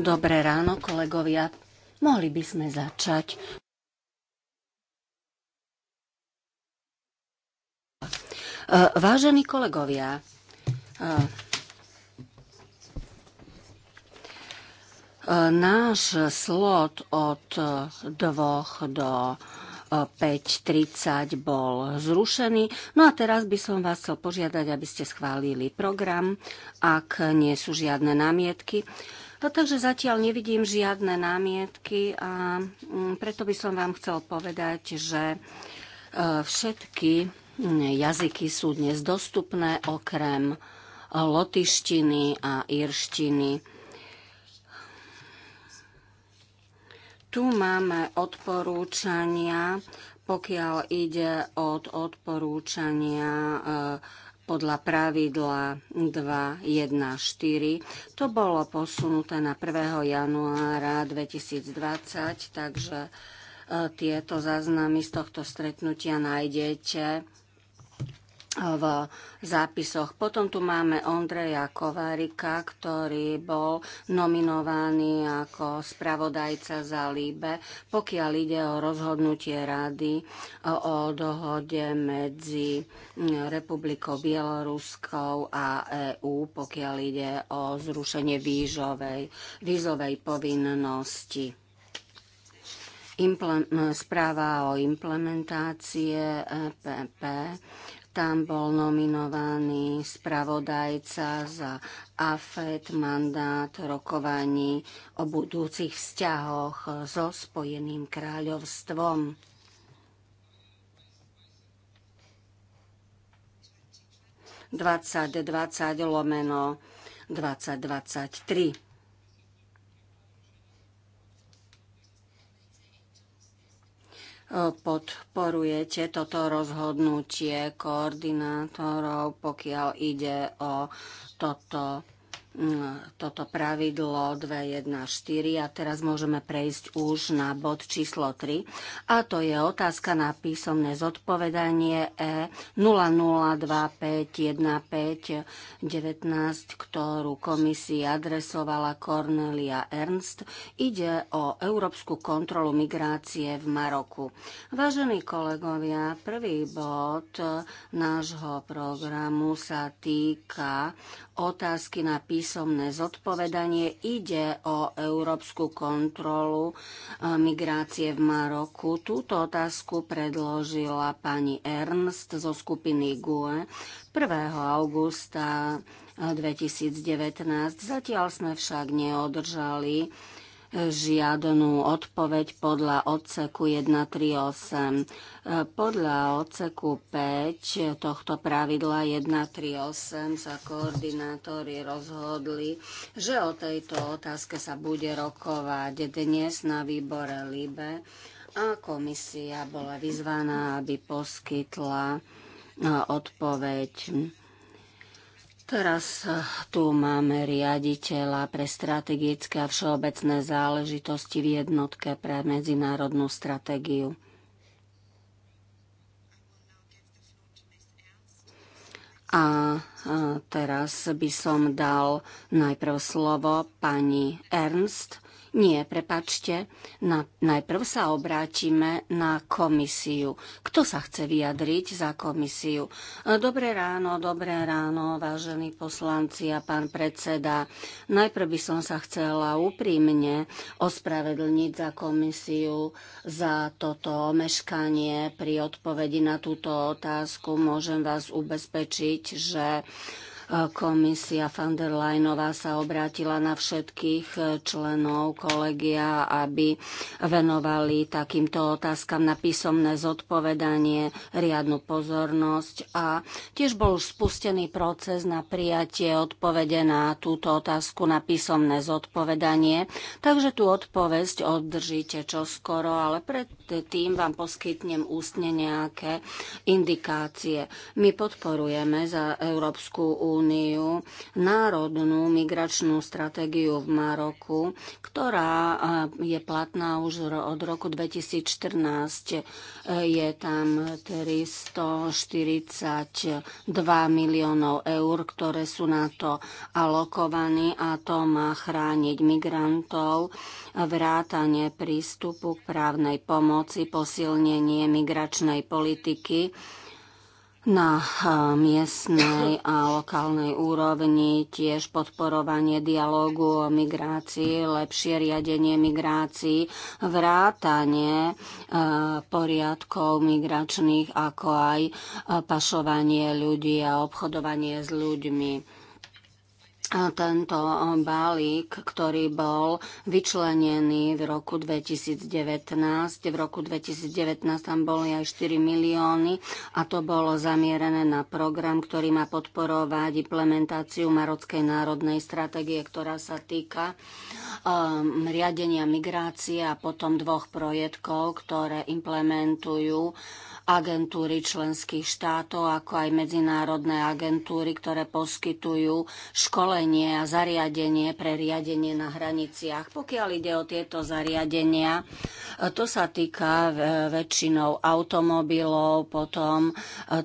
Dobré ráno, kolegovia. Mohli by sme začať. E, vážení kolegovia, e, náš slot od dvoch do 5.30 bol zrušený. No a teraz by som vás chcel požiadať, aby ste schválili program, ak nie sú žiadne námietky. No, takže zatiaľ nevidím žiadne námietky a mm, preto by som vám chcel povedať, že e, všetky jazyky sú dnes dostupné okrem lotištiny a irštiny. Tu máme odporúčania, pokiaľ ide od odporúčania e, podľa pravidla 2.1.4. To bolo posunuté na 1. januára 2020, takže e, tieto záznamy z tohto stretnutia nájdete v zápisoch. Potom tu máme Ondreja Kovárika, ktorý bol nominovaný ako spravodajca za Líbe, pokiaľ ide o rozhodnutie rady o dohode medzi Republikou Bieloruskou a EÚ, pokiaľ ide o zrušenie vízovej, vízovej povinnosti správa o implementácie EPP tam bol nominovaný spravodajca za AFET mandát rokovaní o budúcich vzťahoch so Spojeným kráľovstvom. Dvadsať, dvadsať lomeno, dvadsať, dvadsať tri. podporujete toto rozhodnutie koordinátorov, pokiaľ ide o toto toto pravidlo 2.1.4 a teraz môžeme prejsť už na bod číslo 3 a to je otázka na písomné zodpovedanie E 00251519, ktorú komisii adresovala Cornelia Ernst. Ide o európsku kontrolu migrácie v Maroku. Vážení kolegovia, prvý bod nášho programu sa týka otázky na písomné písomné zodpovedanie. Ide o európsku kontrolu eh, migrácie v Maroku. Túto otázku predložila pani Ernst zo skupiny GUE 1. augusta 2019. Eh, Zatiaľ sme však neodržali žiadnu odpoveď podľa odseku 138. Podľa odseku 5 tohto pravidla 138 sa koordinátori rozhodli, že o tejto otázke sa bude rokovať dnes na výbore LIBE a komisia bola vyzvaná, aby poskytla odpoveď Teraz eh, tu máme riaditeľa pre strategické a všeobecné záležitosti v jednotke pre medzinárodnú stratégiu. A eh, teraz by som dal najprv slovo pani Ernst, nie, prepačte. Na, najprv sa obrátime na komisiu. Kto sa chce vyjadriť za komisiu? E, dobré ráno, dobré ráno, vážení poslanci a pán predseda. Najprv by som sa chcela úprimne ospravedlniť za komisiu za toto omeškanie pri odpovedi na túto otázku. Môžem vás ubezpečiť, že komisia von der Leinová sa obrátila na všetkých eh, členov kolegia, aby venovali takýmto otázkam na písomné zodpovedanie riadnu pozornosť a tiež bol už spustený proces na prijatie odpovede na túto otázku na písomné zodpovedanie. Takže tú odpoveď oddržíte čoskoro, ale predtým vám poskytnem ústne nejaké indikácie. My podporujeme za Európsku úniu národnú migračnú stratégiu v Maroku, ktorá eh, je platná už od roku 2014. Eh, je tam 342 miliónov eur, ktoré sú na to alokovaní a to má chrániť migrantov, vrátanie prístupu k právnej pomoci, posilnenie migračnej politiky na miestnej a lokálnej úrovni, tiež podporovanie dialógu o migrácii, lepšie riadenie migrácií, vrátanie e, poriadkov migračných, ako aj e, pašovanie ľudí a obchodovanie s ľuďmi tento balík, ktorý bol vyčlenený v roku 2019. V roku 2019 tam boli aj 4 milióny a to bolo zamierené na program, ktorý má podporovať implementáciu Marockej národnej stratégie, ktorá sa týka um, riadenia migrácie a potom dvoch projektov, ktoré implementujú uh, agentúry členských štátov, ako aj medzinárodné agentúry, ktoré poskytujú školenie a zariadenie pre riadenie na hraniciach. Pokiaľ ide o tieto zariadenia, to sa týka e, väčšinou automobilov, potom e,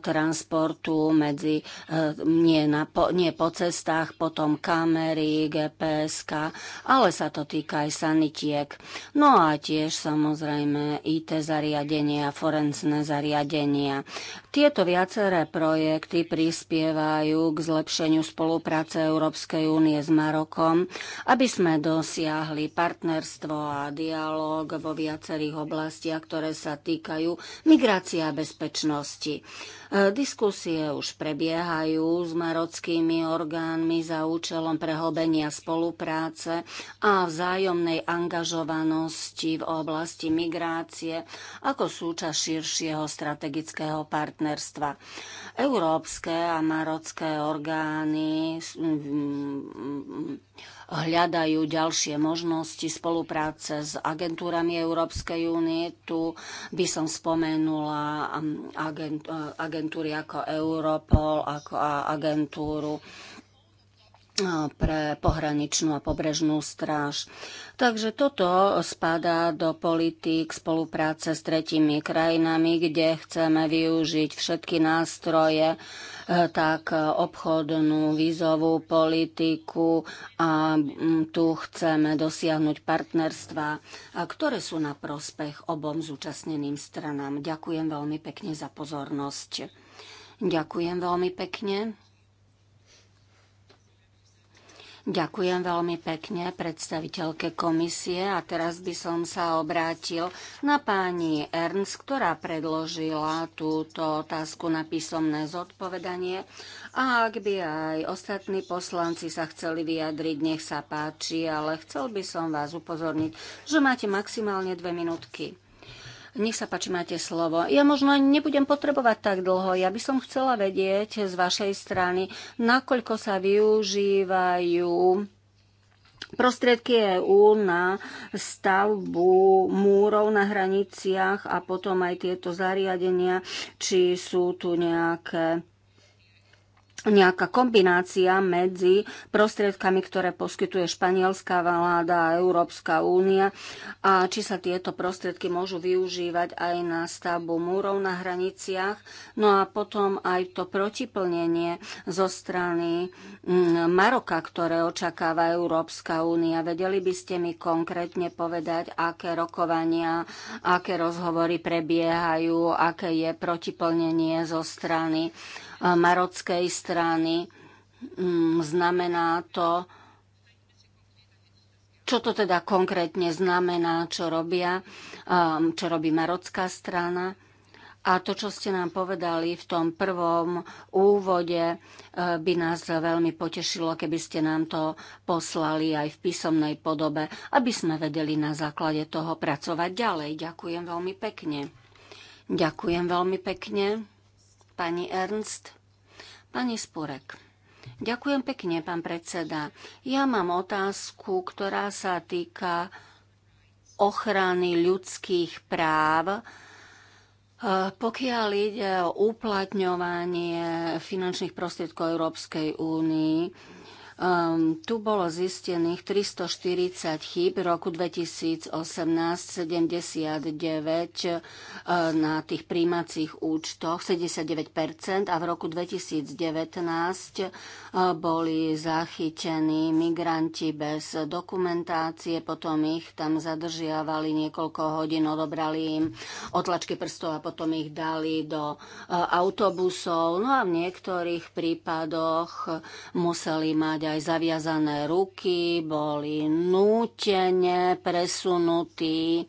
transportu medzi, e, nie, na, po, nie po cestách, potom kamery, gps ale sa to týka aj sanitiek. No a tiež samozrejme IT zariadenia, forenzné zariadenia zariadenia. Tieto viaceré projekty prispievajú k zlepšeniu spolupráce Európskej únie s Marokom, aby sme dosiahli partnerstvo a dialog vo viacerých oblastiach, ktoré sa týkajú migrácie a bezpečnosti. Eh, diskusie už prebiehajú s marockými orgánmi za účelom prehlbenia spolupráce a vzájomnej angažovanosti v oblasti migrácie ako súčasť širšieho strategického partnerstva. Európske a marocké orgány hľadajú ďalšie možnosti spolupráce s agentúrami Európskej únie. Tu by som spomenula um, agent, uh, agentúry ako Europol, ako agentúru uh, pre pohraničnú a pobrežnú stráž. Takže toto spadá do politík spolupráce s tretími krajinami, kde chceme využiť všetky nástroje, tak obchodnú vízovú politiku a mm, tu chceme dosiahnuť partnerstva, ktoré sú na prospech obom zúčastneným stranám. Ďakujem veľmi pekne za pozornosť. Ďakujem veľmi pekne. Ďakujem veľmi pekne predstaviteľke komisie a teraz by som sa obrátil na pani Ernst, ktorá predložila túto otázku na písomné zodpovedanie. A ak by aj ostatní poslanci sa chceli vyjadriť, nech sa páči, ale chcel by som vás upozorniť, že máte maximálne dve minútky. Nech sa páči, máte slovo. Ja možno nebudem potrebovať tak dlho. Ja by som chcela vedieť z vašej strany, nakoľko sa využívajú prostriedky EU na stavbu múrov na hraniciach a potom aj tieto zariadenia, či sú tu nejaké nejaká kombinácia medzi prostriedkami, ktoré poskytuje španielská vláda a Európska únia a či sa tieto prostriedky môžu využívať aj na stavbu múrov na hraniciach, no a potom aj to protiplnenie zo strany mm, Maroka, ktoré očakáva Európska únia. Vedeli by ste mi konkrétne povedať, aké rokovania, aké rozhovory prebiehajú, aké je protiplnenie zo strany eh, marockej strany strany mm, znamená to, čo to teda konkrétne znamená, čo robia, um, čo robí marocká strana. A to, čo ste nám povedali v tom prvom úvode, uh, by nás veľmi potešilo, keby ste nám to poslali aj v písomnej podobe, aby sme vedeli na základe toho pracovať ďalej. Ďakujem veľmi pekne. Ďakujem veľmi pekne, pani Ernst. Pani Sporek. Ďakujem pekne, pán predseda. Ja mám otázku, ktorá sa týka ochrany ľudských práv. E, pokiaľ ide o uplatňovanie finančných prostriedkov Európskej únii, Um, tu bolo zistených 340 chýb roku 2018 79 uh, na tých príjmacích účtoch 79% a v roku 2019 uh, eh, boli zachytení migranti bez dokumentácie, potom ich tam zadržiavali niekoľko hodín, odobrali im otlačky prstov a potom ich dali do uh, autobusov. No a v niektorých prípadoch museli mať aj zaviazané ruky, boli nútene presunutí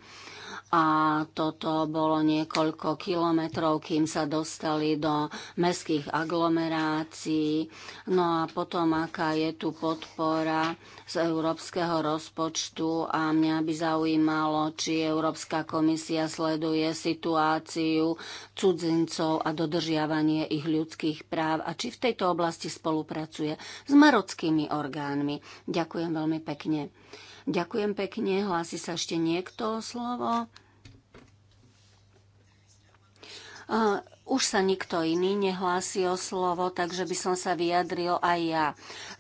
a toto bolo niekoľko kilometrov, kým sa dostali do mestských aglomerácií. No a potom, aká je tu podpora z európskeho rozpočtu a mňa by zaujímalo, či Európska komisia sleduje situáciu cudzincov a dodržiavanie ich ľudských práv a či v tejto oblasti spolupracuje s marockými orgánmi. Ďakujem veľmi pekne. Ďakujem pekne. Hlási sa ešte niekto slovo? Už sa nikto iný nehlási o slovo, takže by som sa vyjadril aj ja.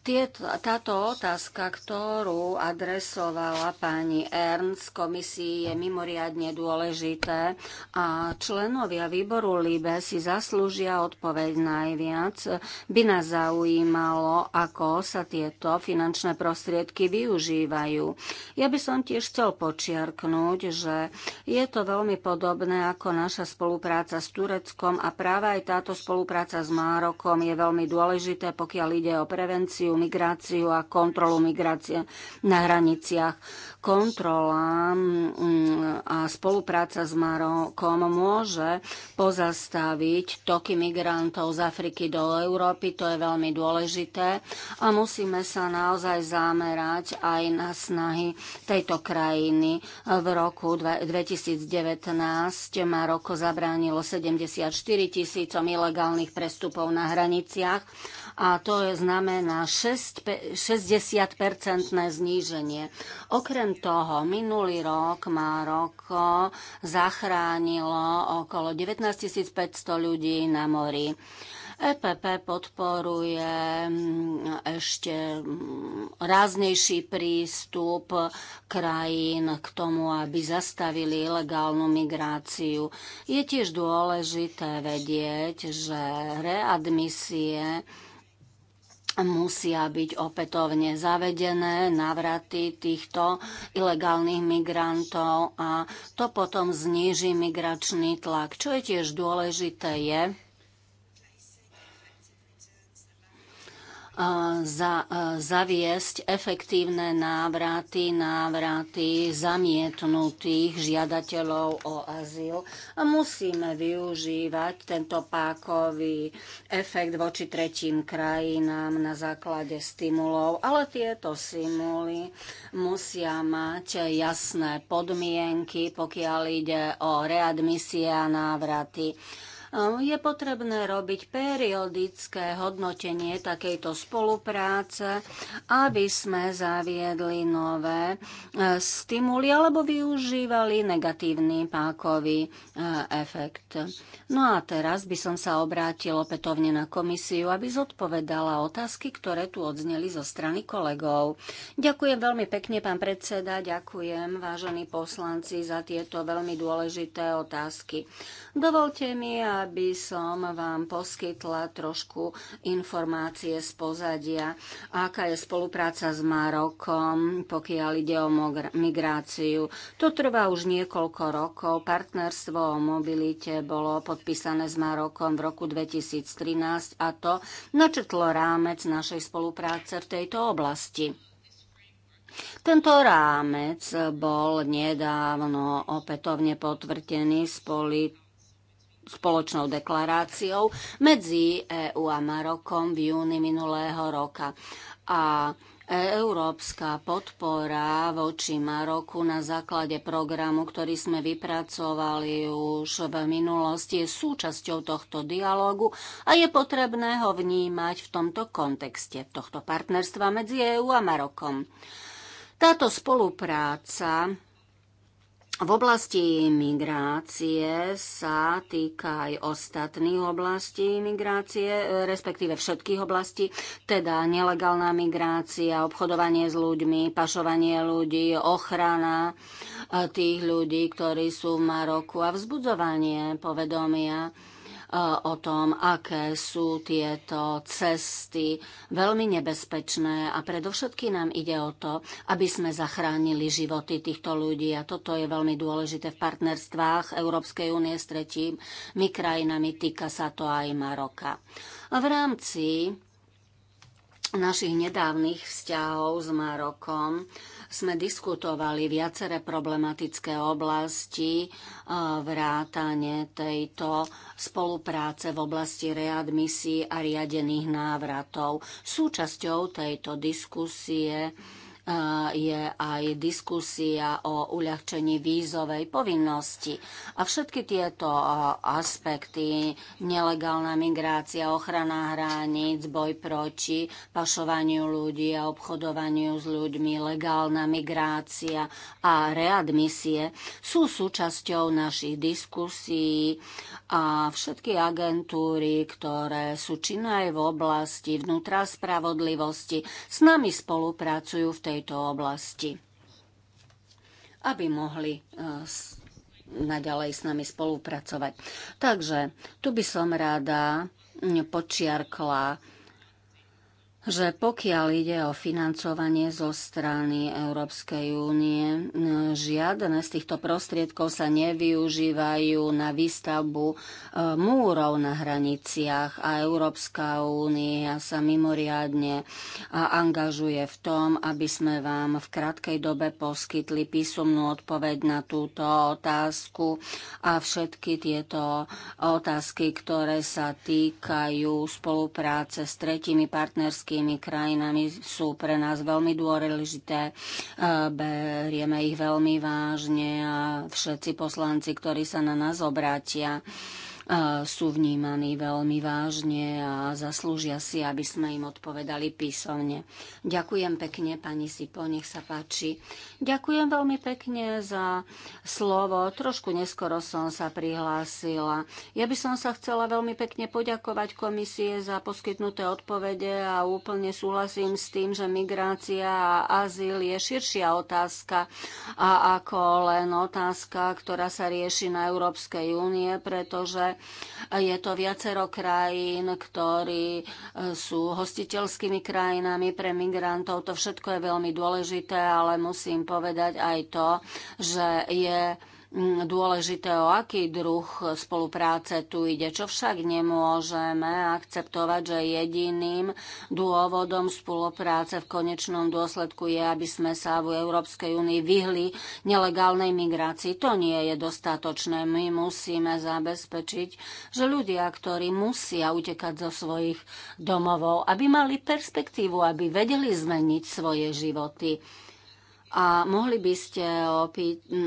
Tiet, táto otázka, ktorú adresovala pani Ernst komisii, je mimoriadne dôležité a členovia výboru LIBE si zaslúžia odpoveď najviac. By nás zaujímalo, ako sa tieto finančné prostriedky využívajú. Ja by som tiež chcel počiarknúť, že je to veľmi podobné ako naša spolupráca s Tureckom a práve aj táto spolupráca s Marokom je veľmi dôležité, pokiaľ ide o prevenciu, migráciu a kontrolu migrácie na hraniciach kontrola mm, a spolupráca s Marokom môže pozastaviť toky migrantov z Afriky do Európy. To je veľmi dôležité a musíme sa naozaj zamerať aj na snahy tejto krajiny. V roku 2019 Maroko zabránilo 74 tisícom ilegálnych prestupov na hraniciach a to je znamená 60-percentné zníženie. Okrem toho, minulý rok Maroko zachránilo okolo 19 500 ľudí na mori. EPP podporuje mm, ešte mm, ráznejší prístup krajín k tomu, aby zastavili ilegálnu migráciu. Je tiež dôležité vedieť, že readmisie musia byť opätovne zavedené návraty týchto ilegálnych migrantov a to potom zníži migračný tlak. Čo je tiež dôležité je, za, zaviesť efektívne návraty, návraty zamietnutých žiadateľov o azyl a musíme využívať tento pákový efekt voči tretím krajinám na základe stimulov, ale tieto stimuly musia mať jasné podmienky, pokiaľ ide o readmisie a návraty. Je potrebné robiť periodické hodnotenie takejto spolupráce, aby sme zaviedli nové e, stimuly alebo využívali negatívny pákový e, efekt. No a teraz by som sa obrátil opätovne na komisiu, aby zodpovedala otázky, ktoré tu odzneli zo strany kolegov. Ďakujem veľmi pekne, pán predseda, ďakujem, vážení poslanci, za tieto veľmi dôležité otázky. Dovolte mi, a aby som vám poskytla trošku informácie z pozadia, aká je spolupráca s Marokom, pokiaľ ide o migráciu. To trvá už niekoľko rokov. Partnerstvo o mobilite bolo podpísané s Marokom v roku 2013 a to načetlo rámec našej spolupráce v tejto oblasti. Tento rámec bol nedávno opätovne potvrdený s spoločnou deklaráciou medzi EÚ a Marokom v júni minulého roka. A Európska podpora voči Maroku na základe programu, ktorý sme vypracovali už v minulosti, je súčasťou tohto dialogu a je potrebné ho vnímať v tomto kontexte, tohto partnerstva medzi EÚ a Marokom. Táto spolupráca v oblasti migrácie sa týka aj ostatných oblastí migrácie, respektíve všetkých oblastí, teda nelegálna migrácia, obchodovanie s ľuďmi, pašovanie ľudí, ochrana eh, tých ľudí, ktorí sú v Maroku a vzbudzovanie povedomia o tom, aké sú tieto cesty veľmi nebezpečné a predovšetky nám ide o to, aby sme zachránili životy týchto ľudí a toto je veľmi dôležité v partnerstvách Európskej únie s tretími krajinami, týka sa to aj Maroka. A v rámci našich nedávnych vzťahov s Marokom sme diskutovali viaceré problematické oblasti e, vrátane tejto spolupráce v oblasti readmisí a riadených návratov. Súčasťou tejto diskusie je aj diskusia o uľahčení vízovej povinnosti. A všetky tieto aspekty, nelegálna migrácia, ochrana hraníc, boj proti pašovaniu ľudí a obchodovaniu s ľuďmi, legálna migrácia a readmisie sú súčasťou našich diskusí a všetky agentúry, ktoré sú činné v oblasti vnútra spravodlivosti, s nami spolupracujú v tej tejto oblasti, aby mohli e, naďalej s nami spolupracovať. Takže tu by som rada počiarkla že pokiaľ ide o financovanie zo strany Európskej únie, žiadne z týchto prostriedkov sa nevyužívajú na výstavbu e, múrov na hraniciach a Európska únia sa mimoriadne e, angažuje v tom, aby sme vám v krátkej dobe poskytli písomnú odpoveď na túto otázku a všetky tieto otázky, ktoré sa týkajú spolupráce s tretími partnerskými partnerskými krajinami sú pre nás veľmi dôležité. E, berieme ich veľmi vážne a všetci poslanci, ktorí sa na nás obrátia, e, sú vnímaní veľmi vážne a zaslúžia si, aby sme im odpovedali písomne. Ďakujem pekne, pani Sipo, nech sa páči. Ďakujem veľmi pekne za slovo. Trošku neskoro som sa prihlásila. Ja by som sa chcela veľmi pekne poďakovať komisie za poskytnuté odpovede a úplne súhlasím s tým, že migrácia a azyl je širšia otázka a ako len otázka, ktorá sa rieši na Európskej únie, pretože je to viacero krajín, ktorí e, sú hostiteľskými krajinami pre migrantov. To všetko je veľmi dôležité, ale musím povedať aj to, že je mm, dôležité, o aký druh spolupráce tu ide. Čo však nemôžeme akceptovať, že jediným dôvodom spolupráce v konečnom dôsledku je, aby sme sa v Európskej únii vyhli nelegálnej migrácii. To nie je dostatočné. My musíme zabezpečiť, že ľudia, ktorí musia utekať zo svojich domovov, aby mali perspektívu, aby vedeli zmeniť svoje životy a mohli by ste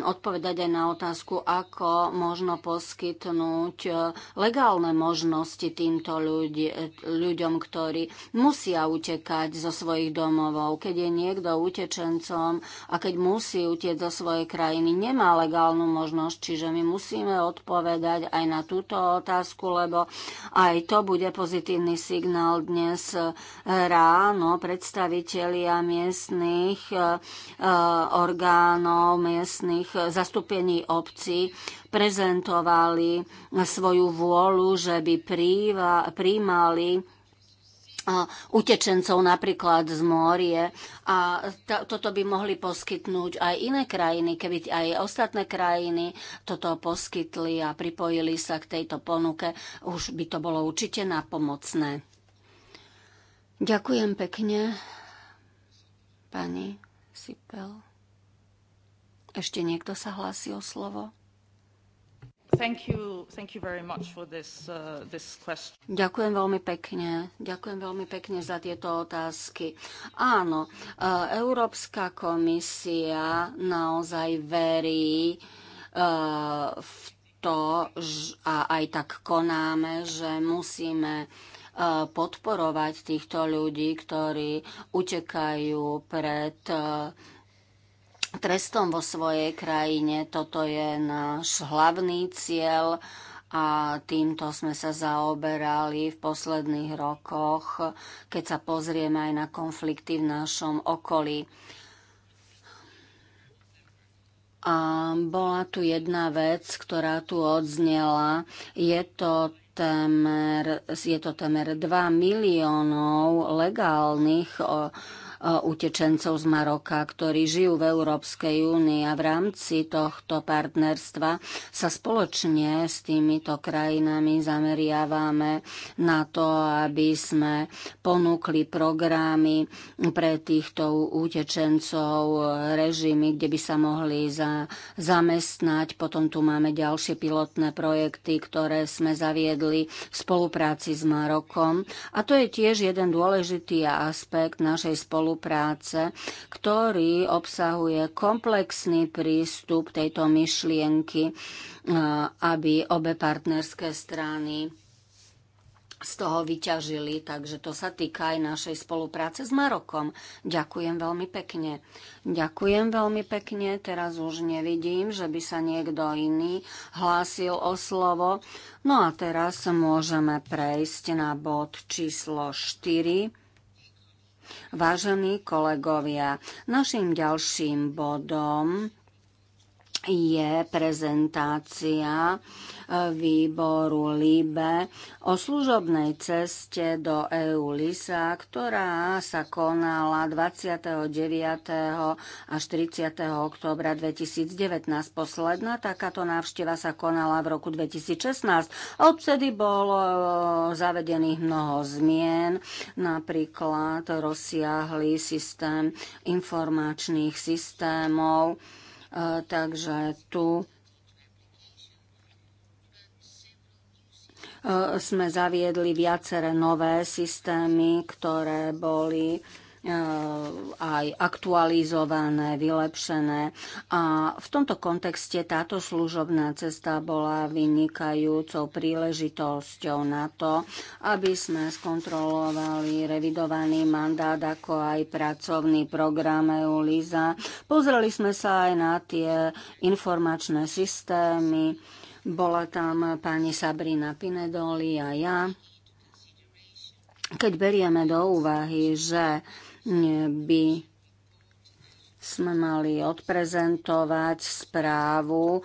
odpovedať aj na otázku, ako možno poskytnúť e, legálne možnosti týmto ľudí, e, ľuďom, ktorí musia utekať zo svojich domovov. Keď je niekto utečencom a keď musí utieť zo svojej krajiny, nemá legálnu možnosť. Čiže my musíme odpovedať aj na túto otázku, lebo aj to bude pozitívny signál dnes ráno. Predstavitelia miestných e, Eh, orgánov miestnych zastúpení obcí prezentovali svoju vôľu, že by príjmali eh, utečencov napríklad z Mórie a toto by mohli poskytnúť aj iné krajiny, keby aj ostatné krajiny toto poskytli a pripojili sa k tejto ponuke, už by to bolo určite napomocné. Ďakujem pekne, pani sypel. Ešte niekto sa hlási o slovo? Thank you, thank you this, uh, this Ďakujem veľmi pekne. Ďakujem veľmi pekne za tieto otázky. Áno, uh, Európska komisia naozaj verí uh, v to a aj tak konáme, že musíme podporovať týchto ľudí, ktorí utekajú pred trestom vo svojej krajine. Toto je náš hlavný cieľ a týmto sme sa zaoberali v posledných rokoch, keď sa pozrieme aj na konflikty v našom okolí. A bola tu jedna vec, ktorá tu odznela. Je to temer, je to temer 2 miliónov legálnych utečencov z Maroka, ktorí žijú v Európskej únii a v rámci tohto partnerstva sa spoločne s týmito krajinami zameriavame na to, aby sme ponúkli programy pre týchto utečencov, režimy, kde by sa mohli za, zamestnať. Potom tu máme ďalšie pilotné projekty, ktoré sme zaviedli v spolupráci s Marokom. A to je tiež jeden dôležitý aspekt našej spolupráce spolupráce, ktorý obsahuje komplexný prístup tejto myšlienky, eh, aby obe partnerské strany z toho vyťažili, takže to sa týka aj našej spolupráce s Marokom. Ďakujem veľmi pekne. Ďakujem veľmi pekne, teraz už nevidím, že by sa niekto iný hlásil o slovo. No a teraz môžeme prejsť na bod číslo 4. Vážení kolegovia, našim ďalším bodom je prezentácia e, výboru LIBE o služobnej ceste do EU LISA, ktorá sa konala 29. až 30. oktobra 2019. Posledná takáto návšteva sa konala v roku 2016. Odvtedy bolo e, zavedených mnoho zmien, napríklad rozsiahly systém informačných systémov, takže tu e, sme zaviedli viaceré nové systémy, ktoré boli Eh, aj aktualizované, vylepšené. A v tomto kontexte táto služobná cesta bola vynikajúcou príležitosťou na to, aby sme skontrolovali revidovaný mandát, ako aj pracovný program EULISA. Pozreli sme sa aj na tie informačné systémy. Bola tam pani Sabrina Pinedoli a ja. Keď berieme do úvahy, že by sme mali odprezentovať správu e,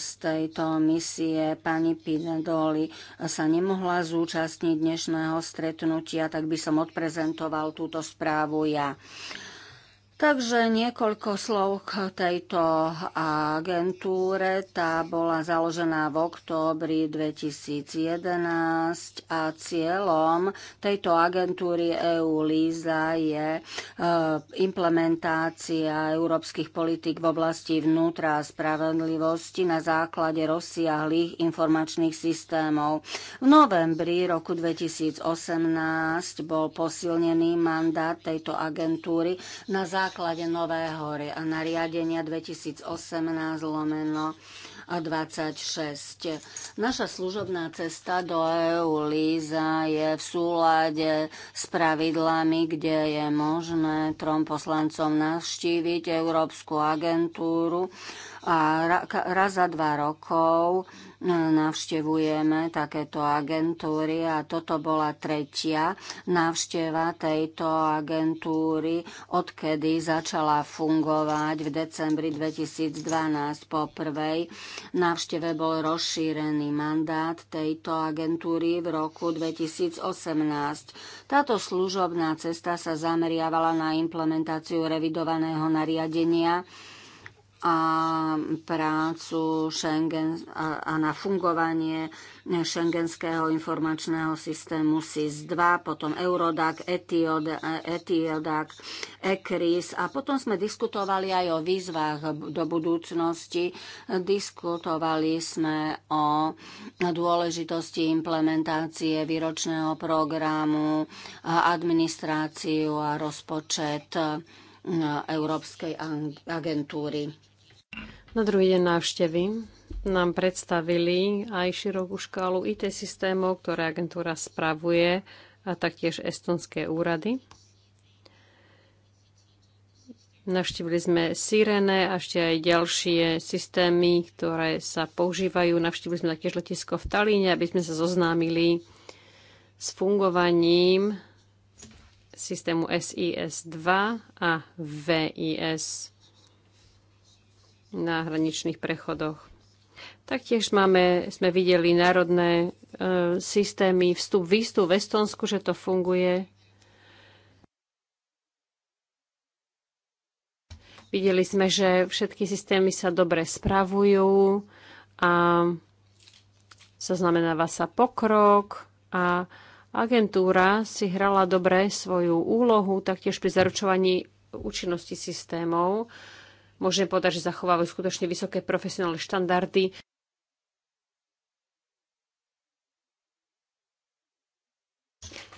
z tejto misie. Pani Pinedoli sa nemohla zúčastniť dnešného stretnutia, tak by som odprezentoval túto správu ja. Takže niekoľko slov k tejto agentúre. Tá bola založená v októbri 2011 a cieľom tejto agentúry EU LISA je e, implementácia európskych politik v oblasti vnútra a spravedlivosti na základe rozsiahlých informačných systémov. V novembri roku 2018 bol posilnený mandát tejto agentúry na základe základe nového nariadenia 2018 lomeno 26. Naša služobná cesta do EU Líza je v súlade s pravidlami, kde je možné trom poslancom navštíviť Európsku agentúru a raz za dva rokov navštevujeme takéto agentúry a toto bola tretia návšteva tejto agentúry, odkedy začala fungovať v decembri 2012 po prvej. Návšteve bol rozšírený mandát tejto agentúry v roku 2018. Táto služobná cesta sa zameriavala na implementáciu revidovaného nariadenia a prácu Schengen a, a na fungovanie šengenského informačného systému SIS-2, potom Eurodac, Etiodac, ECRIS a potom sme diskutovali aj o výzvach do budúcnosti. Diskutovali sme o dôležitosti implementácie výročného programu, administráciu a rozpočet e, Európskej agentúry. Na druhý deň návštevy nám predstavili aj širokú škálu IT systémov, ktoré agentúra spravuje a taktiež estonské úrady. Navštívili sme Sirene a ešte aj ďalšie systémy, ktoré sa používajú. Navštívili sme taktiež letisko v Talíne, aby sme sa zoznámili s fungovaním systému SIS-2 a VIS na hraničných prechodoch. Taktiež máme, sme videli národné e, systémy vstup-výstup v Estonsku, že to funguje. Videli sme, že všetky systémy sa dobre spravujú a zaznamenáva sa pokrok a agentúra si hrala dobre svoju úlohu taktiež pri zaručovaní účinnosti systémov môžem povedať, že zachovávajú skutočne vysoké profesionálne štandardy.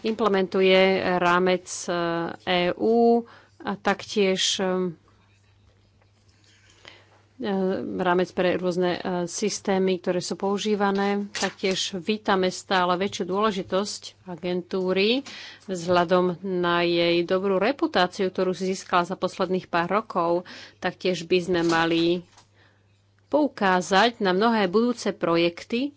Implementuje rámec EÚ eh, e a taktiež eh, E, rámec pre rôzne e, systémy, ktoré sú používané. Taktiež vítame stále väčšiu dôležitosť agentúry vzhľadom na jej dobrú reputáciu, ktorú si získala za posledných pár rokov. Taktiež by sme mali poukázať na mnohé budúce projekty,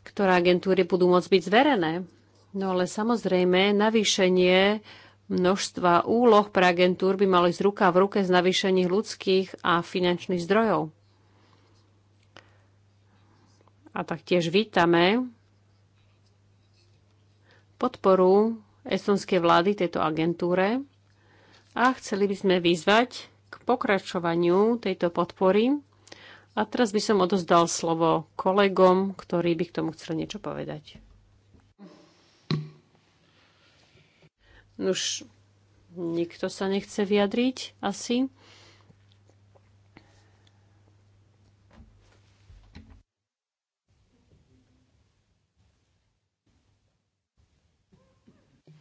ktoré agentúry budú môcť byť zverené. No ale samozrejme, navýšenie množstva úloh pre agentúr by mali z ruka v ruke z navýšených ľudských a finančných zdrojov. A taktiež vítame podporu estonskej vlády tejto agentúre a chceli by sme vyzvať k pokračovaniu tejto podpory. A teraz by som odozdal slovo kolegom, ktorí by k tomu chceli niečo povedať. Už nikto sa nechce vyjadriť asi.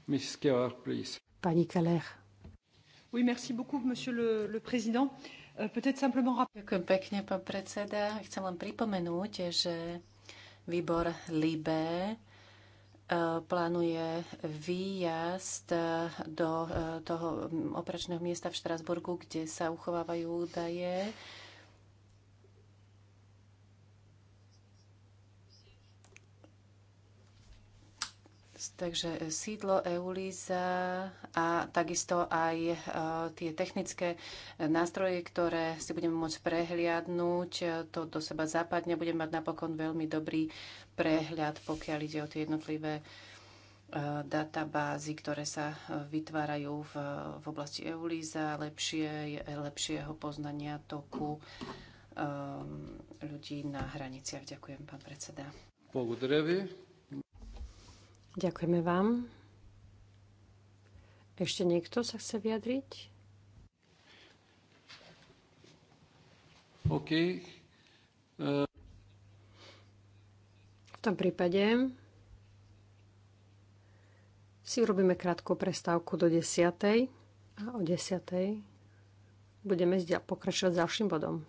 Miss Keller, please. Pani Keller. Oui, merci beaucoup, monsieur le, le président. Euh, peut-être Ďakujem pekne, pán predseda. Chcem len pripomenúť, že výbor LIBE E, plánuje výjazd e, do e, toho mm, operačného miesta v Štrasburgu, kde sa uchovávajú údaje Takže sídlo EULISA a takisto aj e, tie technické e, nástroje, ktoré si budeme môcť prehliadnúť, e, to do seba zapadne. Budeme mať napokon veľmi dobrý prehľad, pokiaľ ide o tie jednotlivé databázy, ktoré sa vytvárajú v, v oblasti EULISA, lepšie, lepšieho poznania toku um, ľudí na hraniciach. Ďakujem, pán predseda. Благодаря ви. Ďakujeme vám. Ešte niekto sa chce vyjadriť? OK. Uh... V tom prípade si urobíme krátku prestávku do 10. a o 10. budeme pokračovať s ďalším bodom.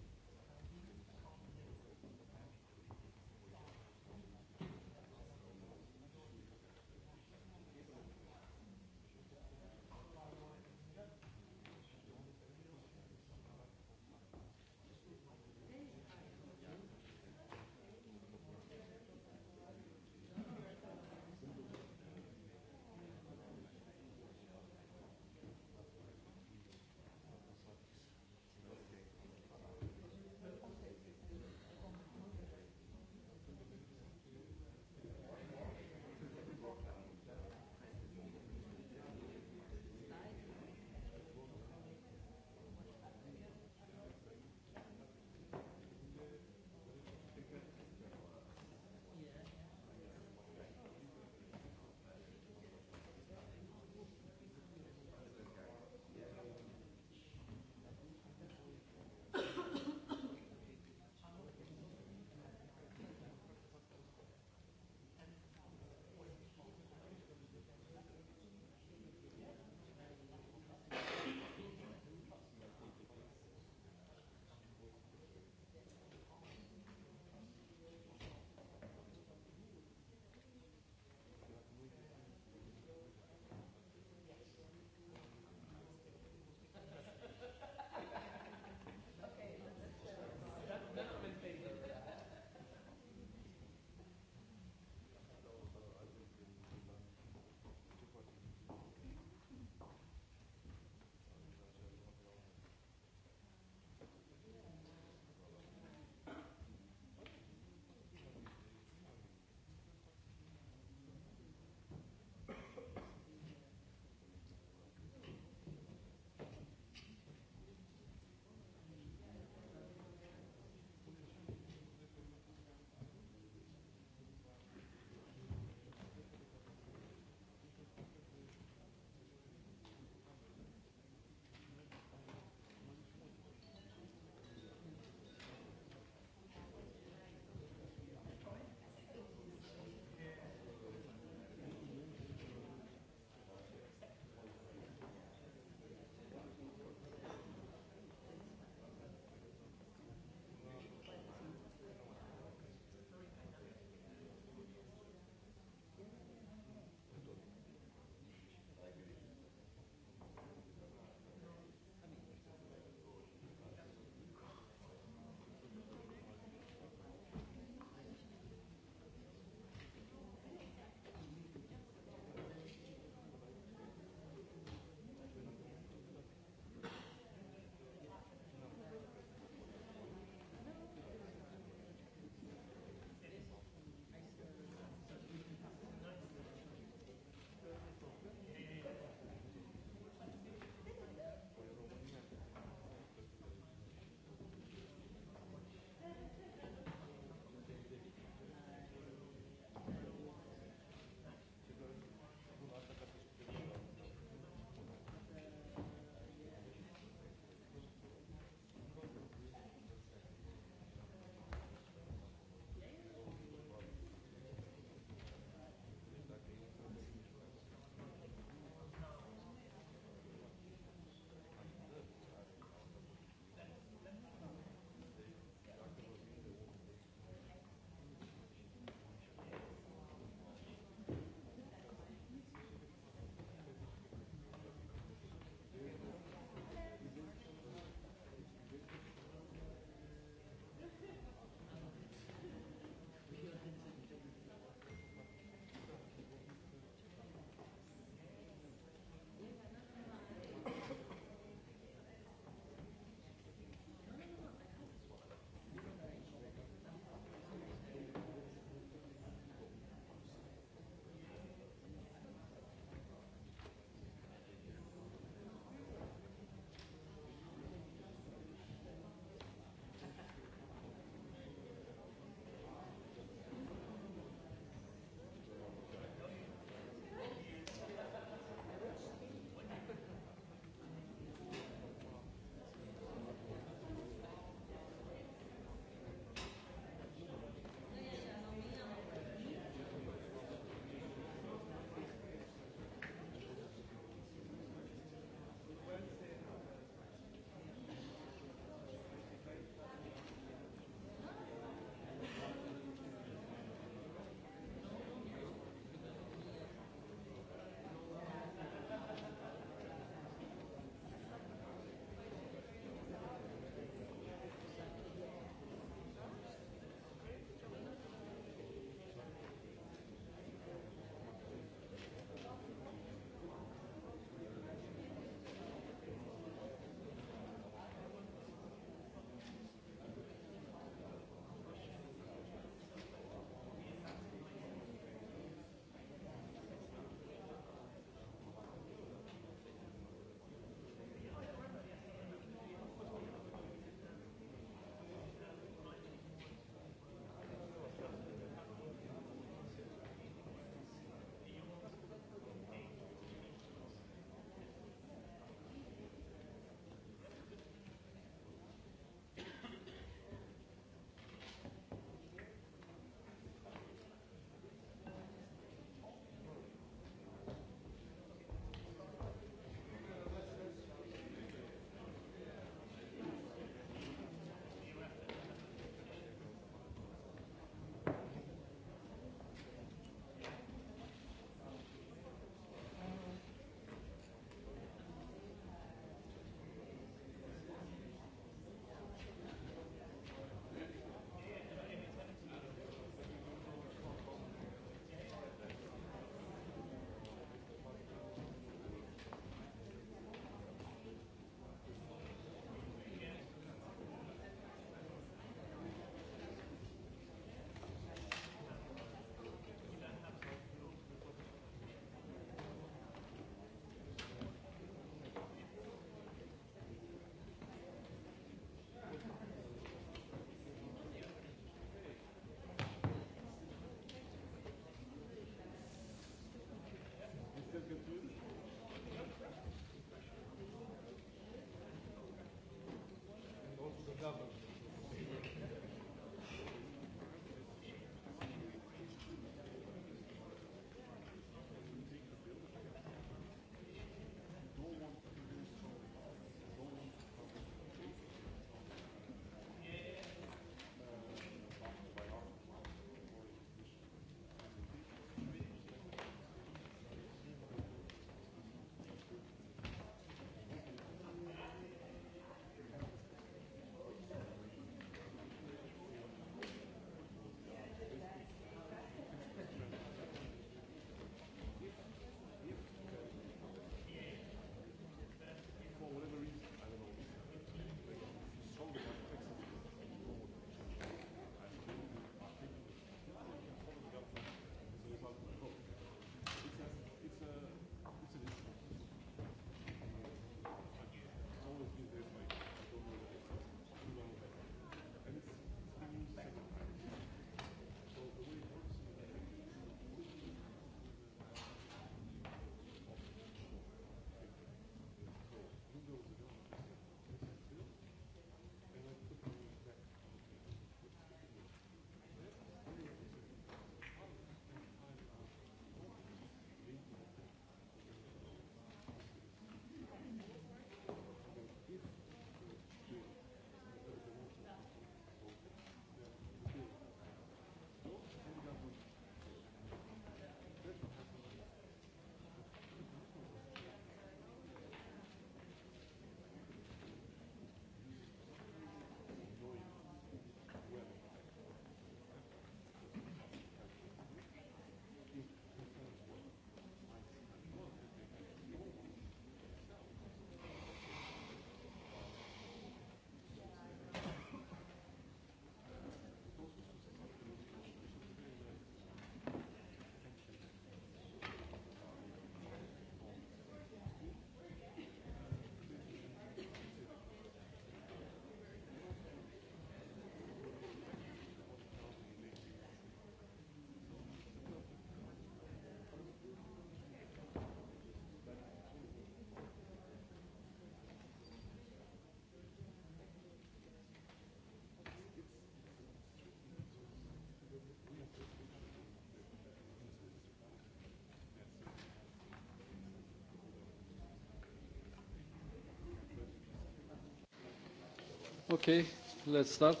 Okay, let's start.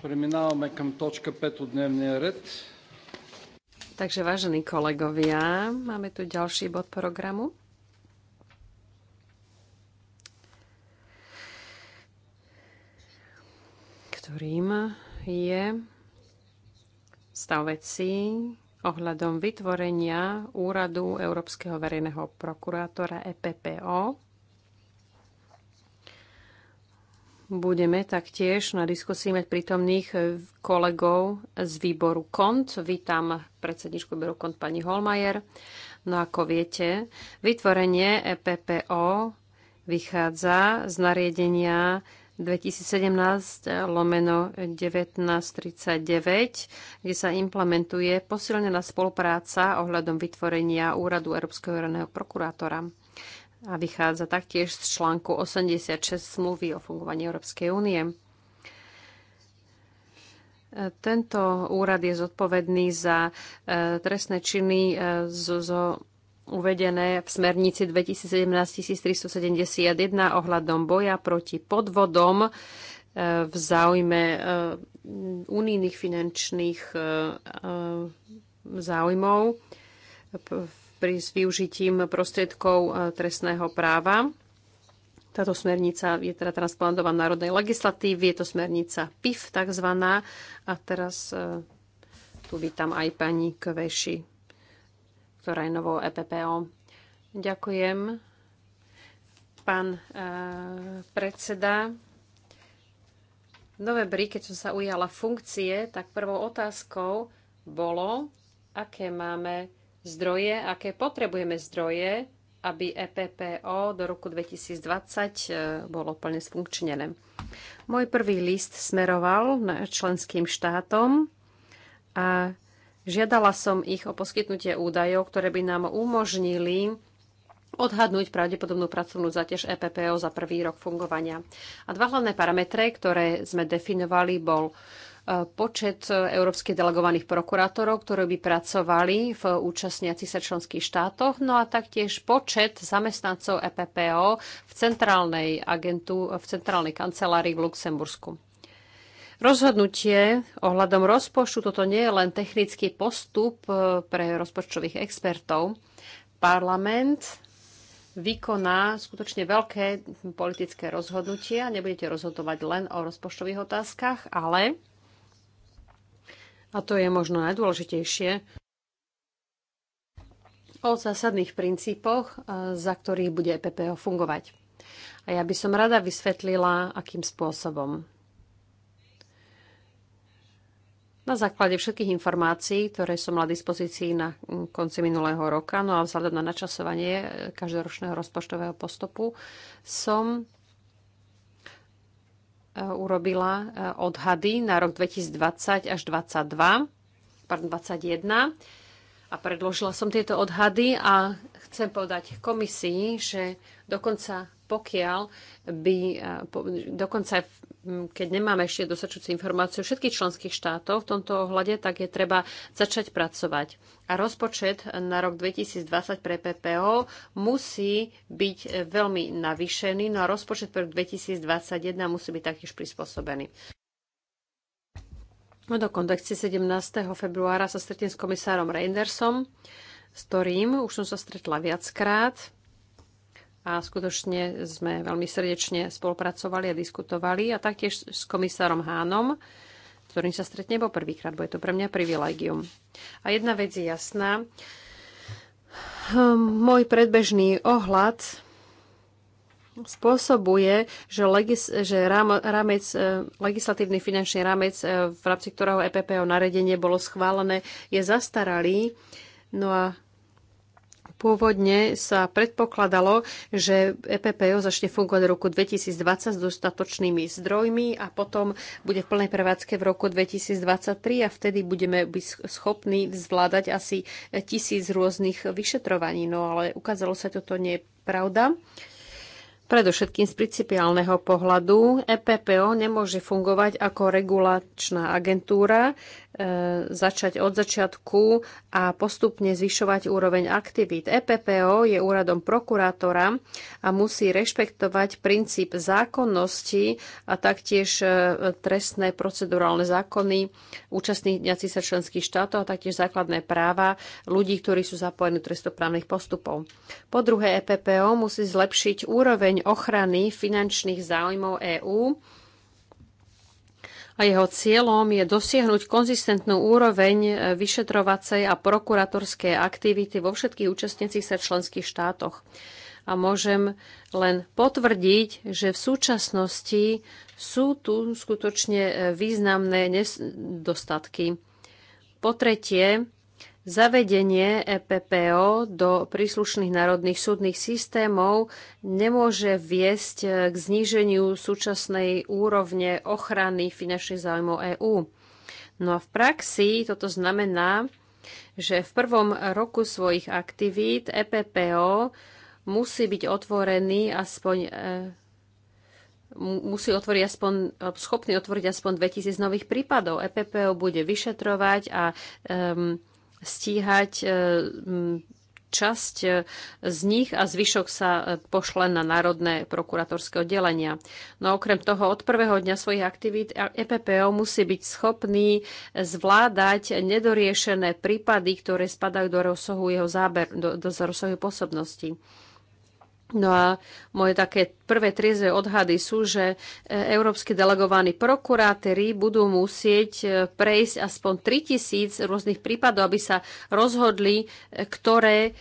5 red. Takže vážení kolegovia, máme tu ďalší bod programu. veci ohľadom vytvorenia Úradu Európskeho verejného prokurátora EPPO. Budeme taktiež na diskusii mať prítomných kolegov z výboru KONT. Vítam predsedničku výboru KONT pani Holmajer. No ako viete, vytvorenie EPPO vychádza z nariadenia 2017 lomeno 1939, kde sa implementuje posilnená spolupráca ohľadom vytvorenia Úradu Európskeho raného prokurátora a vychádza taktiež z článku 86 smluvy o fungovaní Európskej únie. Tento úrad je zodpovedný za eh, trestné činy eh, zo, zo uvedené v smernici 2017-1371 ohľadom boja proti podvodom e, v záujme e, unijných finančných e, záujmov pri s využitím prostriedkov trestného práva. Táto smernica je teda transplantovaná národnej legislatívy, je to smernica PIF takzvaná. A teraz tu vítam aj pani Kveši ktorá je novou EPPO. Ďakujem, pán e, predseda. V novembri, keď som sa ujala funkcie, tak prvou otázkou bolo, aké máme zdroje, aké potrebujeme zdroje, aby EPPO do roku 2020 e, bolo plne sfunkčnené. Môj prvý list smeroval členským štátom a Žiadala som ich o poskytnutie údajov, ktoré by nám umožnili odhadnúť pravdepodobnú pracovnú zaťaž EPPO za prvý rok fungovania. A dva hlavné parametre, ktoré sme definovali, bol e, počet európskych delegovaných prokurátorov, ktorí by pracovali v účastniacich sa členských štátoch, no a taktiež počet zamestnancov EPPO v centrálnej agentu, v centrálnej kancelárii v Luxembursku. Rozhodnutie ohľadom rozpočtu, toto nie je len technický postup e, pre rozpočtových expertov. Parlament vykoná skutočne veľké politické rozhodnutia. Nebudete rozhodovať len o rozpočtových otázkach, ale, a to je možno najdôležitejšie, o zásadných princípoch, e, za ktorých bude e PPO fungovať. A ja by som rada vysvetlila, akým spôsobom na základe všetkých informácií, ktoré som mala dispozícii na konci minulého roka, no a vzhľadom na načasovanie každoročného rozpočtového postupu, som e, urobila e, odhady na rok 2020 až 2022, pardon, 2021 a predložila som tieto odhady a chcem povedať komisii, že do konca pokiaľ by, eh, dokonca hm, keď nemáme ešte dosačujúce informácie o všetkých členských štátov v tomto ohľade, tak je treba začať pracovať. A rozpočet na rok 2020 pre PPO musí byť eh, veľmi navýšený, no a rozpočet pre 2021 musí byť taktiež prispôsobený. No do kontekcie 17. februára sa stretnem s komisárom Reindersom, s ktorým už som sa stretla viackrát a skutočne sme veľmi srdečne spolupracovali a diskutovali a taktiež s komisárom Hánom, s ktorým sa stretne po prvýkrát, bo je to pre mňa privilegium. A jedna vec je jasná. Hm, môj predbežný ohľad spôsobuje, že, legis, že rám, rámec, e, legislatívny finančný rámec, e, v rámci ktorého EPPO naredenie bolo schválené, je zastaralý. No a Pôvodne sa predpokladalo, že EPPO začne fungovať v roku 2020 s dostatočnými zdrojmi a potom bude v plnej prevádzke v roku 2023 a vtedy budeme byť schopní zvládať asi tisíc rôznych vyšetrovaní. No ale ukázalo sa, že toto nie je pravda. Predovšetkým z principiálneho pohľadu EPPO nemôže fungovať ako regulačná agentúra, E, začať od začiatku a postupne zvyšovať úroveň aktivít. EPPO je úradom prokurátora a musí rešpektovať princíp zákonnosti a taktiež e, trestné procedurálne zákony účastníci sa členských štátov a taktiež základné práva ľudí, ktorí sú zapojení do trestoprávnych postupov. Po druhé, EPPO musí zlepšiť úroveň ochrany finančných záujmov EÚ a jeho cieľom je dosiahnuť konzistentnú úroveň e, vyšetrovacej a prokuratorskej aktivity vo všetkých účastnicích sa členských štátoch. A môžem len potvrdiť, že v súčasnosti sú tu skutočne e, významné nedostatky. Po tretie, Zavedenie EPPO do príslušných národných súdnych systémov nemôže viesť e, k zníženiu súčasnej úrovne ochrany finančných záujmov EÚ. No a v praxi toto znamená, že v prvom roku svojich aktivít EPPO musí byť otvorený aspoň e, musí otvoriť aspoň, e, schopný otvoriť aspoň 2000 nových prípadov. EPPO bude vyšetrovať a um, stíhať e, časť e, z nich a zvyšok sa e, pošle na Národné prokuratorské oddelenia. No okrem toho, od prvého dňa svojich aktivít EPPO musí byť schopný zvládať nedoriešené prípady, ktoré spadajú do rozsahu jeho záber, do, do rozsahu pôsobnosti. No a moje také prvé triezve odhady sú, že e, európsky delegovaní prokurátori budú musieť e, prejsť aspoň 3000 rôznych prípadov, aby sa rozhodli, e, ktoré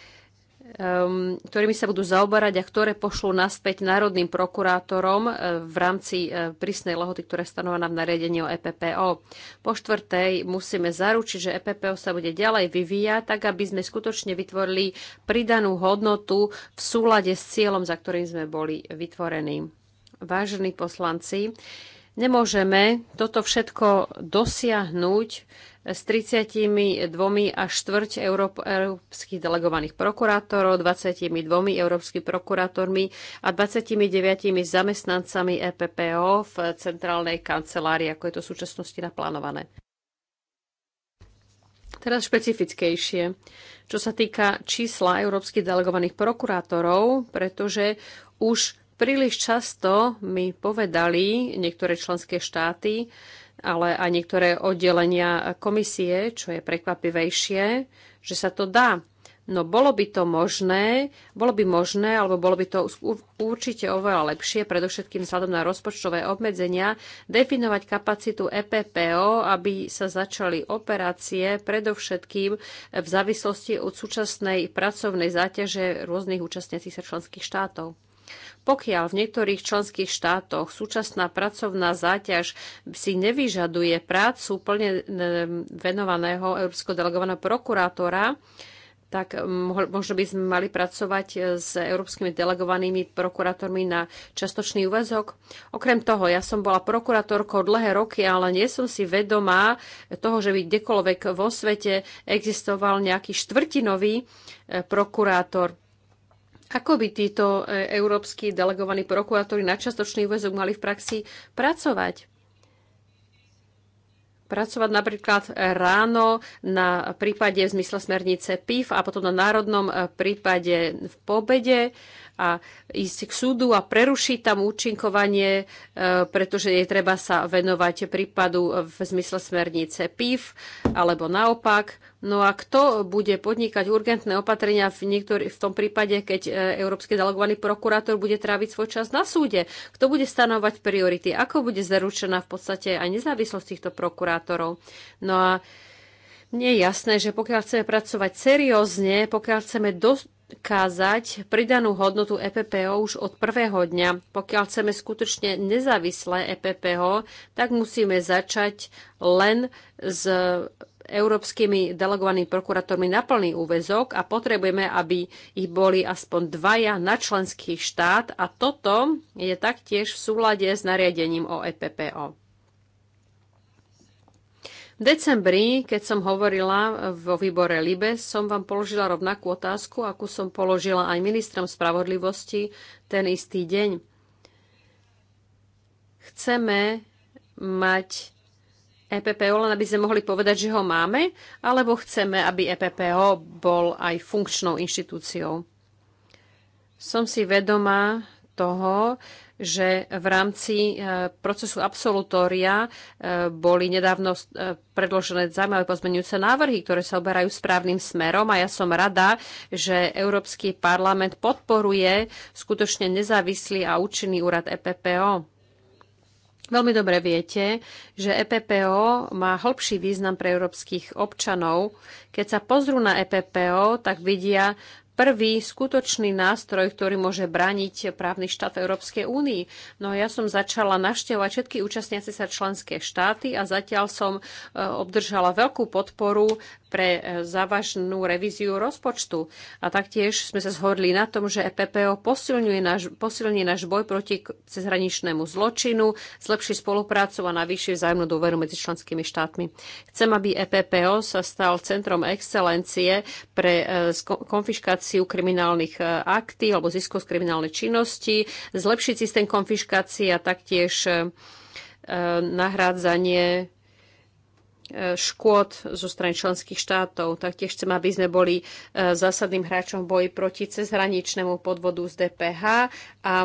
um, ktorými sa budú zaoberať a ktoré pošlú naspäť národným prokurátorom uh, v rámci uh, prísnej lehoty, ktorá je stanovaná v nariadení o EPPO. Po štvrtej musíme zaručiť, že EPPO sa bude ďalej vyvíjať, tak aby sme skutočne vytvorili pridanú hodnotu v súlade s cieľom, za ktorým sme boli vytvorení. Vážení poslanci, Nemôžeme toto všetko dosiahnuť s 32 až štvrť európskych delegovaných prokurátorov, 22 európskymi prokurátormi a 29 zamestnancami EPPO v centrálnej kancelárii, ako je to v súčasnosti naplánované. Teraz špecifickejšie, čo sa týka čísla európskych delegovaných prokurátorov, pretože už Príliš často mi povedali niektoré členské štáty, ale aj niektoré oddelenia komisie, čo je prekvapivejšie, že sa to dá. No bolo by to možné, bolo by možné, alebo bolo by to určite oveľa lepšie, predovšetkým vzhľadom na rozpočtové obmedzenia, definovať kapacitu EPPO, aby sa začali operácie, predovšetkým v závislosti od súčasnej pracovnej záťaže rôznych účastniacich sa členských štátov. Pokiaľ v niektorých členských štátoch súčasná pracovná záťaž si nevyžaduje prácu plne venovaného európsko delegovaného prokurátora, tak možno by sme mali pracovať e, s európskymi delegovanými prokurátormi na častočný úvezok. Okrem toho, ja som bola prokurátorkou dlhé roky, ale nie som si vedomá toho, že by kdekoľvek vo svete existoval nejaký štvrtinový e, prokurátor. Ako by títo e, európsky delegovaní prokurátori na častočný väzok mali v praxi pracovať? Pracovať napríklad ráno na prípade v zmysle smernice PIF a potom na národnom e, prípade v pobede a ísť k súdu a prerušiť tam účinkovanie, e, pretože je treba sa venovať prípadu v zmysle smernice PIF alebo naopak. No a kto bude podnikať urgentné opatrenia v, niektorý, v tom prípade, keď e, Európsky delegovaný prokurátor bude tráviť svoj čas na súde? Kto bude stanovať priority? Ako bude zaručená v podstate aj nezávislosť týchto prokurátorov? No a mne je jasné, že pokiaľ chceme pracovať seriózne, pokiaľ chceme dosť kázať pridanú hodnotu EPPO už od prvého dňa. Pokiaľ chceme skutočne nezávislé EPPO, tak musíme začať len s európskymi delegovanými prokurátormi na plný úvezok a potrebujeme, aby ich boli aspoň dvaja na členský štát a toto je taktiež v súlade s nariadením o EPPO. V decembri, keď som hovorila e, vo výbore LIBE, som vám položila rovnakú otázku, akú som položila aj ministrom spravodlivosti ten istý deň. Chceme mať EPPO, len aby sme mohli povedať, že ho máme, alebo chceme, aby EPPO bol aj funkčnou inštitúciou. Som si vedomá toho, že v rámci e, procesu absolutória e, boli nedávno e, predložené zaujímavé pozmenujúce návrhy, ktoré sa oberajú správnym smerom a ja som rada, že Európsky parlament podporuje skutočne nezávislý a účinný úrad EPPO. Veľmi dobre viete, že EPPO má hĺbší význam pre európskych občanov. Keď sa pozrú na EPPO, tak vidia prvý skutočný nástroj, ktorý môže brániť právny štát v Európskej únii. No ja som začala navštevovať všetky účastniace sa členské štáty a zatiaľ som e, obdržala veľkú podporu pre e, závažnú revíziu rozpočtu. A taktiež sme sa zhodli na tom, že EPPO posilňuje náš, posilní náš boj proti cezhraničnému zločinu, zlepší spoluprácu a navýši vzájomnú dôveru medzi členskými štátmi. Chcem, aby EPPO sa stal centrom excelencie pre e, konfiškáciu kriminálnych e, aktív alebo zisku z kriminálnej činnosti, zlepšiť systém konfiškácie a taktiež nahrádzanie škôd zo strany členských štátov. Taktiež chcem, aby sme boli e, zásadným hráčom v boji proti cezhraničnému podvodu z DPH a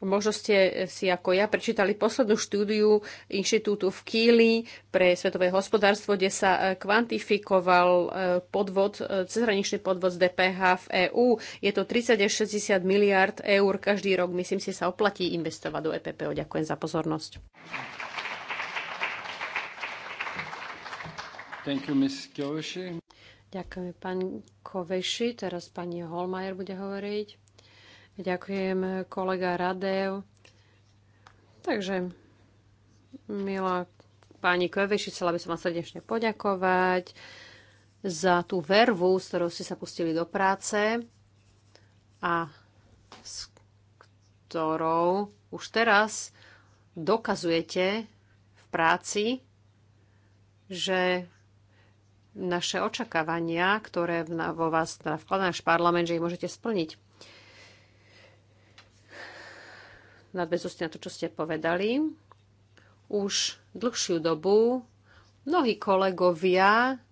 Možno ste si ako ja prečítali poslednú štúdiu inštitútu v Kíli pre svetové hospodárstvo, kde sa e, kvantifikoval e, podvod, cezhraničný podvod z DPH v EÚ. Je to 30 až 60 miliard eur každý rok. Myslím si, sa oplatí investovať do EPPO. Ďakujem za pozornosť. Thank you, Ms. Ďakujeme, pán Koveši. Teraz pani Holmajer bude hovoriť. Ďakujem, kolega Radev. Takže, milá pani Koveši, chcela by som vám srdečne poďakovať za tú vervu, s ktorou ste sa pustili do práce a s ktorou už teraz dokazujete v práci, že naše očakávania, ktoré vo vás teda vkladá náš parlament, že ich môžete splniť. Nadbezúste na to, čo ste povedali. Už dlhšiu dobu mnohí kolegovia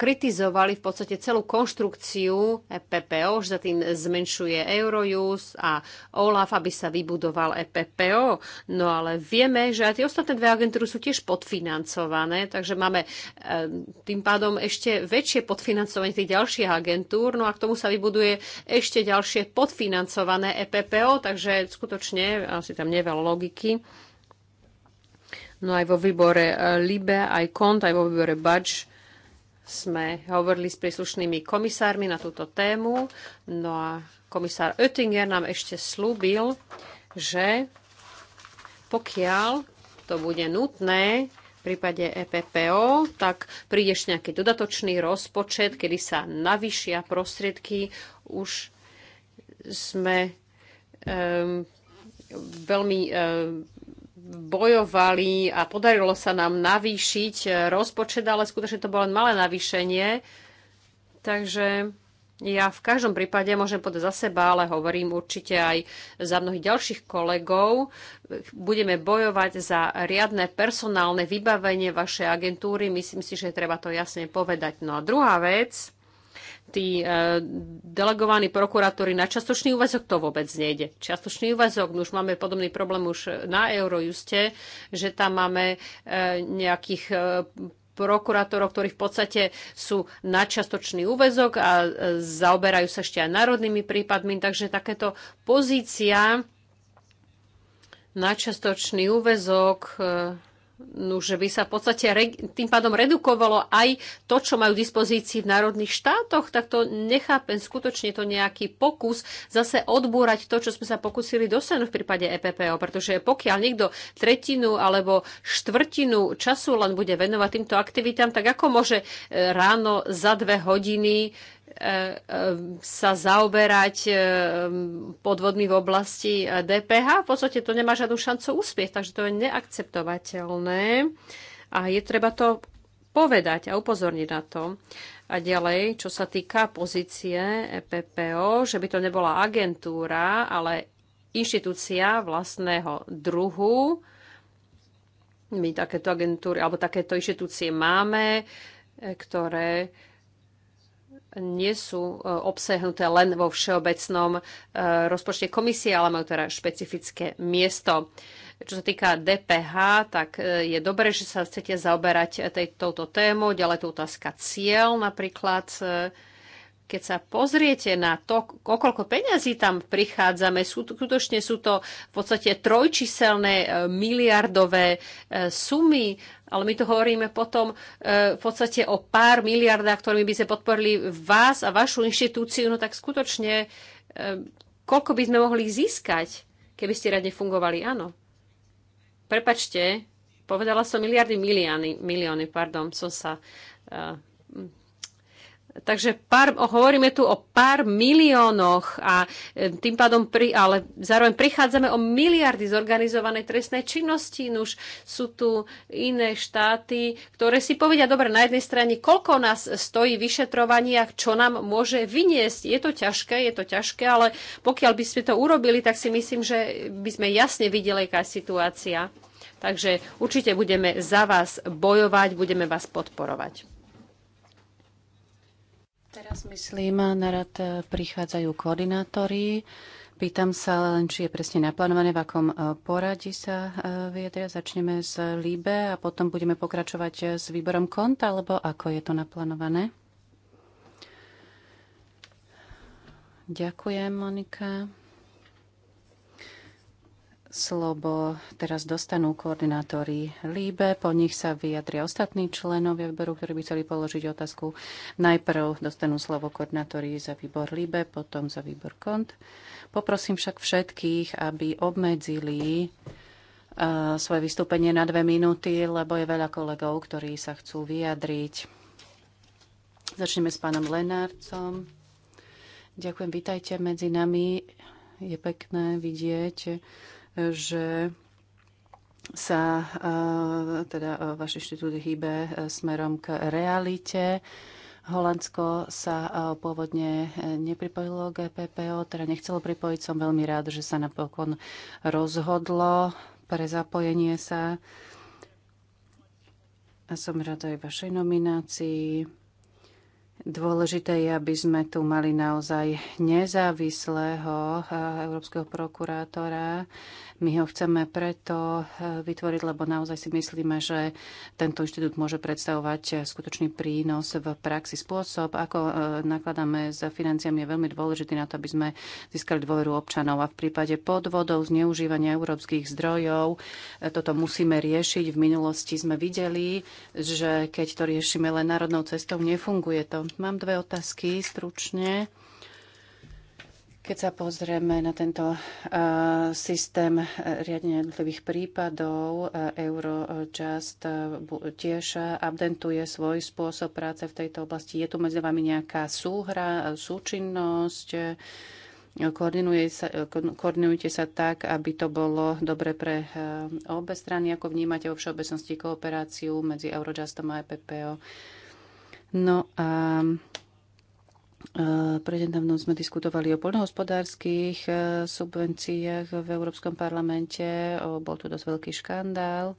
kritizovali v podstate celú konštrukciu EPPO, že za tým zmenšuje Eurojust a OLAF, aby sa vybudoval EPPO. No ale vieme, že aj tie ostatné dve agentúry sú tiež podfinancované, takže máme eh, tým pádom ešte väčšie podfinancovanie tých ďalších agentúr, no a k tomu sa vybuduje ešte ďalšie podfinancované EPPO, takže skutočne asi tam neveľa logiky. No aj vo výbore eh, LIBE, aj KONT, aj vo výbore BAČ sme hovorili s príslušnými komisármi na túto tému. No a komisár Oettinger nám ešte slúbil, že pokiaľ to bude nutné, v prípade EPPO, tak príde ešte nejaký dodatočný rozpočet, kedy sa navyšia prostriedky. Už sme um, veľmi um, bojovali a podarilo sa nám navýšiť rozpočet, ale skutočne to bolo len malé navýšenie. Takže ja v každom prípade môžem povedať za seba, ale hovorím určite aj za mnohých ďalších kolegov. Budeme bojovať za riadne personálne vybavenie vašej agentúry. Myslím si, že treba to jasne povedať. No a druhá vec, tí e, delegovaní prokurátori na častočný úvazok, to vôbec nejde. Častočný úvazok, no už máme podobný problém už na Eurojuste, že tam máme e, nejakých e, prokurátorov, ktorí v podstate sú na častočný úvezok a zaoberajú sa ešte aj národnými prípadmi, takže takéto pozícia na častočný úvezok No, že by sa v podstate tým pádom redukovalo aj to, čo majú v dispozícii v národných štátoch, tak to nechápem skutočne to nejaký pokus zase odbúrať to, čo sme sa pokusili dosiahnuť v prípade EPPO, pretože pokiaľ niekto tretinu alebo štvrtinu času len bude venovať týmto aktivitám, tak ako môže e, ráno za dve hodiny E, e, sa zaoberať e, podvodmi v oblasti DPH. V podstate to nemá žiadnu šancu úspieť, takže to je neakceptovateľné a je treba to povedať a upozorniť na to. A ďalej, čo sa týka pozície EPPO, že by to nebola agentúra, ale inštitúcia vlastného druhu. My takéto agentúry alebo takéto inštitúcie máme, ktoré nie sú e, obsahnuté len vo všeobecnom e, rozpočte komisie, ale majú teda špecifické miesto. Čo sa týka DPH, tak e, je dobré, že sa chcete zaoberať tej, touto tému. Ďalej tu otázka cieľ napríklad. E, keď sa pozriete na to, koľko peňazí tam prichádzame, sú, skutočne sú to v podstate trojčiselné e, miliardové e, sumy, ale my tu hovoríme potom e, v podstate o pár miliardách, ktorými by sme podporili vás a vašu inštitúciu, no tak skutočne koľko by sme mohli získať, keby ste radne fungovali? Áno. Prepačte, povedala som miliardy, milióny, milióny, pardon, som sa Takže pár, hovoríme tu o pár miliónoch a e, tým pádom, pri, ale zároveň prichádzame o miliardy zorganizovanej trestnej činnosti. Nuž sú tu iné štáty, ktoré si povedia, dobre, na jednej strane, koľko nás stojí vyšetrovanie a čo nám môže vyniesť. Je to ťažké, je to ťažké, ale pokiaľ by ste to urobili, tak si myslím, že by sme jasne videli, aká je situácia. Takže určite budeme za vás bojovať, budeme vás podporovať. Teraz myslím, na rad e, prichádzajú koordinátori. Pýtam sa len, či je presne naplánované, v akom e, poradí sa e, viedria. Začneme s Líbe a potom budeme pokračovať s výborom konta, alebo ako je to naplánované? Ďakujem, Monika slovo teraz dostanú koordinátori Líbe, po nich sa vyjadria ostatní členovia výboru, ktorí by chceli položiť otázku. Najprv dostanú slovo koordinátori za výbor Líbe, potom za výbor KONT. Poprosím však všetkých, aby obmedzili eh, svoje vystúpenie na dve minúty, lebo je veľa kolegov, ktorí sa chcú vyjadriť. Začneme s pánom Lenárcom. Ďakujem, vítajte medzi nami. Je pekné vidieť že sa eh, teda eh, vaš inštitút hýbe eh, smerom k realite. Holandsko sa pôvodne nepripojilo k EPPO, teda nechcelo pripojiť. Som veľmi rád, že sa napokon rozhodlo pre zapojenie sa. A som rada aj vašej nominácii. Dôležité je, aby sme tu mali naozaj nezávislého eh, európskeho prokurátora. My ho chceme preto eh, vytvoriť, lebo naozaj si myslíme, že tento inštitút môže predstavovať eh, skutočný prínos v praxi. Spôsob, ako nakladáme s financiami, je veľmi dôležitý na to, aby sme získali dôveru občanov. A v prípade podvodov, zneužívania európskych zdrojov, toto musíme riešiť. V minulosti sme videli, že keď to riešime len národnou cestou, nefunguje to. Mám dve otázky stručne. Keď sa pozrieme na tento eh, systém eh, riadenia jednotlivých prípadov, eh, Eurojust tiež abdentuje svoj spôsob práce v tejto oblasti. Je tu medzi vami nejaká súhra, súčinnosť? Koordinuje sa, koordinujte sa tak, aby to bolo dobre pre obe strany. Ako vnímate vo všeobecnosti kooperáciu medzi Eurojustom a EPPO? No a e, Prednedávno sme diskutovali o poľnohospodárskych e, subvenciách v Európskom parlamente. Bol tu dosť veľký škandál.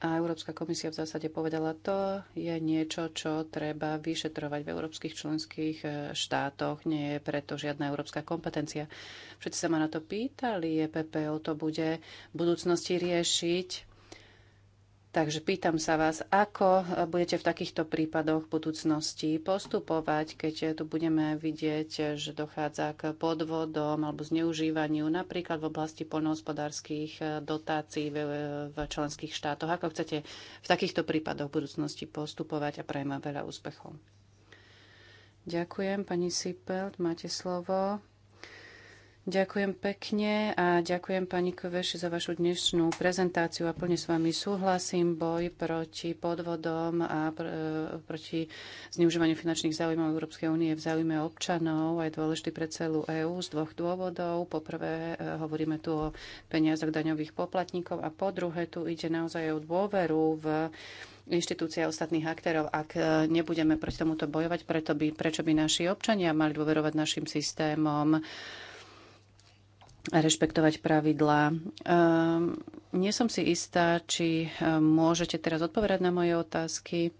A Európska komisia v zásade povedala, to je niečo, čo treba vyšetrovať v európskych členských e, štátoch. Nie je preto žiadna európska kompetencia. Všetci sa ma na to pýtali, EPPO to bude v budúcnosti riešiť Takže pýtam sa vás, ako budete v takýchto prípadoch v budúcnosti postupovať, keď tu budeme vidieť, že dochádza k podvodom alebo zneužívaniu napríklad v oblasti poľnohospodárských eh, dotácií v, v členských štátoch. Ako chcete v takýchto prípadoch v budúcnosti postupovať a prajem vám veľa úspechov. Ďakujem, pani Sipelt, máte slovo. Ďakujem pekne a ďakujem pani Koveši za vašu dnešnú prezentáciu a plne s vami súhlasím. Boj proti podvodom a pr- e, proti zneužívaniu finančných záujmov Európskej únie v záujme občanov a je dôležitý pre celú EÚ z dvoch dôvodov. Poprvé e, hovoríme tu o peniazoch daňových poplatníkov a po druhé tu ide naozaj o dôveru v inštitúcia ostatných aktérov, ak e, nebudeme proti tomuto bojovať, preto by, prečo by naši občania mali dôverovať našim systémom rešpektovať pravidlá. Ehm, nie som si istá, či ehm, môžete teraz odpovedať na moje otázky.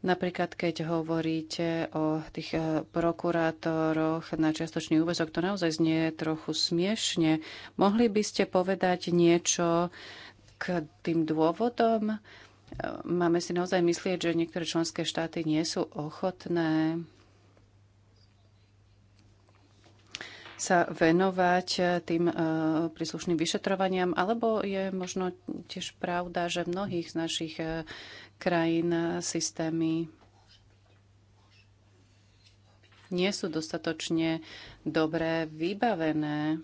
Napríklad, keď hovoríte o tých ehm, prokurátoroch na čiastočný úvezok, to naozaj znie trochu smiešne. Mohli by ste povedať niečo k tým dôvodom? Máme si naozaj myslieť, že niektoré členské štáty nie sú ochotné sa venovať eh, tým eh, príslušným vyšetrovaniam, alebo je možno tiež pravda, že v mnohých z našich eh, krajín systémy nie sú dostatočne dobre vybavené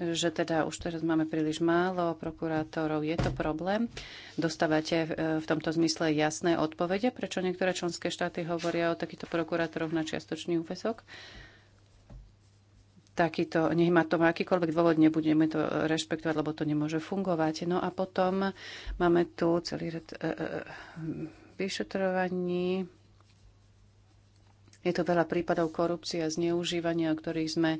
že teda už teraz máme príliš málo prokurátorov. Je to problém? Dostávate e, v tomto zmysle jasné odpovede, prečo niektoré členské štáty hovoria o takýchto prokurátoroch na čiastočný úvesok? Takýto, nech má to má akýkoľvek dôvod, nebudeme to rešpektovať, lebo to nemôže fungovať. No a potom máme tu celý red uh, e, e, vyšetrovaní. Je to veľa prípadov korupcie a zneužívania, o ktorých sme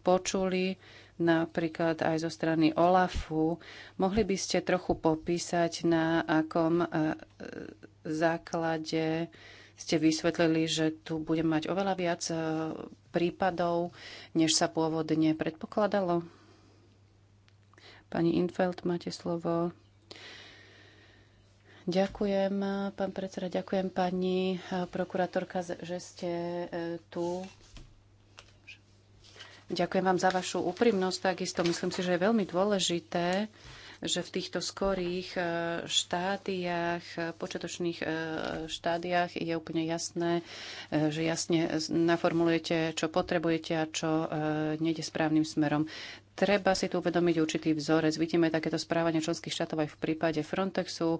počuli napríklad aj zo strany OLAFu. Mohli by ste trochu popísať, na akom e, základe ste vysvetlili, že tu bude mať oveľa viac e, prípadov, než sa pôvodne predpokladalo? Pani Infeld, máte slovo. Ďakujem, pán predseda, ďakujem pani e, prokurátorka, že ste tu Ďakujem vám za vašu úprimnosť. Takisto myslím si, že je veľmi dôležité, že v týchto skorých e, štádiách, počiatočných e, štádiách je úplne jasné, e, že jasne naformulujete, čo potrebujete a čo nejde správnym smerom. Treba si tu uvedomiť určitý vzorec. Vidíme takéto správanie členských štátov aj v prípade Frontexu.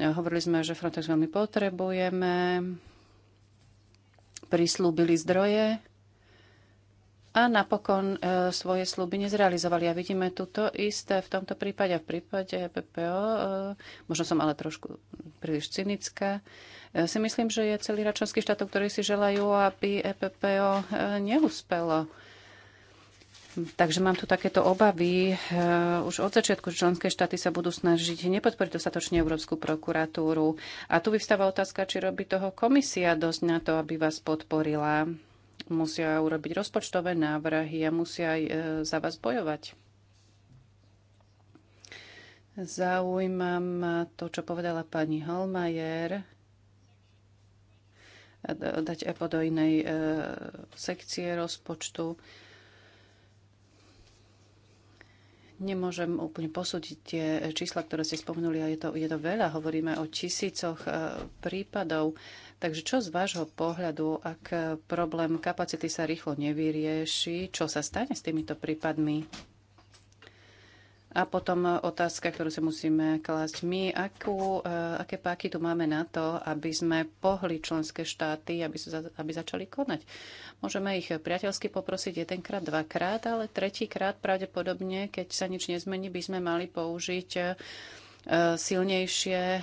Hovorili sme, že Frontex veľmi potrebujeme. Prislúbili zdroje, a napokon e, svoje sluby nezrealizovali. A vidíme tuto isté v tomto prípade a v prípade e PPO, e, možno som ale trošku príliš cynická, e, si myslím, že je celý rad štát, štátov, ktorí si želajú, aby EPPO e, neúspelo. Takže mám tu takéto obavy. E, už od začiatku členské štáty sa budú snažiť nepodporiť dostatočne Európsku prokuratúru. A tu vyvstáva otázka, či robí toho komisia dosť na to, aby vás podporila musia urobiť rozpočtové návrhy a musia aj e, za vás bojovať. Zaujímam to, čo povedala pani Holmajer, dať EPO do inej e, sekcie rozpočtu. Nemôžem úplne posúdiť tie čísla, ktoré ste spomenuli, a je to, je to veľa. Hovoríme o tisícoch e, prípadov. Takže čo z vášho pohľadu, ak problém kapacity sa rýchlo nevyrieši, čo sa stane s týmito prípadmi? A potom otázka, ktorú si musíme klásť my, akú, e, aké páky tu máme na to, aby sme pohli členské štáty, aby, sa, aby začali konať. Môžeme ich priateľsky poprosiť jedenkrát, dvakrát, ale tretíkrát pravdepodobne, keď sa nič nezmení, by sme mali použiť e, silnejšie e,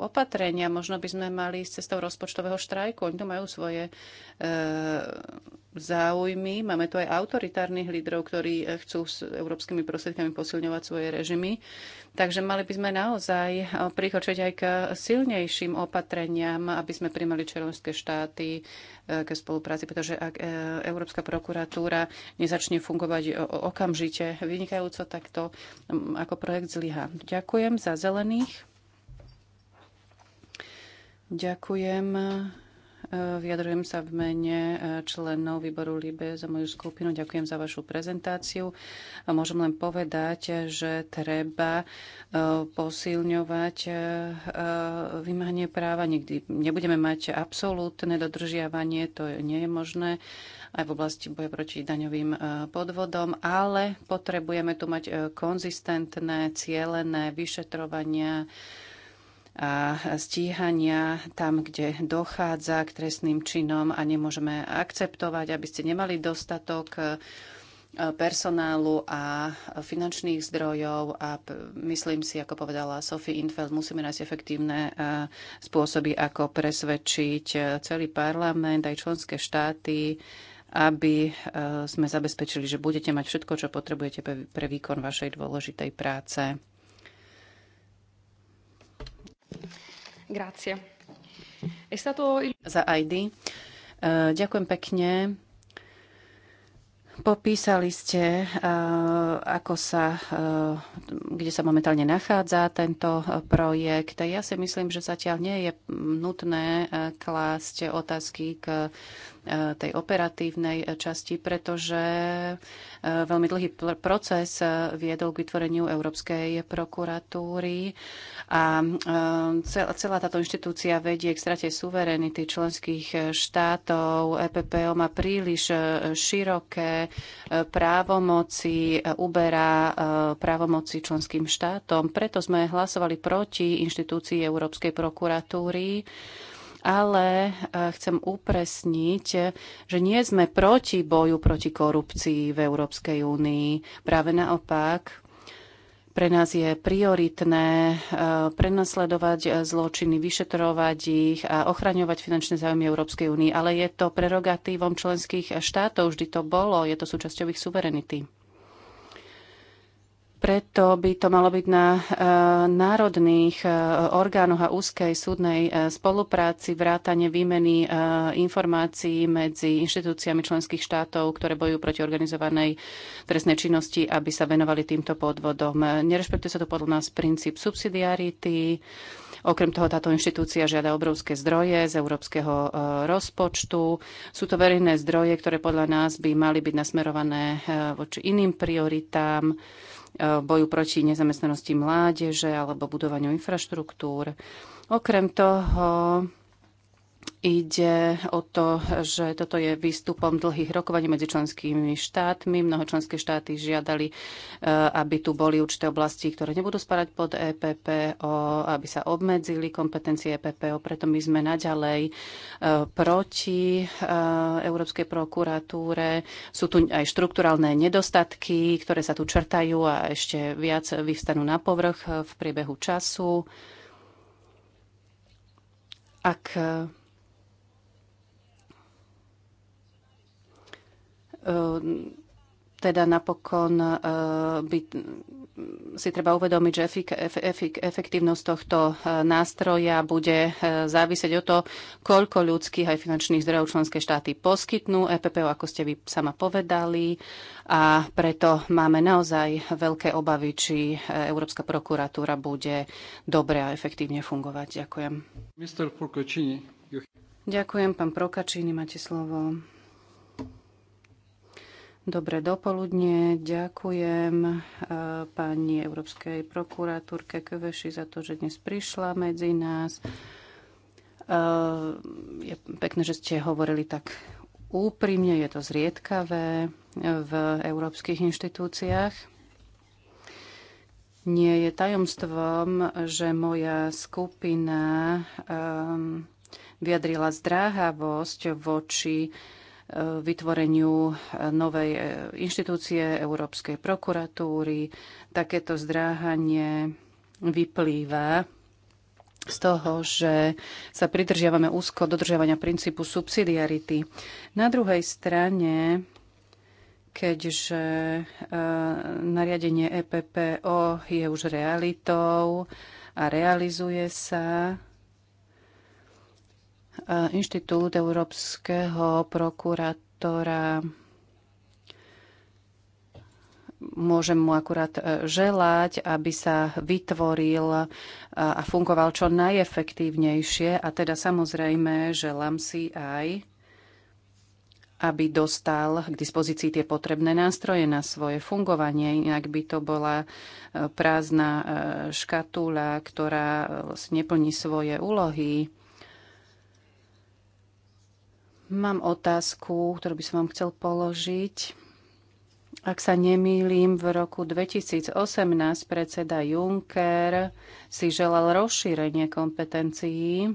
opatrenia. Možno by sme mali ísť cestou rozpočtového štrajku. Oni tu majú svoje e, záujmy. Máme tu aj autoritárnych lídrov, ktorí e, chcú s európskymi prostriedkami posilňovať svoje režimy. Takže mali by sme naozaj eh, prichočiť aj k silnejším opatreniam, aby sme primali členské štáty eh, ke spolupráci, pretože ak eh, Európska prokuratúra nezačne fungovať okamžite vynikajúco, tak to mm, ako projekt zlyha. Ďakujem za zelených. Ďakujem. Vyjadrujem sa v mene eh, členov výboru LIBE za moju skupinu. Ďakujem za vašu prezentáciu. Môžem len povedať, že treba eh, posilňovať eh, vymáhanie práva. Nikdy nebudeme mať absolútne dodržiavanie, to nie je možné aj v oblasti boja proti daňovým podvodom, ale potrebujeme tu mať konzistentné, cielené vyšetrovania, a stíhania tam, kde dochádza k trestným činom a nemôžeme akceptovať, aby ste nemali dostatok e, personálu a finančných zdrojov a myslím si, ako povedala Sophie Infeld, musíme nájsť efektívne e, spôsoby, ako presvedčiť e, celý parlament, aj členské štáty, aby sme zabezpečili, že budete mať všetko, čo potrebujete pre výkon vašej dôležitej práce. Za ID. E, ďakujem pekne. Popísali ste, e, ako sa, e, kde sa momentálne nachádza tento projekt. Ja si myslím, že zatiaľ nie je nutné klásť otázky k tej operatívnej časti, pretože eh, veľmi dlhý proces eh, viedol k vytvoreniu Európskej prokuratúry a eh, celá táto inštitúcia vedie k strate suverenity členských štátov. EPPO má príliš široké právomoci, uberá právomoci členským štátom. Preto sme hlasovali proti inštitúcii Európskej prokuratúry ale e, chcem upresniť, e, že nie sme proti boju proti korupcii v Európskej únii. Práve naopak, pre nás je prioritné e, prenasledovať zločiny, vyšetrovať ich a ochraňovať finančné záujmy Európskej únie, ale je to prerogatívom členských štátov, vždy to bolo, je to súčasťou ich suverenity. Preto by to malo byť na e, národných e, orgánoch a úzkej súdnej e, spolupráci, vrátane výmeny informácií medzi inštitúciami členských štátov, ktoré bojujú proti organizovanej trestnej činnosti, aby sa venovali týmto podvodom. Nerešpektuje sa to podľa nás princíp subsidiarity. Okrem toho táto inštitúcia žiada obrovské zdroje z európskeho rozpočtu. Sú to verejné zdroje, ktoré podľa nás by mali byť nasmerované voči iným prioritám Eh, boju proti nezamestnanosti mládeže alebo budovaniu infraštruktúr. Okrem toho Ide o to, že toto je výstupom dlhých rokovaní medzi členskými štátmi. Mnoho členské štáty žiadali, e, aby tu boli určité oblasti, ktoré nebudú sparať pod EPPO, aby sa obmedzili kompetencie EPPO. Preto my sme naďalej e, proti e, Európskej prokuratúre. Sú tu aj štrukturálne nedostatky, ktoré sa tu črtajú a ešte viac vyvstanú na povrch v priebehu času. Ak E, teda napokon e, by si treba uvedomiť, že efektívnosť tohto e, nástroja bude závisieť od toho, koľko ľudských aj finančných zdrojov členské štáty poskytnú EPPO, ako ste vy sama povedali. A preto máme naozaj veľké obavy, či Európska prokuratúra bude dobre a efektívne fungovať. Ďakujem. Ďakujem, pán Prokačíny, máte slovo. Dobré dopoludne. Ďakujem e, pani Európskej prokuratúrke Kveši za to, že dnes prišla medzi nás. E, je pekné, že ste hovorili tak úprimne, je to zriedkavé e, v európskych inštitúciách. Nie je tajomstvom, že moja skupina um, vyjadrila zdráhavosť voči vytvoreniu e, novej e, inštitúcie Európskej prokuratúry. Takéto zdráhanie vyplýva z toho, že sa pridržiavame úzko dodržiavania princípu subsidiarity. Na druhej strane, keďže e, nariadenie EPPO je už realitou a realizuje sa, Inštitút Európskeho prokurátora môžem mu akurát e, želať, aby sa vytvoril e, a fungoval čo najefektívnejšie. A teda samozrejme želám si aj, aby dostal k dispozícii tie potrebné nástroje na svoje fungovanie. Inak by to bola e, prázdna škatula, ktorá vlastne neplní svoje úlohy. Mám otázku, ktorú by som vám chcel položiť. Ak sa nemýlim, v roku 2018 predseda Juncker si želal rozšírenie kompetencií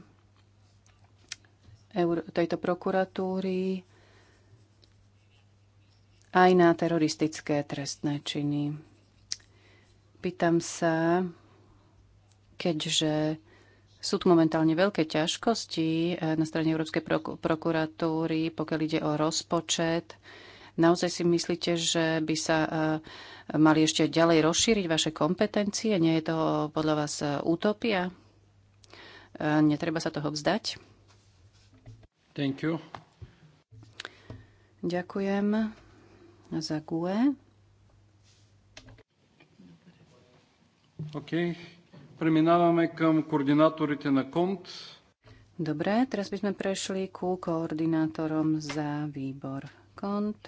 tejto prokuratúry aj na teroristické trestné činy. Pýtam sa, keďže sú tu momentálne veľké ťažkosti eh, na strane Európskej prokuratúry, pokiaľ ide o rozpočet. Naozaj si myslíte, že by sa eh, mali ešte ďalej rozšíriť vaše kompetencie? Nie je to podľa vás eh, utopia? Netreba sa toho vzdať? Thank you. Ďakujem za GUE. Okay. Преминаваме към координаторите на КОНТ. Dobre, teraz by sme prešli ku koordinátorom za výbor KONT.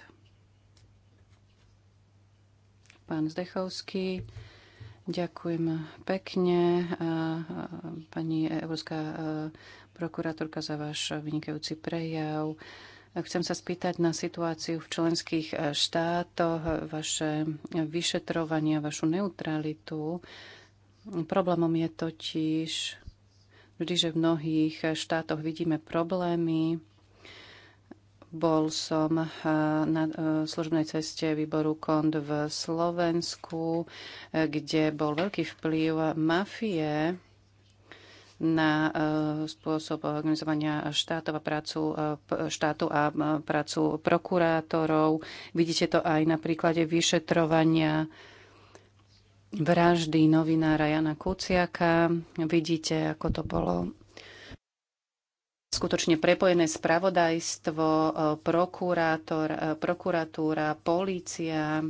Pán Zdechovský, ďakujem pekne. Pani Európska prokurátorka za váš vynikajúci prejav. Chcem sa spýtať na situáciu v členských štátoch, vaše vyšetrovania, vašu neutralitu. Problémom je totiž vždy, že v mnohých štátoch vidíme problémy. Bol som eh, na eh, služobnej ceste výboru KOND v Slovensku, eh, kde bol veľký vplyv mafie na spôsob organizovania štátov a prácu, štátu a prácu prokurátorov. Vidíte to aj na príklade vyšetrovania vraždy novinára Jana Kuciaka. Vidíte, ako to bolo skutočne prepojené spravodajstvo, e, prokurátor, e, prokuratúra, polícia, e,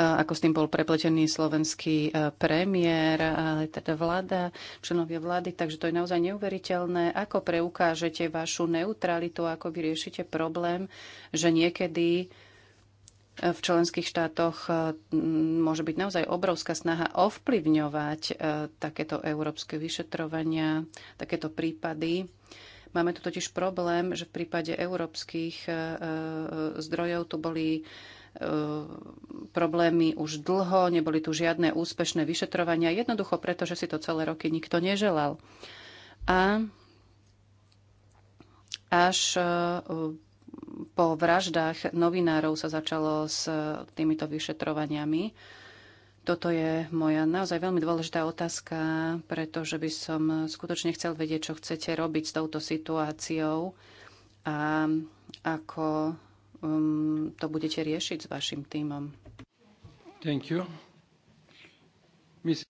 ako s tým bol prepletený slovenský premiér, ale teda vláda, členovia vlády, takže to je naozaj neuveriteľné, ako preukážete vašu neutralitu, ako vyriešite problém, že niekedy v členských štátoch e, môže byť naozaj obrovská snaha ovplyvňovať e, takéto európske vyšetrovania, takéto prípady. Máme tu totiž problém, že v prípade európskych e, zdrojov tu boli problémy už dlho, neboli tu žiadne úspešné vyšetrovania, jednoducho preto, že si to celé roky nikto neželal. A až po vraždách novinárov sa začalo s týmito vyšetrovaniami. Toto je moja naozaj veľmi dôležitá otázka, pretože by som skutočne chcel vedieť, čo chcete robiť s touto situáciou a ako um, to budete riešiť s vašim týmom. Thank you. Miss...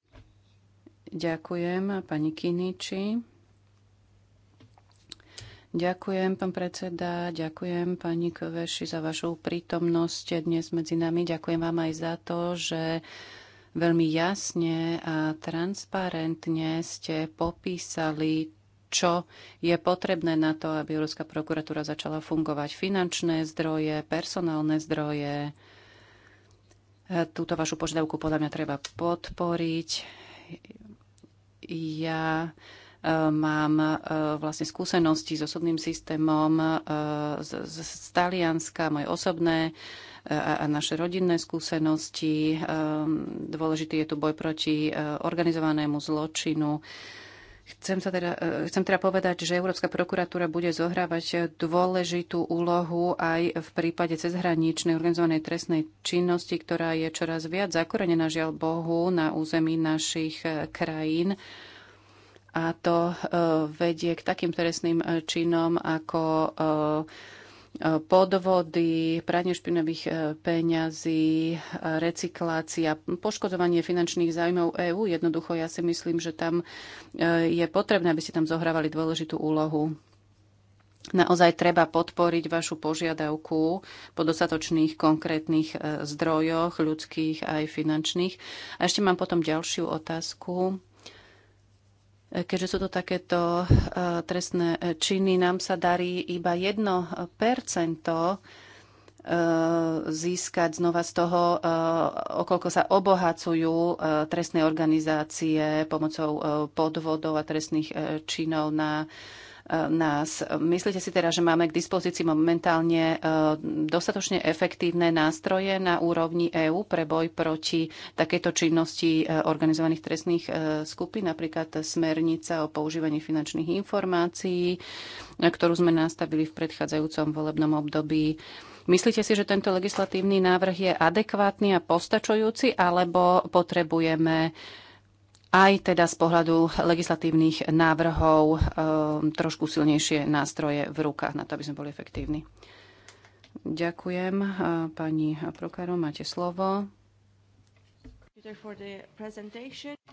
Ďakujem pani Kiniči. Ďakujem, pán predseda, ďakujem pani Kveši za vašu prítomnosť dnes medzi nami. Ďakujem vám aj za to, že veľmi jasne a transparentne ste popísali, čo je potrebné na to, aby Európska prokuratúra začala fungovať. Finančné zdroje, personálne zdroje. Túto vašu požiadavku podľa mňa treba podporiť. Ja Mám e, vlastne skúsenosti s osobným systémom e, z, z, z Talianska, moje osobné e, a, a naše rodinné skúsenosti. Ehm, dôležitý je tu boj proti organizovanému zločinu. Chcem, sa teda, chcem teda povedať, že Európska prokuratúra bude zohrávať dôležitú úlohu aj v prípade cezhraničnej organizovanej trestnej činnosti, ktorá je čoraz viac zakorenená, žiaľ Bohu, na území našich krajín a to e, vedie k takým trestným e, činom ako e, podvody, pranie špinavých peňazí, recyklácia, poškodovanie finančných zájmov EÚ. Jednoducho ja si myslím, že tam je potrebné, aby ste tam zohrávali dôležitú úlohu. Naozaj treba podporiť vašu požiadavku po dostatočných konkrétnych zdrojoch, ľudských aj finančných. A ešte mám potom ďalšiu otázku Keďže sú to takéto e, trestné e, činy, nám sa darí iba 1% e, získať znova z toho, okolko sa obohacujú trestné organizácie pomocou podvodov a trestných činov na Eh, nás. Myslíte si teda, že máme k dispozícii momentálne eh, dostatočne efektívne nástroje na úrovni EÚ pre boj proti takéto činnosti eh, organizovaných trestných skupín, napríklad smernica o používaní finančných informácií, ktorú sme nastavili v predchádzajúcom volebnom období. Myslíte si, že tento legislatívny návrh je adekvátny a postačujúci, alebo potrebujeme aj teda z pohľadu legislatívnych návrhov eh, trošku silnejšie nástroje v rukách na to, aby sme boli efektívni. Ďakujem. Eh, pani Prokaro, máte slovo.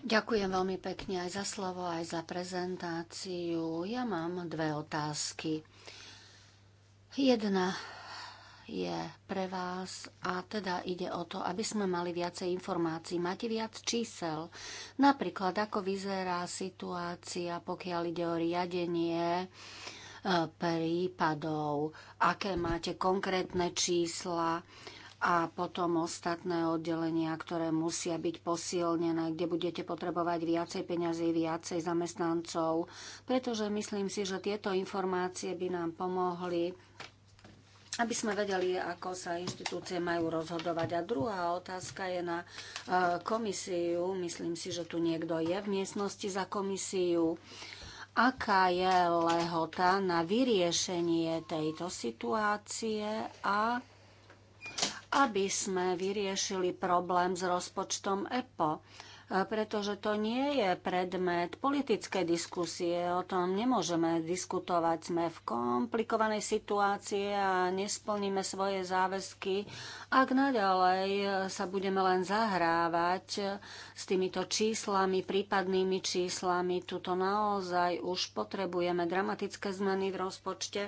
Ďakujem veľmi pekne aj za slovo, aj za prezentáciu. Ja mám dve otázky. Jedna je pre vás a teda ide o to, aby sme mali viacej informácií. Máte viac čísel. Napríklad, ako vyzerá situácia, pokiaľ ide o riadenie e, prípadov, aké máte konkrétne čísla a potom ostatné oddelenia, ktoré musia byť posilnené, kde budete potrebovať viacej peňazí, viacej zamestnancov, pretože myslím si, že tieto informácie by nám pomohli aby sme vedeli, ako sa inštitúcie majú rozhodovať. A druhá otázka je na e, komisiu. Myslím si, že tu niekto je v miestnosti za komisiu. Aká je lehota na vyriešenie tejto situácie a aby sme vyriešili problém s rozpočtom EPO? pretože to nie je predmet politické diskusie. O tom nemôžeme diskutovať. Sme v komplikovanej situácii a nesplníme svoje záväzky, ak naďalej sa budeme len zahrávať s týmito číslami, prípadnými číslami. Tuto naozaj už potrebujeme dramatické zmeny v rozpočte.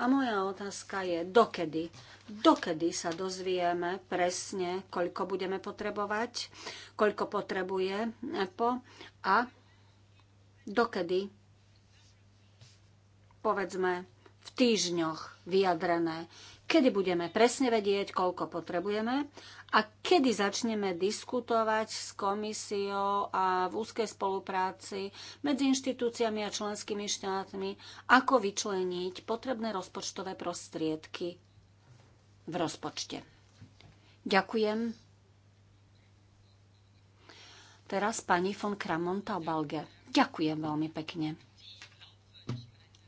A moja otázka je, dokedy dokedy sa dozvieme presne, koľko budeme potrebovať, koľko potrebuje EPO a dokedy, povedzme, v týždňoch vyjadrené, kedy budeme presne vedieť, koľko potrebujeme a kedy začneme diskutovať s komisiou a v úzkej spolupráci medzi inštitúciami a členskými štátmi, ako vyčleniť potrebné rozpočtové prostriedky v rozpočte. Ďakujem. Teraz pani von Kramonta Balge. Ďakujem veľmi pekne.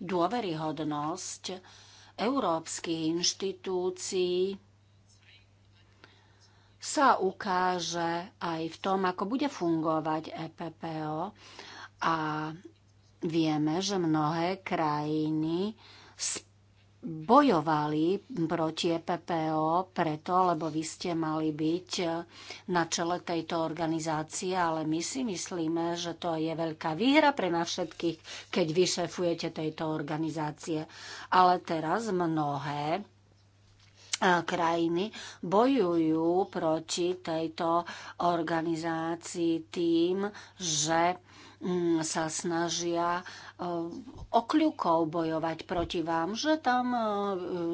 Dôveryhodnosť európskych inštitúcií sa ukáže aj v tom, ako bude fungovať EPPO. A vieme, že mnohé krajiny spolu bojovali proti e PPO preto, lebo vy ste mali byť na čele tejto organizácie, ale my si myslíme, že to je veľká výhra pre nás všetkých, keď vyšefujete tejto organizácie. Ale teraz mnohé krajiny bojujú proti tejto organizácii tým, že mm, sa snažia e, okľukov bojovať proti vám, že tam e,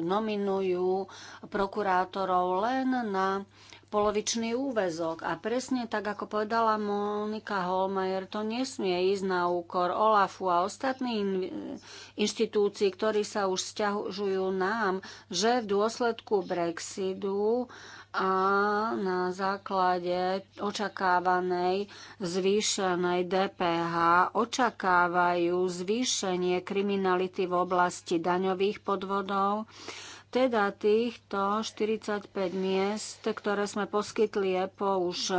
nominujú prokurátorov len na polovičný úvezok. A presne tak, ako povedala Monika Holmajer, to nesmie ísť na úkor OLAFu a ostatných inštitúcií, ktorí sa už stiažujú nám, že v dôsledku Brexitu a na základe očakávanej zvýšenej DPH očakávajú zvýšenie kriminality v oblasti daňových podvodov teda týchto 45 miest, ktoré sme poskytli EPO, už e,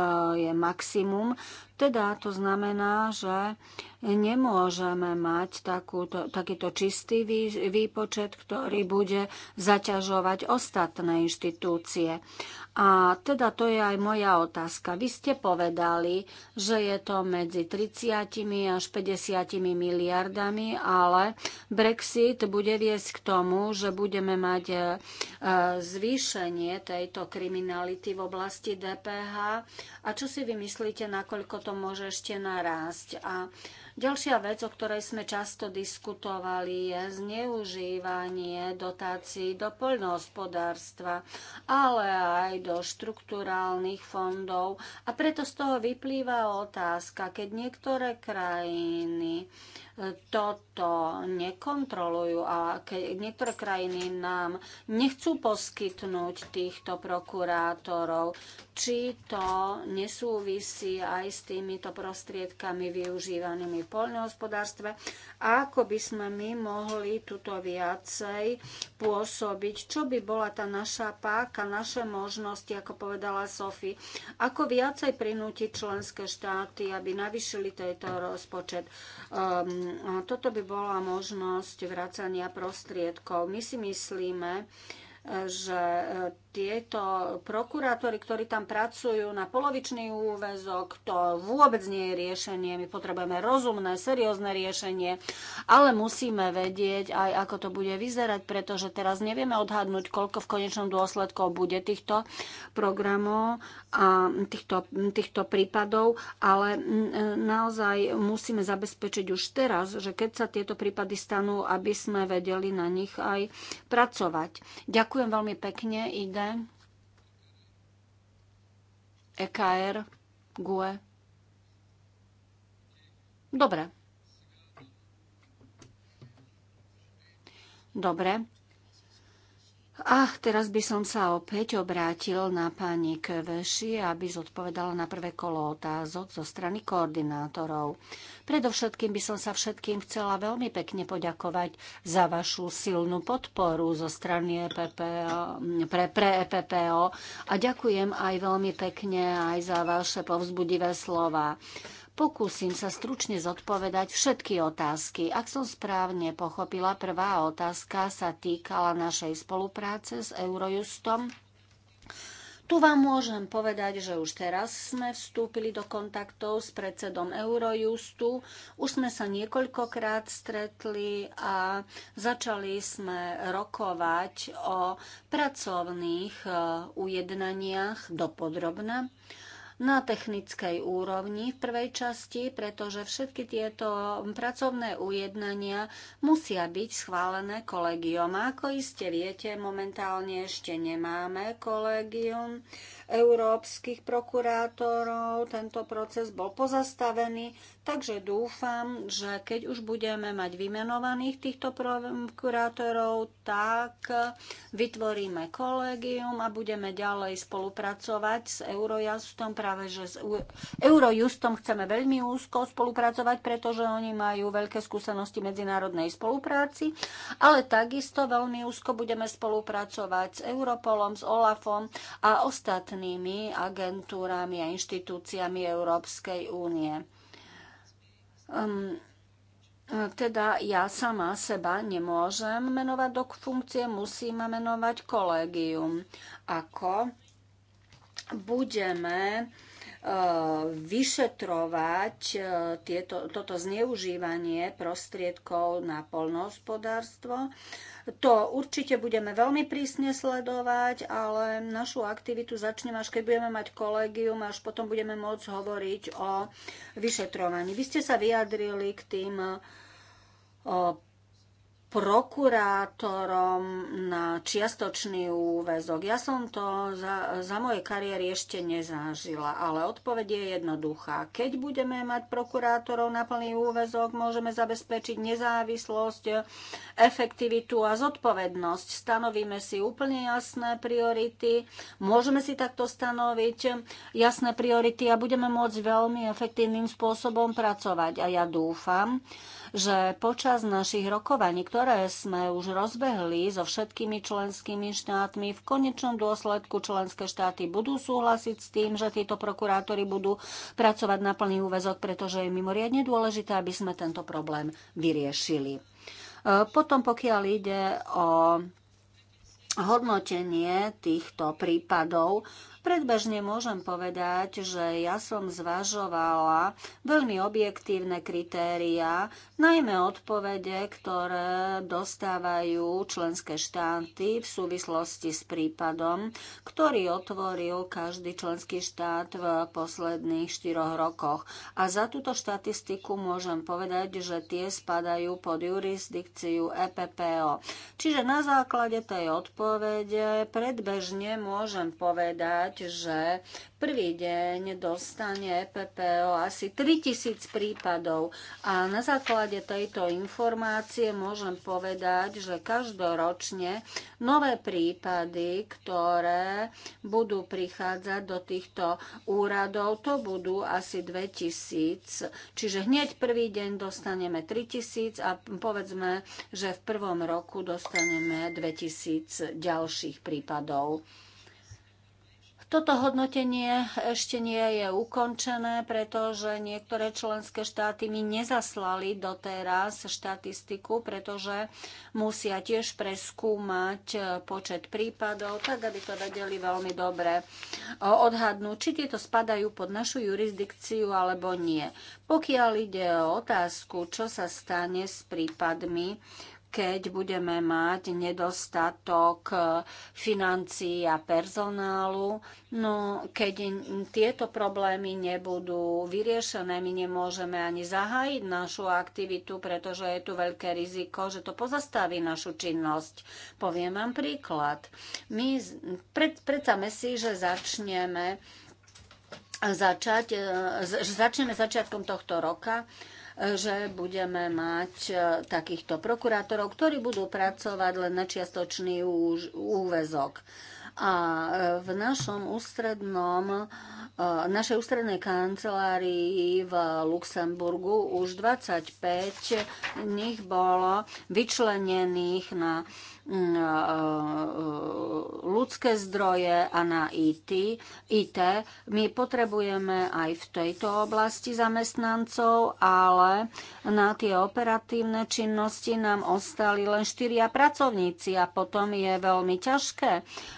je maximum. Teda to znamená, že nemôžeme mať takúto, takýto čistý výpočet, ktorý bude zaťažovať ostatné inštitúcie. A teda to je aj moja otázka. Vy ste povedali, že je to medzi 30 až 50 miliardami, ale Brexit bude viesť k tomu, že budeme mať e, zvýšenie tejto kriminality v oblasti DPH. A čo si vymyslíte, nakoľko to môže ešte narásť? A Ďalšia vec, o ktorej sme často diskutovali, je zneužívanie dotácií do poľnohospodárstva, ale aj do štrukturálnych fondov. A preto z toho vyplýva otázka, keď niektoré krajiny e, toto nekontrolujú a keď niektoré krajiny nám nechcú poskytnúť týchto prokurátorov, či to nesúvisí aj s týmito prostriedkami využívanými poľnohospodárstve ako by sme my mohli tuto viacej pôsobiť, čo by bola tá naša páka, naše možnosti, ako povedala Sofi, ako viacej prinútiť členské štáty, aby navyšili tento rozpočet. Um, toto by bola možnosť vracania prostriedkov. My si myslíme, že e, tieto prokurátori, ktorí tam pracujú na polovičný úvezok, to vôbec nie je riešenie. My potrebujeme rozumné, seriózne riešenie, ale musíme vedieť aj, ako to bude vyzerať, pretože teraz nevieme odhadnúť, koľko v konečnom dôsledku bude týchto programov a týchto, týchto prípadov, ale e, naozaj musíme zabezpečiť už teraz, že keď sa tieto prípady stanú, aby sme vedeli na nich aj pracovať. Ďakujem Ďakujem veľmi pekne, IDE, EKR, GUE. Dobre. Dobre. Ach, teraz by som sa opäť obrátil na pani Kveši, aby zodpovedala na prvé kolo otázok zo strany koordinátorov. Predovšetkým by som sa všetkým chcela veľmi pekne poďakovať za vašu silnú podporu zo strany EPPO, pre, pre EPPO a ďakujem aj veľmi pekne aj za vaše povzbudivé slova. Pokúsim sa stručne zodpovedať všetky otázky. Ak som správne pochopila, prvá otázka sa týkala našej spolupráce s Eurojustom. Tu vám môžem povedať, že už teraz sme vstúpili do kontaktov s predsedom Eurojustu. Už sme sa niekoľkokrát stretli a začali sme rokovať o pracovných eh, ujednaniach dopodrobne. podrobna na technickej úrovni v prvej časti, pretože všetky tieto pracovné ujednania musia byť schválené kolegiom. Ako iste viete, momentálne ešte nemáme kolegium európskych prokurátorov. Tento proces bol pozastavený, takže dúfam, že keď už budeme mať vymenovaných týchto prokurátorov, tak vytvoríme kolegium a budeme ďalej spolupracovať s Eurojustom, práve že s Eurojustom chceme veľmi úzko spolupracovať, pretože oni majú veľké skúsenosti medzinárodnej spolupráci, ale takisto veľmi úzko budeme spolupracovať s Europolom, s Olafom a ostatnými relevantnými agentúrami a inštitúciami Európskej únie. Um, teda ja sama seba nemôžem menovať do funkcie, musíme menovať kolegium. Ako budeme uh, vyšetrovať uh, tieto, toto zneužívanie prostriedkov na polnohospodárstvo to určite budeme veľmi prísne sledovať, ale našu aktivitu začneme až keď budeme mať kolegium, až potom budeme môcť hovoriť o vyšetrovaní. Vy ste sa vyjadrili k tým prokurátorom na čiastočný úvezok. Ja som to za, za mojej kariéry ešte nezažila, ale odpoveď je jednoduchá. Keď budeme mať prokurátorov na plný úvezok, môžeme zabezpečiť nezávislosť, efektivitu a zodpovednosť. Stanovíme si úplne jasné priority, môžeme si takto stanoviť jasné priority a budeme môcť veľmi efektívnym spôsobom pracovať. A ja dúfam, že počas našich rokovaní, ktoré sme už rozbehli so všetkými členskými štátmi, v konečnom dôsledku členské štáty budú súhlasiť s tým, že títo prokurátori budú pracovať na plný úvezok, pretože je mimoriadne dôležité, aby sme tento problém vyriešili. E, potom, pokiaľ ide o hodnotenie týchto prípadov, Predbežne môžem povedať, že ja som zvažovala veľmi objektívne kritériá, najmä odpovede, ktoré dostávajú členské štáty v súvislosti s prípadom, ktorý otvoril každý členský štát v posledných štyroch rokoch. A za túto štatistiku môžem povedať, že tie spadajú pod jurisdikciu EPPO. Čiže na základe tej odpovede predbežne môžem povedať, povedať, že prvý deň dostane PPO asi 3000 prípadov a na základe tejto informácie môžem povedať, že každoročne nové prípady, ktoré budú prichádzať do týchto úradov, to budú asi 2000. Čiže hneď prvý deň dostaneme 3000 a povedzme, že v prvom roku dostaneme 2000 ďalších prípadov. Toto hodnotenie ešte nie je ukončené, pretože niektoré členské štáty mi nezaslali doteraz štatistiku, pretože musia tiež preskúmať eh, počet prípadov, tak aby to vedeli veľmi dobre eh, odhadnúť, či tieto spadajú pod našu jurisdikciu alebo nie. Pokiaľ ide o otázku, čo sa stane s prípadmi, keď budeme mať nedostatok eh, financií a personálu. No, keď tieto problémy nebudú vyriešené, my nemôžeme ani zahájiť našu aktivitu, pretože je tu veľké riziko, že to pozastaví našu činnosť. Poviem vám príklad. My pred, predstavme si, že začneme začať, eh, začneme začiatkom tohto roka že budeme mať e, takýchto prokurátorov, ktorí budú pracovať len na čiastočný úvezok. A e, v našom ústrednom, e, našej ústrednej kancelárii v Luxemburgu už 25 nich bolo vyčlenených na Mm, e, e, ľudské zdroje a na IT. IT. My potrebujeme aj v tejto oblasti zamestnancov, ale na tie operatívne činnosti nám ostali len štyria pracovníci a potom je veľmi ťažké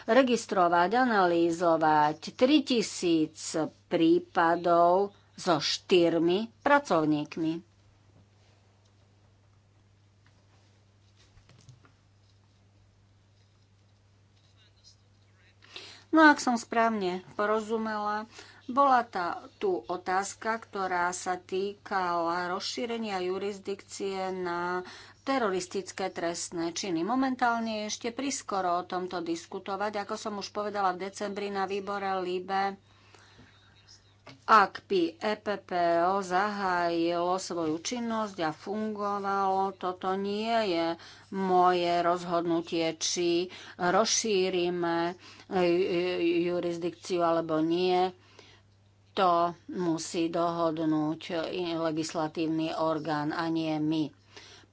registrovať, analýzovať 3000 prípadov so štyrmi pracovníkmi. No ak som správne porozumela, bola tá tu otázka, ktorá sa týkala rozšírenia jurisdikcie na teroristické trestné činy. Momentálne je ešte priskoro o tomto diskutovať. Ako som už povedala v decembri na výbore LIBE, ak by EPPO zahájilo svoju činnosť a fungovalo, toto nie je moje rozhodnutie, či rozšírime e, e, jurisdikciu alebo nie. To musí dohodnúť legislatívny orgán a nie my.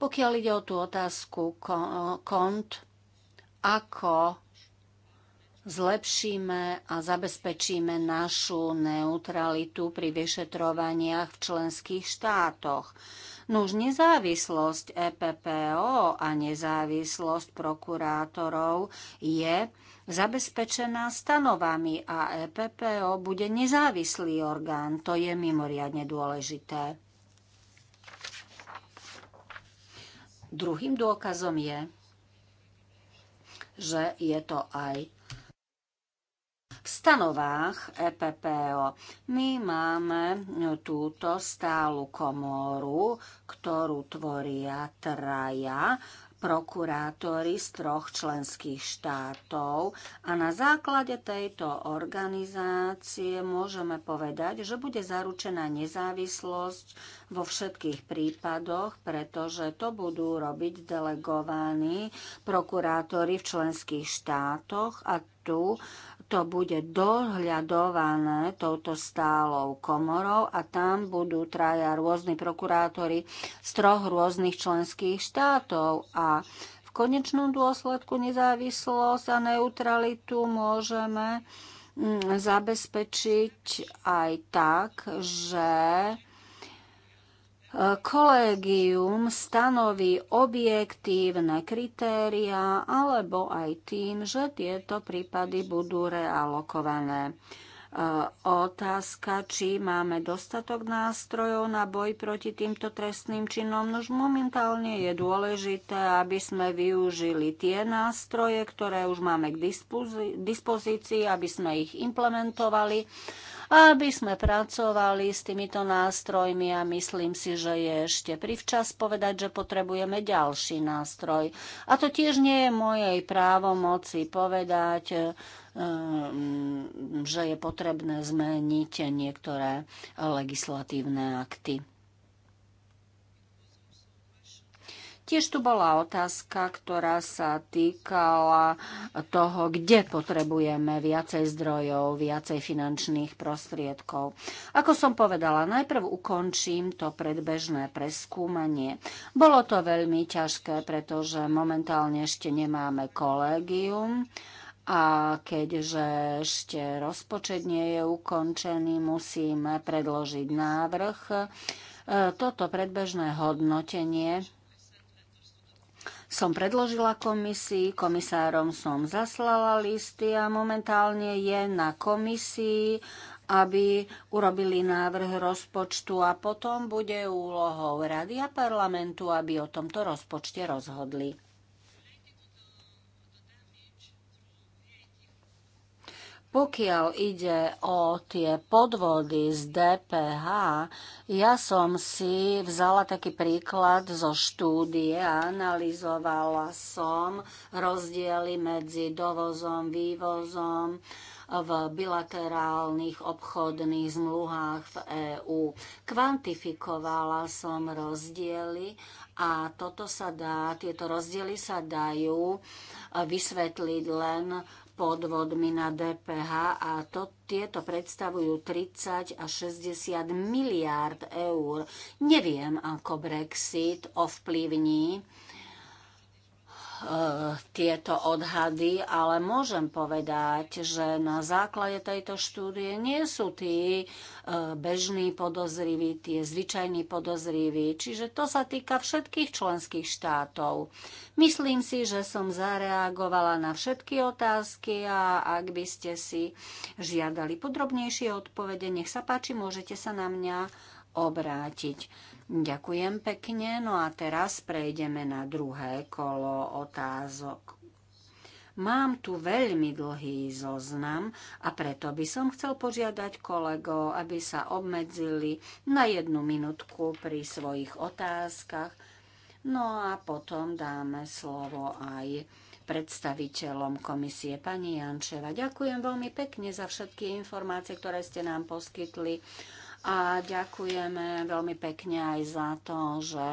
Pokiaľ ide o tú otázku kont, ako zlepšíme a zabezpečíme našu neutralitu pri vyšetrovaniach v členských štátoch. Nuž nezávislosť EPPO a nezávislosť prokurátorov je zabezpečená stanovami a EPPO bude nezávislý orgán. To je mimoriadne dôležité. Druhým dôkazom je, že je to aj stanovách EPPO. My máme túto stálu komoru, ktorú tvoria traja prokurátori z troch členských štátov a na základe tejto organizácie môžeme povedať, že bude zaručená nezávislosť vo všetkých prípadoch, pretože to budú robiť delegovaní prokurátori v členských štátoch a tu to bude dohľadované touto stálou komorou a tam budú traja rôzni prokurátori z troch rôznych členských štátov a v konečnom dôsledku nezávislosť a neutralitu môžeme mm, zabezpečiť aj tak, že Kolegium stanoví objektívne kritéria alebo aj tým, že tieto prípady budú realokované. E, otázka, či máme dostatok nástrojov na boj proti týmto trestným činom, už momentálne je dôležité, aby sme využili tie nástroje, ktoré už máme k dispozícii, aby sme ich implementovali aby sme pracovali s týmito nástrojmi a myslím si, že je ešte privčas povedať, že potrebujeme ďalší nástroj. A to tiež nie je mojej právomoci povedať, eh, mm, že je potrebné zmeniť niektoré legislatívne akty. Tiež tu bola otázka, ktorá sa týkala toho, kde potrebujeme viacej zdrojov, viacej finančných prostriedkov. Ako som povedala, najprv ukončím to predbežné preskúmanie. Bolo to veľmi ťažké, pretože momentálne ešte nemáme kolégium. A keďže ešte rozpočet nie je ukončený, musíme predložiť návrh. E, toto predbežné hodnotenie som predložila komisii, komisárom som zaslala listy a momentálne je na komisii, aby urobili návrh rozpočtu a potom bude úlohou Rady a parlamentu, aby o tomto rozpočte rozhodli. Pokiaľ ide o tie podvody z DPH, ja som si vzala taký príklad zo štúdie a analyzovala som rozdiely medzi dovozom, vývozom v bilaterálnych obchodných zmluhách v EÚ. Kvantifikovala som rozdiely a toto sa dá, tieto rozdiely sa dajú vysvetliť len podvodmi na DPH a to, tieto predstavujú 30 až 60 miliárd eur. Neviem, ako Brexit ovplyvní Eh, tieto odhady, ale môžem povedať, že na základe tejto štúdie nie sú tí eh, bežní podozriví, tie zvyčajní podozriví. Čiže to sa týka všetkých členských štátov. Myslím si, že som zareagovala na všetky otázky a ak by ste si žiadali podrobnejšie odpovede, nech sa páči, môžete sa na mňa obrátiť. Ďakujem pekne. No a teraz prejdeme na druhé kolo otázok. Mám tu veľmi dlhý zoznam a preto by som chcel požiadať kolegov, aby sa obmedzili na jednu minutku pri svojich otázkach. No a potom dáme slovo aj predstaviteľom komisie. Pani Jančeva, ďakujem veľmi pekne za všetky informácie, ktoré ste nám poskytli a ďakujeme veľmi pekne aj za to, že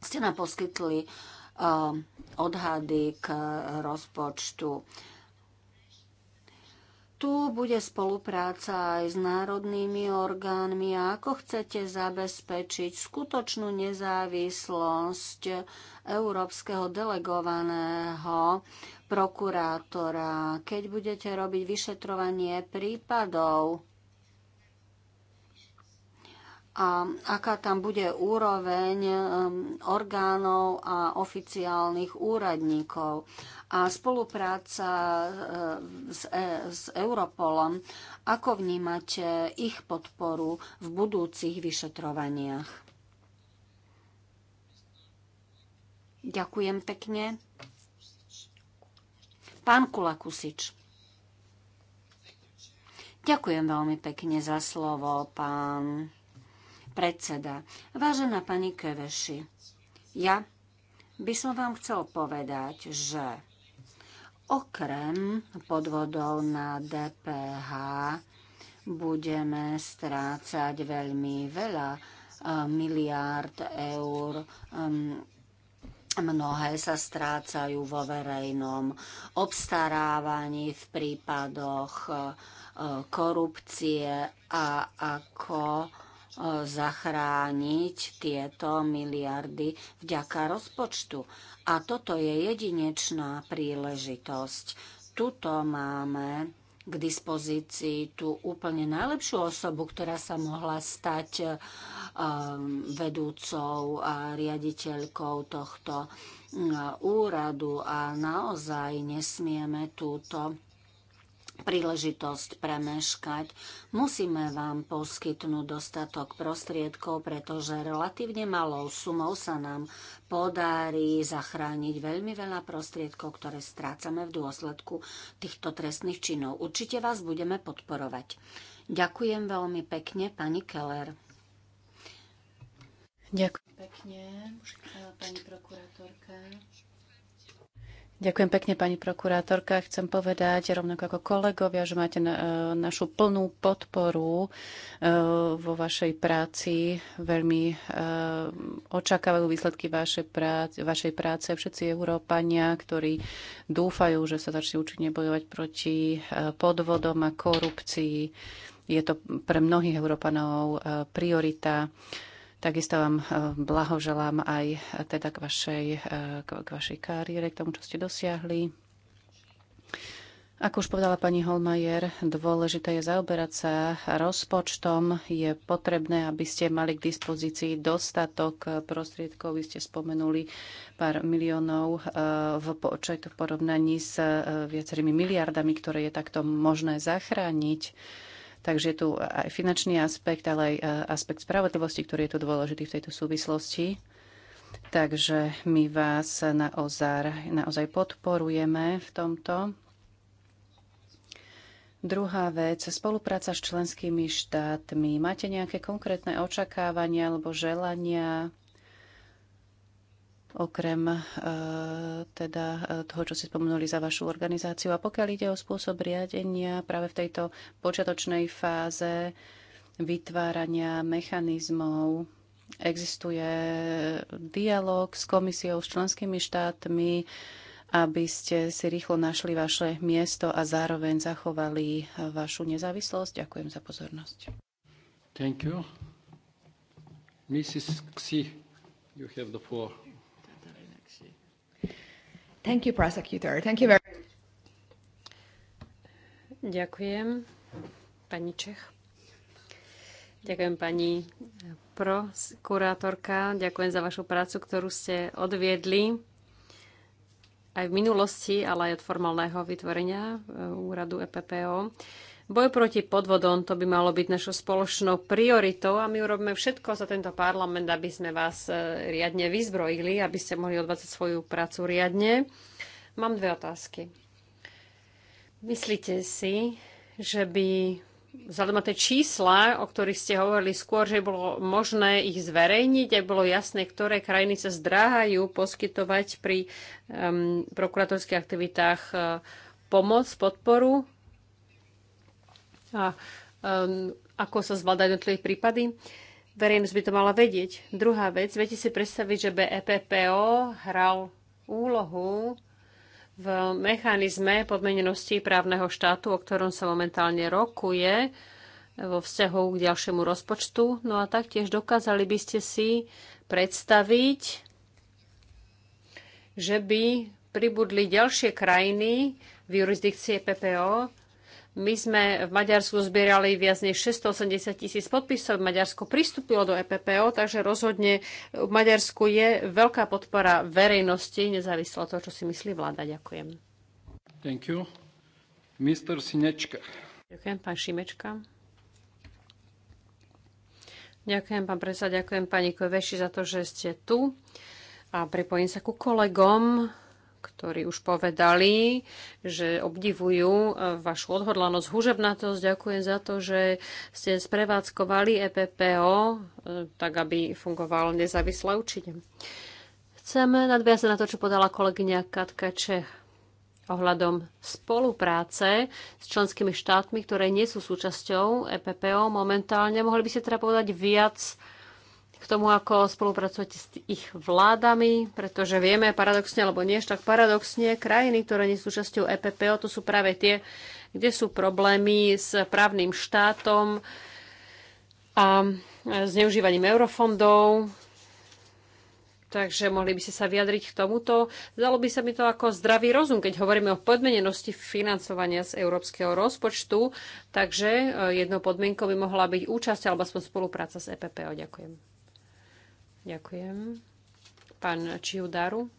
ste nám poskytli eh, odhady k rozpočtu. Tu bude spolupráca aj s národnými orgánmi a ako chcete zabezpečiť skutočnú nezávislosť európskeho delegovaného prokurátora, keď budete robiť vyšetrovanie prípadov a aká tam bude úroveň um, orgánov a oficiálnych úradníkov. A spolupráca uh, s, e, s Europolom, ako vnímate ich podporu v budúcich vyšetrovaniach? Ďakujem pekne. Pán Kulakusič. Ďakujem veľmi pekne za slovo, pán Predseda, vážená pani Keveši, ja by som vám chcel povedať, že okrem podvodov na DPH budeme strácať veľmi veľa eh, miliárd eur Mnohé sa strácajú vo verejnom obstarávaní v prípadoch eh, korupcie a ako zachrániť tieto miliardy vďaka rozpočtu. A toto je jedinečná príležitosť. Tuto máme k dispozícii tú úplne najlepšiu osobu, ktorá sa mohla stať um, vedúcou a riaditeľkou tohto um, úradu a naozaj nesmieme túto príležitosť premeškať. Musíme vám poskytnúť dostatok prostriedkov, pretože relatívne malou sumou sa nám podarí zachrániť veľmi veľa prostriedkov, ktoré strácame v dôsledku týchto trestných činov. Určite vás budeme podporovať. Ďakujem veľmi pekne, pani Keller. Ďakujem pekne, pani prokurátorka. Ďakujem pekne, pani prokurátorka. Chcem povedať, rovnako ako kolegovia, že máte na, e, našu plnú podporu e, vo vašej práci. Veľmi e, očakávajú výsledky vašej práce, vašej práce všetci Európania, ktorí dúfajú, že sa začne účinne bojovať proti podvodom a korupcii. Je to pre mnohých Európanov priorita. Takisto vám e, blahoželám aj e, teda k vašej, e, k vašej kariére, k tomu, čo ste dosiahli. Ako už povedala pani Holmajer, dôležité je zaoberať sa rozpočtom. Je potrebné, aby ste mali k dispozícii dostatok prostriedkov. Vy ste spomenuli pár miliónov v počet v porovnaní s viacerými miliardami, ktoré je takto možné zachrániť. Takže je tu aj finančný aspekt, ale aj e, aspekt spravodlivosti, ktorý je tu dôležitý v tejto súvislosti. Takže my vás naozaj, naozaj podporujeme v tomto. Druhá vec, spolupráca s členskými štátmi. Máte nejaké konkrétne očakávania alebo želania? okrem e, teda e, toho, čo ste spomenuli za vašu organizáciu. A pokiaľ ide o spôsob riadenia práve v tejto počiatočnej fáze vytvárania mechanizmov, existuje dialog s komisiou, s členskými štátmi, aby ste si rýchlo našli vaše miesto a zároveň zachovali vašu nezávislosť. Ďakujem za pozornosť. Thank you. Mrs. Xi, you have the floor. Thank you, prosecutor. Thank you very much. Ďakujem, pani Čech. Ďakujem, pani eh, prokurátorka. Ďakujem za vašu prácu, ktorú ste odviedli aj v minulosti, ale aj od formálneho vytvorenia eh, úradu EPPO. Boj proti podvodom, to by malo byť našou spoločnou prioritou a my urobíme všetko za tento parlament, aby sme vás e, riadne vyzbrojili, aby ste mohli odvádzať svoju prácu riadne. Mám dve otázky. Myslíte si, že by vzhľadom na tie čísla, o ktorých ste hovorili skôr, že bolo možné ich zverejniť, aj bolo jasné, ktoré krajiny sa zdráhajú poskytovať pri um, prokuratorských aktivitách uh, pomoc, podporu a um, ako sa zvládajú jednotlivé prípady. Verejnosť by to mala vedieť. Druhá vec, viete si predstaviť, že BEPPO hral úlohu v mechanizme podmenenosti právneho štátu, o ktorom sa momentálne rokuje vo vzťahu k ďalšiemu rozpočtu. No a taktiež dokázali by ste si predstaviť, že by pribudli ďalšie krajiny v jurisdikcie PPO, my sme v Maďarsku zbierali viac než 680 tisíc podpisov. Maďarsko pristúpilo do EPPO, takže rozhodne v Maďarsku je veľká podpora verejnosti, nezávisle od toho, čo si myslí vláda. Ďakujem. Thank you. Mr. Sinečka. Ďakujem, pán Šimečka. Ďakujem, pán predseda, ďakujem pani Koveši za to, že ste tu. A pripojím sa ku kolegom, ktorí už povedali, že obdivujú e, vašu odhodlanosť, hužebnatosť. Ďakujem za to, že ste sprevádzkovali EPPO, e, tak aby fungovalo nezávisle určite. Chcem nadviazať na to, čo podala kolegyňa Katka Čech ohľadom spolupráce s členskými štátmi, ktoré nie sú súčasťou EPPO momentálne. Mohli by ste teda povedať viac k tomu, ako spolupracujete s ich vládami, pretože vieme paradoxne, alebo nie tak paradoxne, krajiny, ktoré nie sú časťou EPPO, to sú práve tie, kde sú problémy s právnym štátom a zneužívaním eurofondov, Takže mohli by ste sa vyjadriť k tomuto. Zdalo by sa mi to ako zdravý rozum, keď hovoríme o podmenenosti financovania z európskeho rozpočtu. Takže eh, jednou podmienkou by mohla byť účasť alebo aspoň spolupráca s EPPO. Ďakujem. Ďakujem. Pán Čiudaru.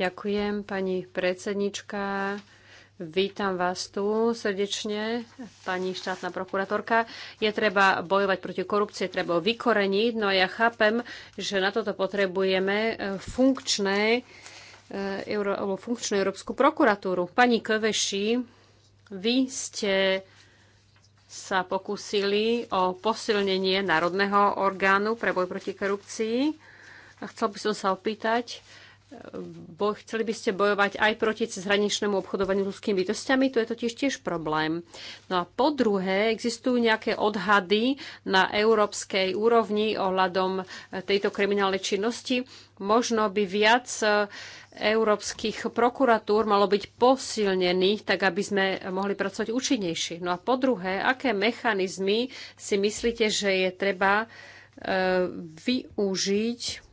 Ďakujem, pani predsednička. Vítam vás tu srdečne, pani štátna prokurátorka. Je treba bojovať proti korupcie, treba vykoreniť, no ja chápem, že na toto potrebujeme eh, funkčné, eh, euro, funkčnú Európsku prokuratúru. Pani Köveši, vy ste sa pokúsili o posilnenie Národného orgánu pre boj proti korupcii. A chcel by som sa opýtať, bo, chceli by ste bojovať aj proti cezhraničnému obchodovaniu ľudskými bytostiami, to je totiž tiež problém. No a po druhé, existujú nejaké odhady na európskej úrovni ohľadom eh, tejto kriminálnej činnosti. Možno by viac eh, európskych prokuratúr malo byť posilnených, tak aby sme mohli pracovať účinnejšie. No a po druhé, aké mechanizmy si myslíte, že je treba eh, využiť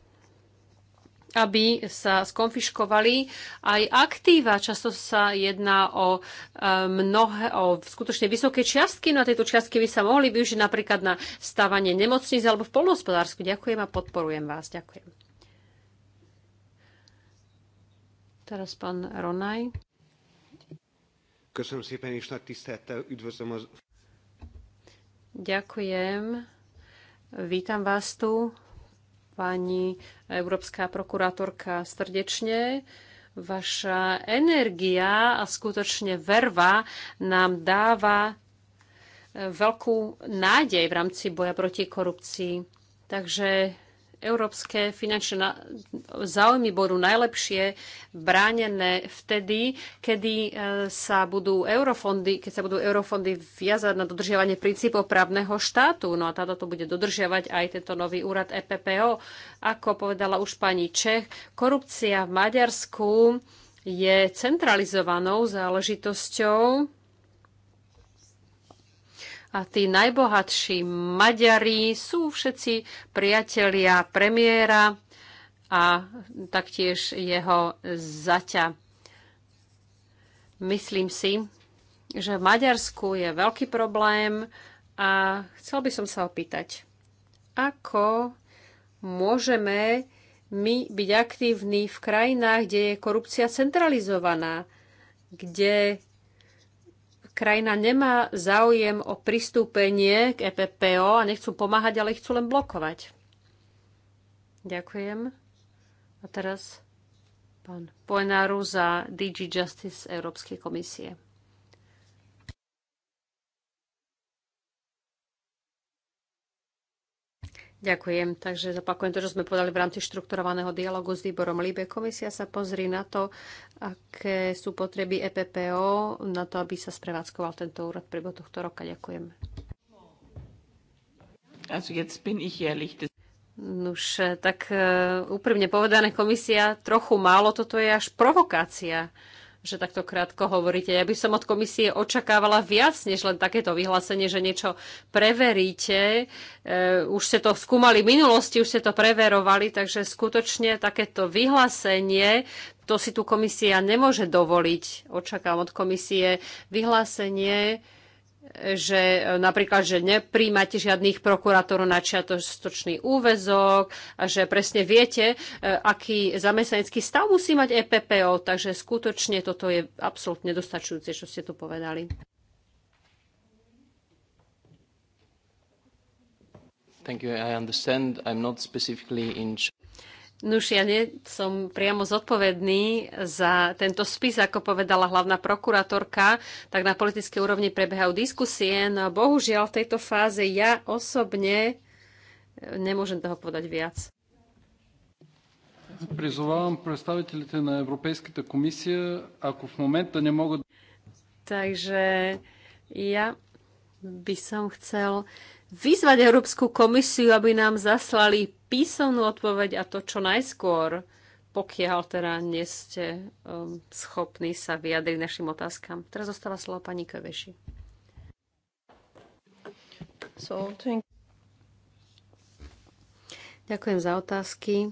aby sa skonfiškovali aj aktíva. Často sa jedná o, e, mnohé, o skutočne vysoké čiastky. No a tieto čiastky by sa mohli využiť napríklad na stávanie nemocníc alebo v polnohospodársku. Ďakujem a podporujem vás. Ďakujem. Teraz pán Ronaj. Ďakujem. Vítam vás tu pani európska prokurátorka, srdečne. Vaša energia a skutočne verva nám dáva eh, veľkú nádej v rámci boja proti korupcii. Takže európske finančné záujmy budú najlepšie bránené vtedy, kedy e, sa budú eurofondy, keď sa budú eurofondy viazať na dodržiavanie princípov právneho štátu. No a táto to bude dodržiavať aj tento nový úrad EPPO. Ako povedala už pani Čech, korupcia v Maďarsku je centralizovanou záležitosťou a tí najbohatší Maďari sú všetci priatelia premiéra a taktiež jeho zaťa. Myslím si, že v Maďarsku je veľký problém a chcel by som sa opýtať, ako môžeme my byť aktívni v krajinách, kde je korupcia centralizovaná, kde krajina nemá záujem o pristúpenie k EPPO a nechcú pomáhať, ale chcú len blokovať. Ďakujem. A teraz pán Poenáru za DG Justice Európskej komisie. Ďakujem. Takže zopakujem to, čo sme povedali v rámci štrukturovaného dialogu s výborom Líbe. Komisia sa pozrie na to, aké sú potreby EPPO na to, aby sa sprevádzkoval tento úrad v priebehu tohto roka. Ďakujem. Also jetzt bin ich ehrlich. Nuž, tak e, úprimne povedané, komisia trochu málo, toto je až provokácia že takto krátko hovoríte. Ja by som od komisie očakávala viac, než len takéto vyhlásenie, že niečo preveríte. E, už ste to skúmali v minulosti, už ste to preverovali, takže skutočne takéto vyhlásenie, to si tu komisia nemôže dovoliť. Očakávam od komisie vyhlásenie, že e, napríklad, že nepríjmate žiadnych prokurátorov na čiatočný úvezok a že presne viete, e, aký zamestnanecký stav musí mať EPPO, takže skutočne toto je absolútne dostačujúce, čo ste tu povedali. Thank you. I understand. I'm not specifically in Nuž, ja nie som priamo zodpovedný za tento spis, ako povedala hlavná prokurátorka, tak na politickej úrovni prebiehajú diskusie, no a bohužiaľ v tejto fáze ja osobne eh, nemôžem toho povedať viac. Prizovám predstaviteľite na Европейската komisie, ako v момента не Takže ja by som chcel vyzvať Európsku komisiu, aby nám zaslali písomnú odpoveď a to čo najskôr, pokiaľ teda nie ste um, schopní sa vyjadriť našim otázkam. Teraz zostáva slovo pani Keveši. So, Ďakujem za otázky.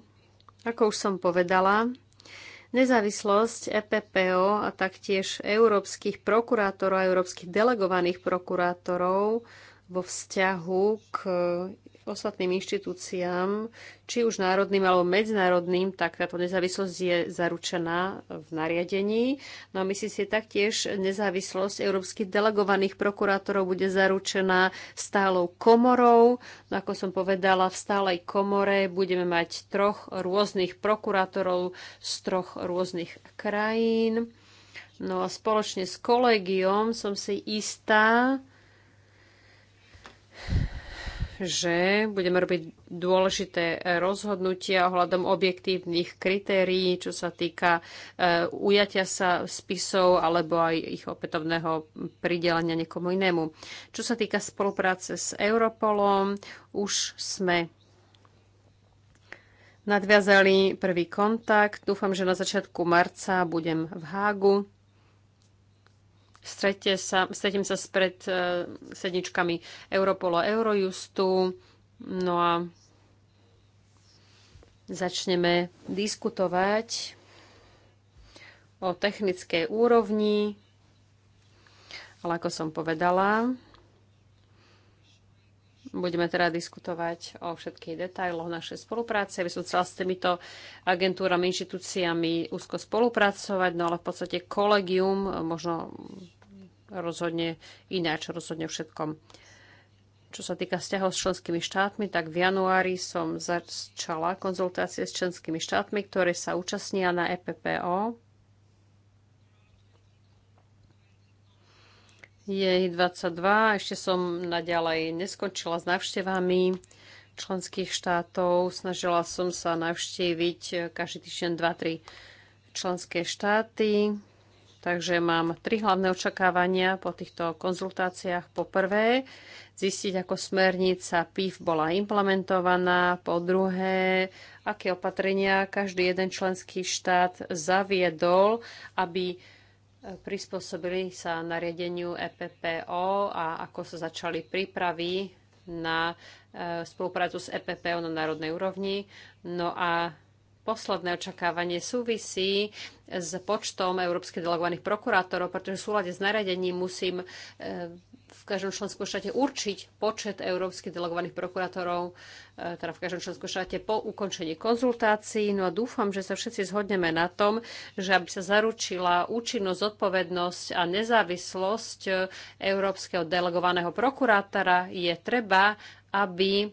Ako už som povedala, nezávislosť EPPO a taktiež európskych prokurátorov a európskych delegovaných prokurátorov vo vzťahu k ostatným inštitúciám, či už národným alebo medzinárodným, tak táto nezávislosť je zaručená v nariadení. No a myslím si že taktiež nezávislosť európskych delegovaných prokurátorov bude zaručená stálou komorou. No ako som povedala, v stálej komore budeme mať troch rôznych prokurátorov z troch rôznych krajín. No a spoločne s kolegiom som si istá, že budeme robiť dôležité rozhodnutia ohľadom objektívnych kritérií, čo sa týka e, ujatia sa spisov alebo aj ich opätovného pridelenia niekomu inému. Čo sa týka spolupráce s Europolom, už sme nadviazali prvý kontakt. Dúfam, že na začiatku marca budem v Hágu sa, stretím sa spred pred e, sedničkami Europolo a Eurojustu. No a začneme diskutovať o technickej úrovni, ale ako som povedala, budeme teda diskutovať o všetkých detailoch našej spolupráce. By som chcela s týmito agentúrami, inštitúciami úzko spolupracovať, no ale v podstate kolegium, možno rozhodne ináč, rozhodne všetkom. Čo sa týka vzťahov s členskými štátmi, tak v januári som začala konzultácie s členskými štátmi, ktoré sa účastnia na EPPO. Je 22, ešte som naďalej neskončila s návštevami členských štátov. Snažila som sa navštíviť každý týždeň 2-3 členské štáty. Takže mám tri hlavné očakávania po týchto konzultáciách. Po prvé, zistiť, ako smernica PIF bola implementovaná. Po druhé, aké opatrenia každý jeden členský štát zaviedol, aby e, prispôsobili sa nariadeniu EPPO a ako sa začali prípravy na e, spoluprácu s EPPO na národnej úrovni. No a posledné očakávanie súvisí s počtom európskych delegovaných prokurátorov, pretože v súlade s nariadením musím eh, v každom členskom štáte určiť počet európskych delegovaných prokurátorov, eh, teda v každom členskom štáte po ukončení konzultácií. No a dúfam, že sa všetci zhodneme na tom, že aby sa zaručila účinnosť, zodpovednosť a nezávislosť eh, európskeho delegovaného prokurátora, je treba, aby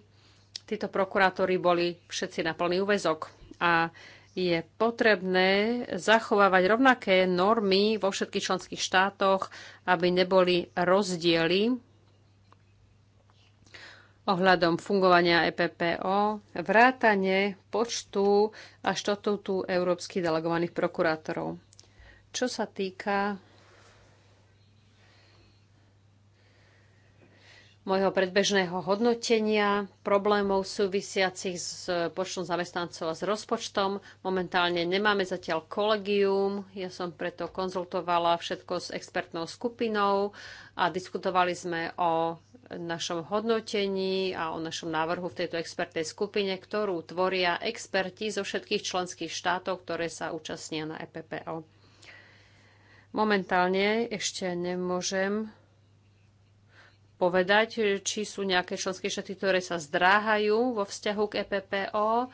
títo prokurátori boli všetci na plný úvezok a je potrebné zachovávať rovnaké normy vo všetkých členských štátoch, aby neboli rozdiely ohľadom fungovania EPPO, vrátanie počtu a štatutu európskych delegovaných prokurátorov. Čo sa týka môjho predbežného hodnotenia problémov súvisiacich s počtom zamestnancov a s rozpočtom. Momentálne nemáme zatiaľ kolegium, ja som preto konzultovala všetko s expertnou skupinou a diskutovali sme o našom hodnotení a o našom návrhu v tejto expertnej skupine, ktorú tvoria experti zo všetkých členských štátov, ktoré sa účastnia na EPPO. Momentálne ešte nemôžem povedať, či sú nejaké členské štáty, ktoré sa zdráhajú vo vzťahu k EPPO.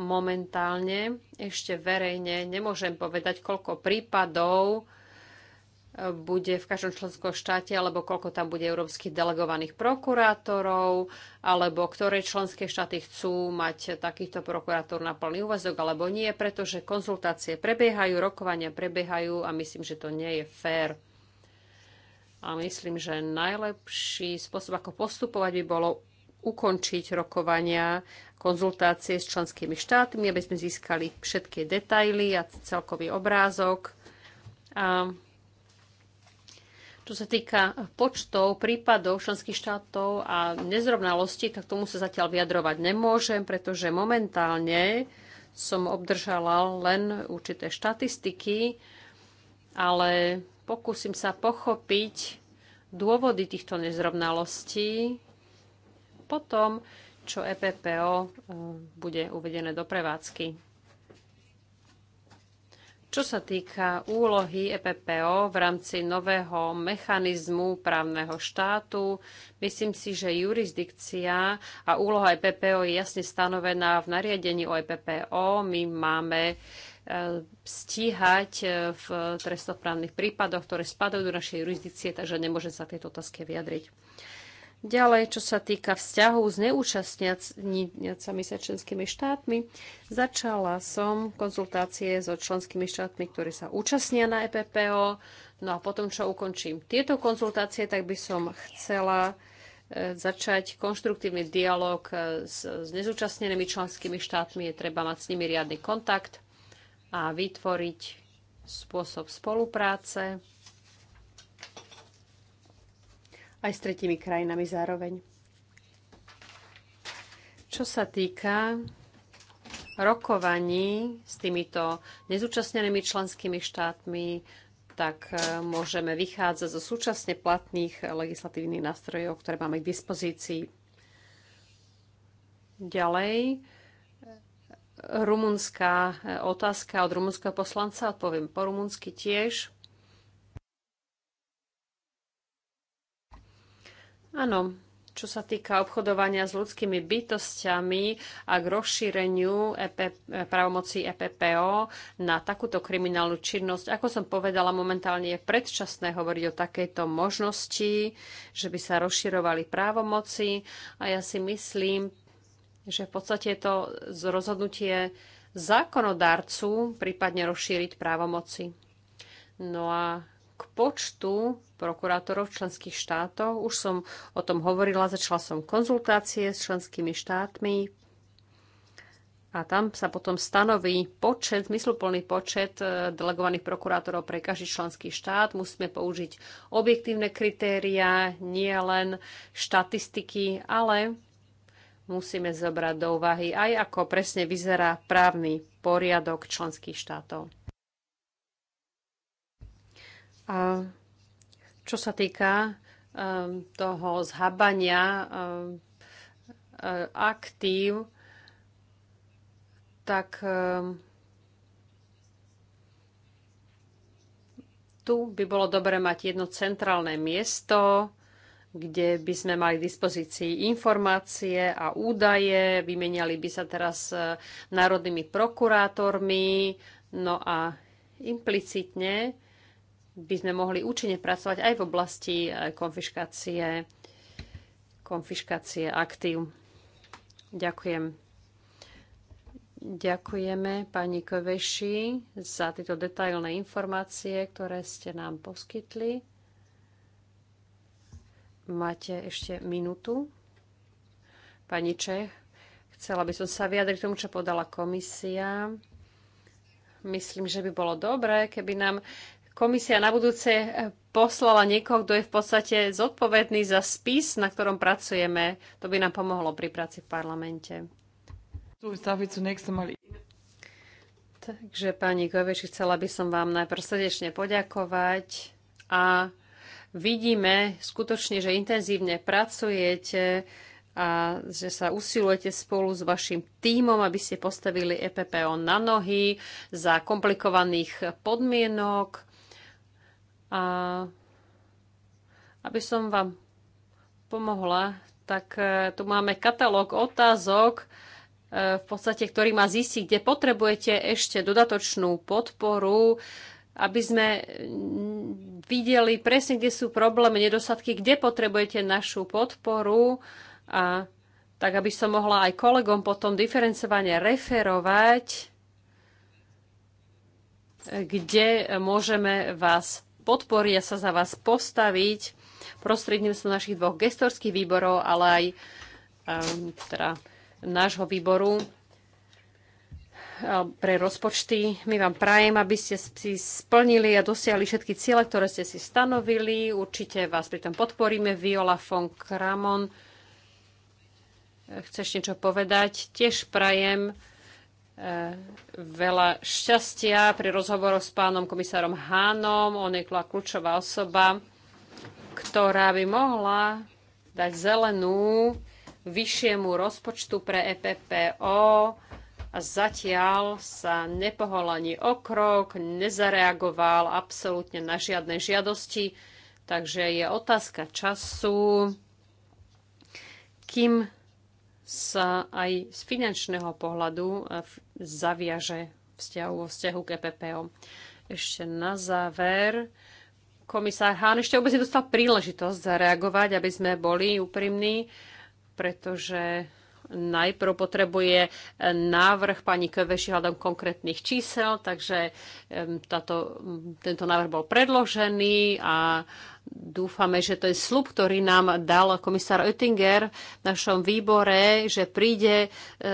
Momentálne ešte verejne nemôžem povedať, koľko prípadov e, bude v každom členskom štáte, alebo koľko tam bude európskych delegovaných prokurátorov, alebo ktoré členské štáty chcú mať takýchto prokurátor na plný úvazok, alebo nie, pretože konzultácie prebiehajú, rokovania prebiehajú a myslím, že to nie je fér a myslím, že najlepší spôsob, ako postupovať, by bolo ukončiť rokovania, konzultácie s členskými štátmi, aby sme získali všetky detaily a celkový obrázok. A čo sa týka počtov, prípadov členských štátov a nezrovnalostí, tak tomu sa zatiaľ vyjadrovať nemôžem, pretože momentálne som obdržala len určité štatistiky, ale Pokúsim sa pochopiť dôvody týchto nezrovnalostí potom, čo EPPO eh, bude uvedené do prevádzky. Čo sa týka úlohy EPPO v rámci nového mechanizmu právneho štátu, myslím si, že jurisdikcia a úloha EPPO je jasne stanovená v nariadení o EPPO. My máme stíhať eh, v trestnoprávnych prípadoch, ktoré spadajú do našej jurisdikcie, takže nemôže sa tieto otázky vyjadriť. Ďalej, čo sa týka vzťahov s neúčastniacami sa členskými štátmi, začala som konzultácie so členskými štátmi, ktorí sa účastnia na EPPO. No a potom, čo ukončím tieto konzultácie, tak by som chcela eh, začať konštruktívny dialog eh, s, s nezúčastnenými členskými štátmi. Je treba mať s nimi riadny kontakt a vytvoriť spôsob spolupráce aj s tretimi krajinami zároveň. Čo sa týka rokovaní s týmito nezúčastnenými členskými štátmi, tak e, môžeme vychádzať zo súčasne platných legislatívnych nástrojov, ktoré máme k dispozícii. Ďalej, rumunská e, otázka od rumunského poslanca, odpoviem po rumunsky tiež. Áno, čo sa týka obchodovania s ľudskými bytostiami a k rozšíreniu EP, e, pravomocí EPPO na takúto kriminálnu činnosť. Ako som povedala, momentálne je predčasné hovoriť o takejto možnosti, že by sa rozširovali právomoci a ja si myslím, že v podstate je to z rozhodnutie zákonodarcu prípadne rozšíriť právomoci. No a k počtu prokurátorov členských štátov, už som o tom hovorila, začala som konzultácie s členskými štátmi a tam sa potom stanoví počet, zmysluplný počet e, delegovaných prokurátorov pre každý členský štát. Musíme použiť objektívne kritéria, nie len štatistiky, ale musíme zobrať do úvahy aj ako presne vyzerá právny poriadok členských štátov. A čo sa týka um, toho zhabania um, ehm, e, aktív, tak um, tu by bolo dobre mať jedno centrálne miesto, kde by sme mali k dispozícii informácie a údaje, vymeniali by sa teraz e, národnými prokurátormi, no a implicitne by sme mohli účinne pracovať aj v oblasti e, konfiškácie, konfiškácie aktív. Ďakujem. Ďakujeme pani Koveši za tieto detailné informácie, ktoré ste nám poskytli. Máte ešte minútu. Pani Čech, chcela by som sa vyjadriť k tomu, čo podala komisia. Myslím, že by bolo dobré, keby nám komisia na budúce poslala niekoho, kto je v podstate zodpovedný za spis, na ktorom pracujeme. To by nám pomohlo pri práci v parlamente. Takže pani Goveči, chcela by som vám najprv srdečne poďakovať a vidíme skutočne, že intenzívne pracujete a že sa usilujete spolu s vašim tímom, aby ste postavili EPPO na nohy za komplikovaných podmienok. A aby som vám pomohla, tak e, tu máme katalóg otázok, e, v podstate, ktorý má zistiť, kde potrebujete ešte dodatočnú podporu aby sme mm, videli presne, kde sú problémy, nedostatky, kde potrebujete našu podporu a tak, aby som mohla aj kolegom potom diferencovane referovať, kde môžeme vás podporiť a sa za vás postaviť prostredníctvom našich dvoch gestorských výborov, ale aj um, teda nášho výboru Eh, pre rozpočty. My vám prajem, aby ste si splnili a dosiahli všetky ciele, ktoré ste si stanovili. Určite vás pri tom podporíme. Viola von Kramon, eh, chceš niečo povedať? Tiež prajem eh, veľa šťastia pri rozhovoroch s pánom komisárom Hánom. On je kľúčová osoba, ktorá by mohla dať zelenú vyššiemu rozpočtu pre EPPO a zatiaľ sa nepohol ani o krok, nezareagoval absolútne na žiadne žiadosti, takže je otázka času, kým sa aj z finančného pohľadu eh, zaviaže vzťahu vo vzťahu k EPPO. Ešte na záver, komisár Hán ešte vôbec nedostal príležitosť zareagovať, aby sme boli úprimní, pretože najprv potrebuje eh, návrh pani kveši hľadom konkrétnych čísel, takže táto, tento návrh bol predložený a dúfame, že to je slub, ktorý nám dal komisár Oettinger v našom výbore, že príde eh,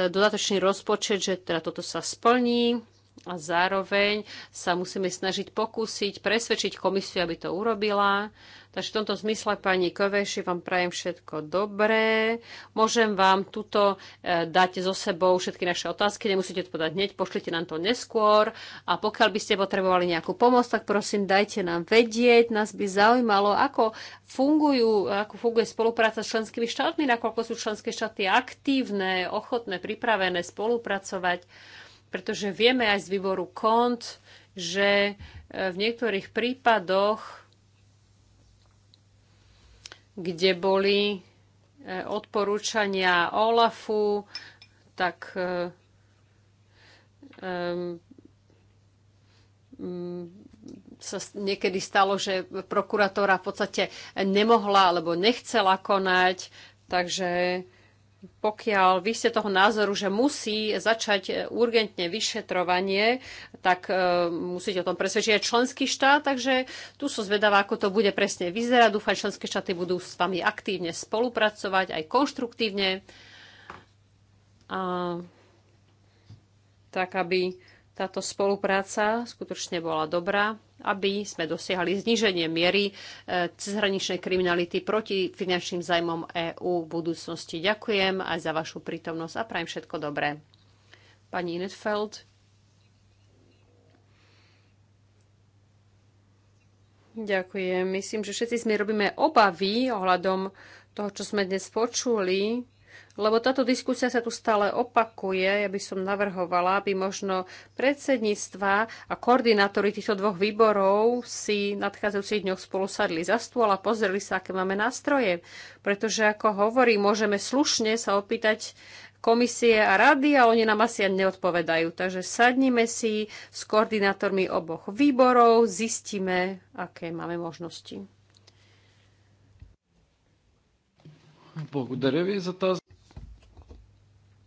dodatočný rozpočet, že teda toto sa splní a zároveň sa musíme snažiť pokúsiť presvedčiť komisiu, aby to urobila Takže v tomto zmysle, pani Koveši, vám prajem všetko dobré. Môžem vám tuto e, dať so sebou všetky naše otázky, nemusíte to podať hneď, pošlite nám to neskôr. A pokiaľ by ste potrebovali nejakú pomoc, tak prosím, dajte nám vedieť. Nás by zaujímalo, ako, fungujú, ako funguje spolupráca s členskými štátmi, nakoľko sú členské štáty aktívne, ochotné, pripravené spolupracovať pretože vieme aj z výboru KONT, že e, v niektorých prípadoch kde boli e, odporúčania OLAFu, tak e, mm, sa niekedy stalo, že prokuratóra v podstate nemohla alebo nechcela konať, takže pokiaľ vy ste toho názoru, že musí začať e, urgentne vyšetrovanie, tak e, musíte o tom presvedčiť aj členský štát, takže tu som zvedavá, ako to bude presne vyzerať. Dúfam, členské štáty budú s vami aktívne spolupracovať, aj konštruktívne, a, tak aby táto spolupráca skutočne bola dobrá aby sme dosiahli zníženie miery e, cezhraničnej kriminality proti finančným zájmom EÚ v budúcnosti. Ďakujem aj za vašu prítomnosť a prajem všetko dobré. Pani Inetfeld. Ďakujem. Myslím, že všetci sme robíme obavy ohľadom toho, čo sme dnes počuli lebo táto diskusia sa tu stále opakuje. Ja by som navrhovala, aby možno predsedníctva a koordinátori týchto dvoch výborov si v nadchádzajúcich dňoch spolu sadli za stôl a pozreli sa, aké máme nástroje. Pretože, ako hovorí, môžeme slušne sa opýtať komisie a rady a oni nám asi ani neodpovedajú. Takže sadnime si s koordinátormi oboch výborov, zistíme, aké máme možnosti. Благодаря ви за тази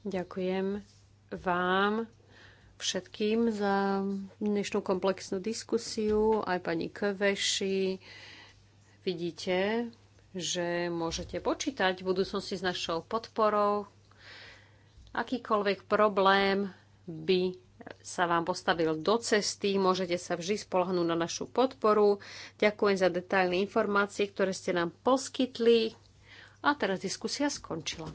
Ďakujem vám všetkým za dnešnú komplexnú diskusiu, aj pani Kveši. Vidíte, že môžete počítať v budúcnosti s našou podporou. Akýkoľvek problém by sa vám postavil do cesty, môžete sa vždy spolahnúť na našu podporu. Ďakujem za detailné informácie, ktoré ste nám poskytli. A teraz diskusia skončila.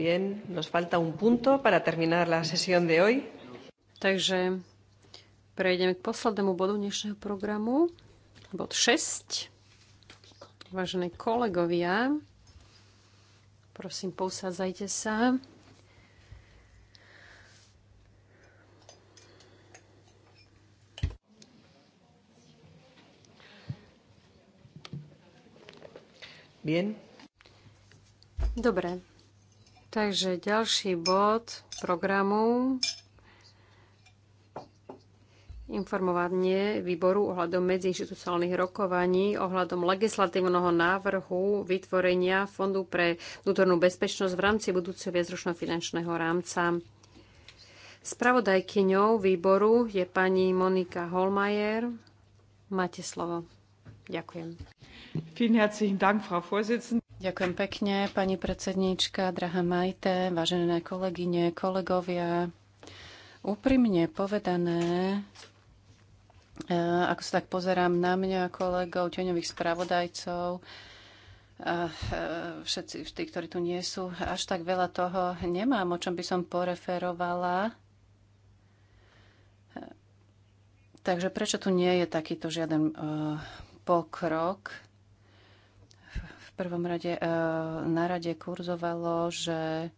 Bien, nos falta un punto para terminar la sesión de hoy. Takže prejdeme k poslednému bodu dnešného programu, bod 6. Vážené kolegovia, prosím, pousádzajte sa. Bien. Dobre, Takže ďalší bod programu informovanie výboru ohľadom medziinstitucionálnych rokovaní, ohľadom legislatívneho návrhu vytvorenia Fondu pre vnútornú bezpečnosť v rámci budúceho viacročného finančného rámca. Spravodajkyňou výboru je pani Monika Holmajer. Máte slovo. Ďakujem. Vielen herzlichen Dank, Frau Vorsitzende. Ďakujem pekne, pani predsedníčka, drahá Majte, vážené kolegyne, kolegovia. Úprimne povedané, eh, ako sa tak pozerám na mňa, kolegov, teňových spravodajcov, a eh, všetci tí, ktorí tu nie sú, až tak veľa toho nemám, o čom by som poreferovala. Eh, takže prečo tu nie je takýto žiaden pokrok? prvom rade e, na rade kurzovalo, že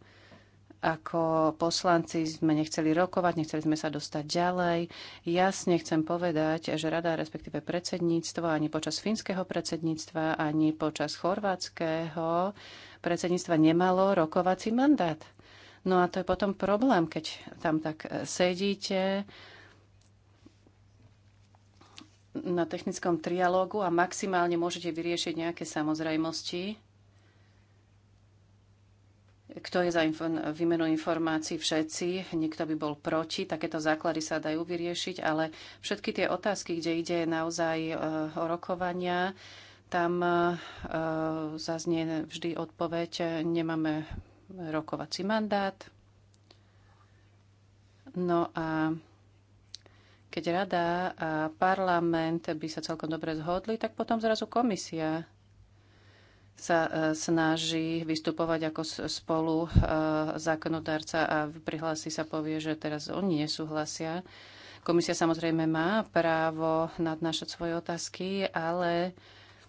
ako poslanci sme nechceli rokovať, nechceli sme sa dostať ďalej. Jasne chcem povedať, že rada, respektíve predsedníctvo, ani počas fínskeho predsedníctva, ani počas chorvátskeho predsedníctva nemalo rokovací mandát. No a to je potom problém, keď tam tak sedíte na technickom trialógu a maximálne môžete vyriešiť nejaké samozrejmosti. Kto je za info- výmenu informácií? Všetci. Nikto by bol proti. Takéto základy sa dajú vyriešiť, ale všetky tie otázky, kde ide naozaj e, o rokovania, tam e, zaznie vždy odpoveď, nemáme rokovací mandát. No a keď rada a parlament by sa celkom dobre zhodli, tak potom zrazu komisia sa e, snaží vystupovať ako spolu e, zákonodárca a prihlási sa povie, že teraz oni nesúhlasia. Komisia samozrejme má právo nadnášať svoje otázky, ale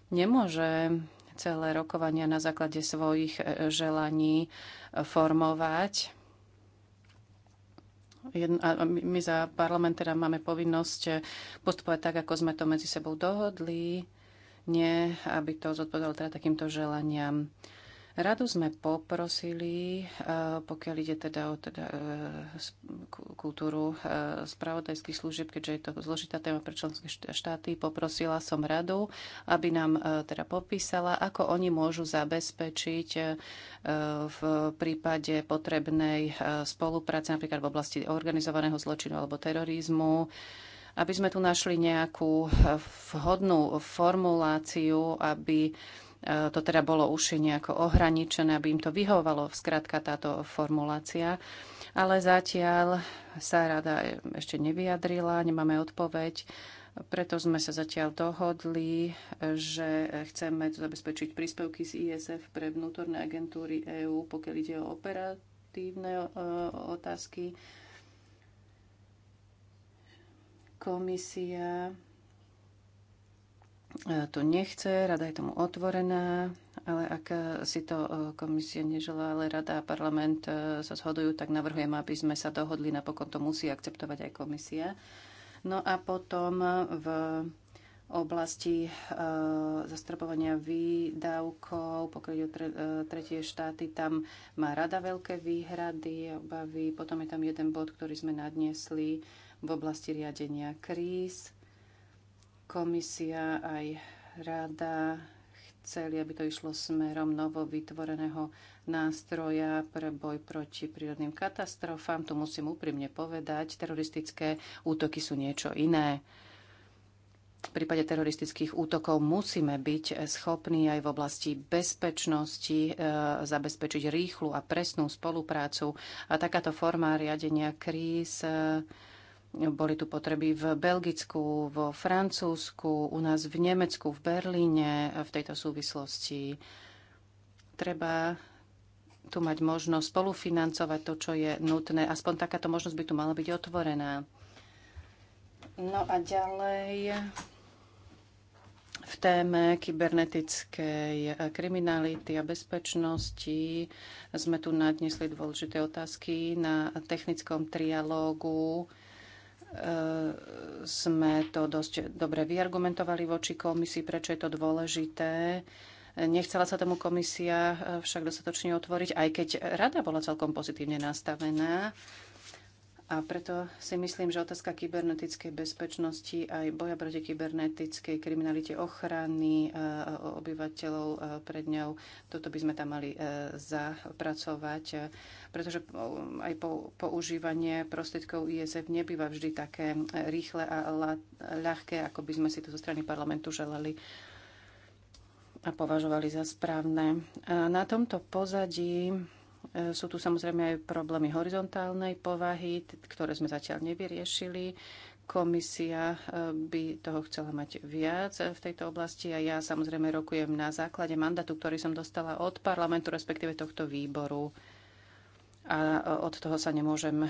nemôže celé rokovania na základe svojich e, želaní formovať a my za parlament teda máme povinnosť postupovať tak, ako sme to medzi sebou dohodli, nie aby to zodpovedalo teda takýmto želaniam. Radu sme poprosili, eh, pokiaľ ide teda o teda, eh, kultúru eh, spravodajských služieb, keďže je to zložitá téma pre členské štáty, poprosila som radu, aby nám teda popísala, ako oni môžu zabezpečiť v prípade potrebnej spolupráce napríklad v oblasti organizovaného zločinu alebo terorizmu, aby sme tu našli nejakú vhodnú formuláciu, aby E, to teda bolo už nejako ohraničené, aby im to vyhovovalo, zkrátka táto formulácia. Ale zatiaľ sa rada ešte nevyjadrila, nemáme odpoveď. Preto sme sa zatiaľ dohodli, že chceme zabezpečiť príspevky z ISF pre vnútorné agentúry EÚ, pokiaľ ide o operatívne e, otázky. Komisia E, to nechce, rada je tomu otvorená, ale ak si to e, komisia neželá, ale rada a parlament e, sa zhodujú, tak navrhujem, aby sme sa dohodli, napokon to musí akceptovať aj komisia. No a potom v oblasti zastrpovania výdavkov, pokiaľ o tre, tretie štáty, tam má rada veľké výhrady, obavy. Potom je tam jeden bod, ktorý sme nadniesli v oblasti riadenia kríz Komisia aj rada chceli, aby to išlo smerom novovytvoreného nástroja pre boj proti prírodným katastrofám. Tu musím úprimne povedať, teroristické útoky sú niečo iné. V prípade teroristických útokov musíme byť schopní aj v oblasti bezpečnosti e, zabezpečiť rýchlu a presnú spoluprácu. A takáto forma riadenia kríz e, boli tu potreby v Belgicku, vo Francúzsku, u nás v Nemecku, v Berlíne v tejto súvislosti. Treba tu mať možnosť spolufinancovať to, čo je nutné. Aspoň takáto možnosť by tu mala byť otvorená. No a ďalej v téme kybernetickej kriminality a bezpečnosti sme tu nadnesli dôležité otázky na technickom trialógu E, sme to dosť dobre vyargumentovali voči komisii, prečo je to dôležité. Nechcela sa tomu komisia však dostatočne otvoriť, aj keď rada bola celkom pozitívne nastavená. A preto si myslím, že otázka kybernetickej bezpečnosti, aj boja proti kybernetickej kriminalite, ochrany e, obyvateľov e, pred ňou, toto by sme tam mali e, zapracovať, pretože aj používanie prostriedkov ISF nebýva vždy také rýchle a ľahké, ako by sme si to zo strany parlamentu želali a považovali za správne. na tomto pozadí E, sú tu samozrejme aj problémy horizontálnej povahy, ktoré sme zatiaľ nevyriešili. Komisia e, by toho chcela mať viac v tejto oblasti a ja samozrejme rokujem na základe mandátu, ktorý som dostala od parlamentu, respektíve tohto výboru a e, od toho sa nemôžem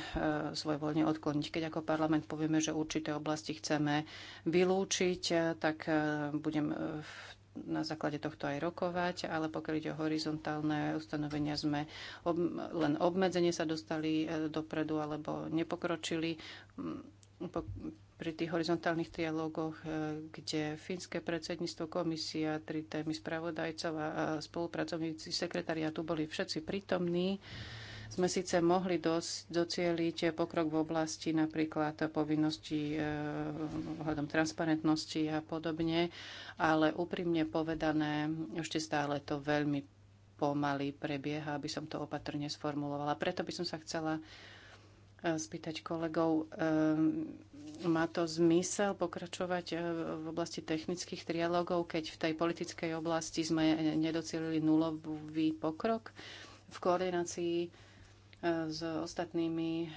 svojvoľne odkloniť. Keď ako parlament povieme, že určité oblasti chceme vylúčiť, tak budem v na základe tohto aj rokovať, ale pokiaľ ide o horizontálne ustanovenia, sme ob, len obmedzenie sa dostali e, dopredu alebo nepokročili mm, pri tých horizontálnych trialógoch, e, kde fínske predsedníctvo, komisia, tri témy spravodajcov a spolupracovníci sekretariátu boli všetci prítomní sme síce mohli dos- docieliť pokrok v oblasti napríklad povinnosti e, ohľadom transparentnosti a podobne, ale úprimne povedané, ešte stále to veľmi pomaly prebieha, aby som to opatrne sformulovala. Preto by som sa chcela e, spýtať kolegov, e, má to zmysel pokračovať v oblasti technických trialogov, keď v tej politickej oblasti sme nedocielili nulový pokrok v koordinácii s ostatnými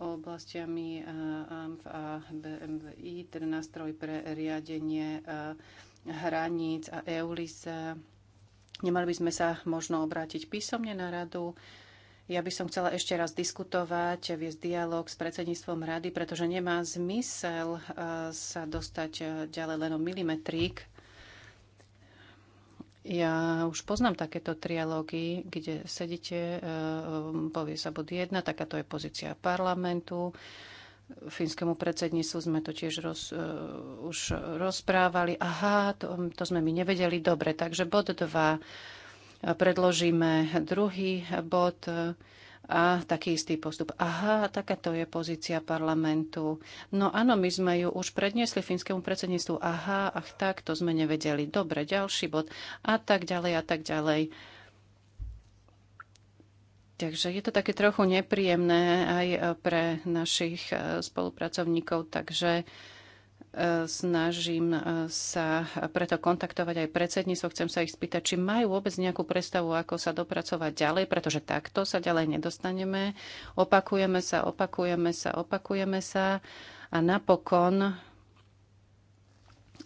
oblastiami AMF a BMVI, teda nástroj pre riadenie hraníc a EULISA. Nemali by sme sa možno obrátiť písomne na radu. Ja by som chcela ešte raz diskutovať, viesť dialog s predsedníctvom rady, pretože nemá zmysel sa dostať ďalej len o milimetrík ja už poznám takéto trialógy, kde sedíte, e, um, povie sa bod 1, takáto je pozícia parlamentu. Fínskemu predsedníctvu sme to tiež roz, e, už rozprávali. Aha, to, to sme my nevedeli. Dobre, takže bod 2. Predložíme druhý bod a taký istý postup. Aha, takáto je pozícia parlamentu. No áno, my sme ju už predniesli finskému predsedníctvu. Aha, ach tak, to sme nevedeli. Dobre, ďalší bod. A tak ďalej, a tak ďalej. Takže je to také trochu nepríjemné aj eh, pre našich eh, spolupracovníkov, takže Snažím e, sa preto kontaktovať aj predsedníctvo. Chcem sa ich spýtať, či majú vôbec nejakú predstavu, ako sa dopracovať ďalej, pretože takto sa ďalej nedostaneme. Opakujeme sa, opakujeme sa, opakujeme sa a napokon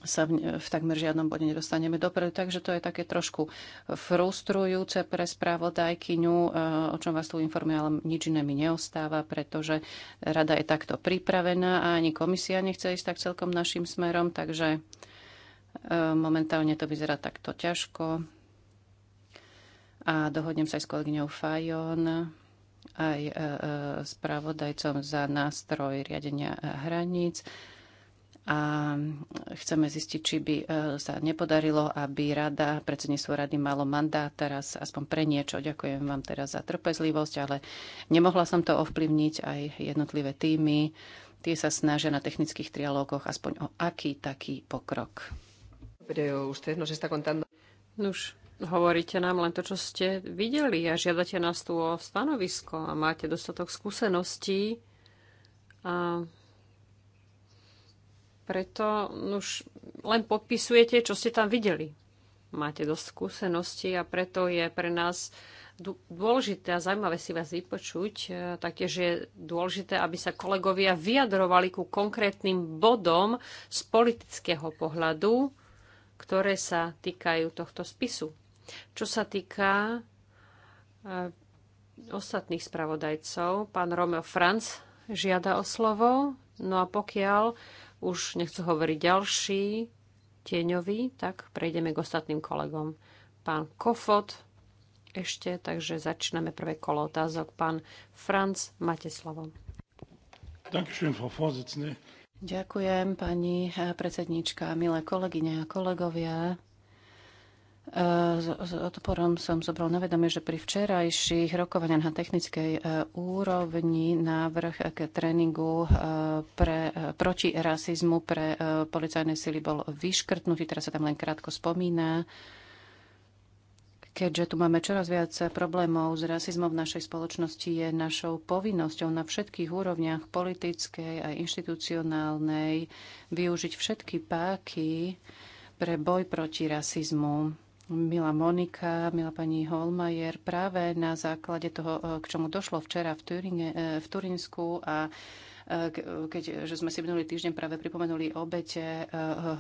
sa v, v takmer žiadnom bode nedostaneme dopredu. Takže to je také trošku frustrujúce pre spravodajkyňu, e, o čom vás tu informuje, ale nič iné mi neostáva, pretože rada je takto pripravená a ani komisia nechce ísť tak celkom našim smerom, takže e, momentálne to vyzerá takto ťažko. A dohodnem sa aj s kolegyňou Fajon, aj e, spravodajcom za nástroj riadenia hraníc a chceme zistiť, či by e, sa nepodarilo, aby rada, predsedníctvo rady malo mandát teraz aspoň pre niečo. Ďakujem vám teraz za trpezlivosť, ale nemohla som to ovplyvniť aj jednotlivé týmy. Tie sa snažia na technických trialógoch aspoň o aký taký pokrok. Nuž, hovoríte nám len to, čo ste videli a žiadate nás tu o stanovisko a máte dostatok skúseností a preto už len popisujete, čo ste tam videli. Máte dosť skúseností a preto je pre nás dôležité a zaujímavé si vás vypočuť. E, taktiež je dôležité, aby sa kolegovia vyjadrovali ku konkrétnym bodom z politického pohľadu, ktoré sa týkajú tohto spisu. Čo sa týka e, ostatných spravodajcov, pán Romeo Franc žiada o slovo. No a pokiaľ už nechcú hovoriť ďalší tieňovi, tak prejdeme k ostatným kolegom. Pán Kofot ešte, takže začíname prvé kolo otázok. Pán Franc, máte slovo. Ďakujem, pani predsednička, milé kolegyne a kolegovia. E, s odporom som zobral na vedomie, že pri včerajších rokovaniach na technickej e, úrovni návrh k tréningu e, pre, proti rasizmu pre policajné sily bol vyškrtnutý, teraz sa tam len krátko spomína. Keďže tu máme čoraz viac problémov s rasizmom v našej spoločnosti, je našou povinnosťou na všetkých úrovniach politickej a inštitucionálnej využiť všetky páky pre boj proti rasizmu Milá Monika, milá pani Holmajer, práve na základe toho, e, k čomu došlo včera v, Turine, e, v Turinsku a e, keď, že sme si minulý týždeň práve pripomenuli obete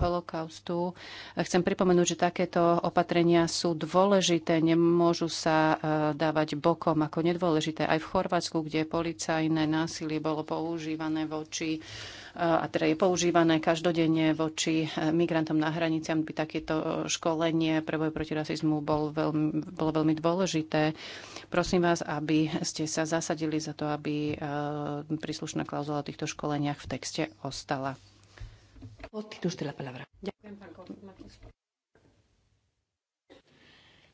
holokaustu. Chcem pripomenúť, že takéto opatrenia sú dôležité, nemôžu sa dávať bokom ako nedôležité. Aj v Chorvátsku, kde policajné násilie bolo používané voči a teda je používané každodenne voči eh, migrantom na hraniciach, by takéto školenie pre boj proti rasizmu bol veľmi, bolo veľmi dôležité. Prosím vás, aby ste sa zasadili za to, aby eh, príslušná klauzula o týchto školeniach v texte ostala. Ďakujem, pán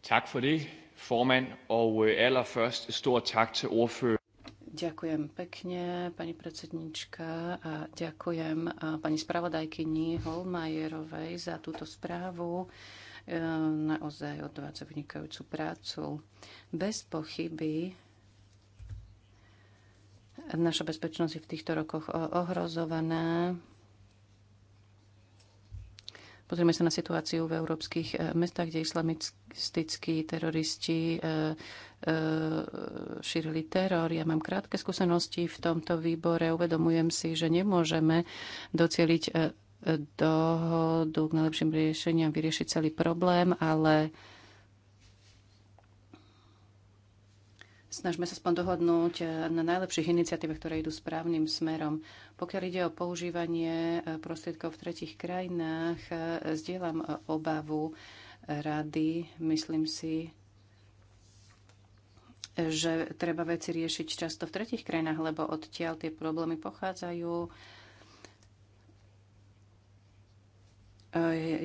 Tak for det, formand, og eh, allerførst stor tak til ordfører. Ďakujem pekne, pani predsednička, a ďakujem pani spravodajkyni Holmajerovej za túto správu. E, naozaj odvádza vynikajúcu prácu. Bez pochyby naša bezpečnosť je v týchto rokoch ohrozovaná. Pozrieme sa na situáciu v európskych e, mestách, kde islamistickí teroristi e, E, šírili teror. Ja mám krátke skúsenosti v tomto výbore. Uvedomujem si, že nemôžeme docieliť e, dohodu k najlepším riešeniam, vyriešiť celý problém, ale snažme sa spon dohodnúť e, na najlepších iniciatívach, ktoré idú správnym smerom. Pokiaľ ide o používanie prostriedkov v tretich krajinách, zdieľam obavu rady. Myslím si, že treba veci riešiť často v tretich krajinách, lebo odtiaľ tie problémy pochádzajú.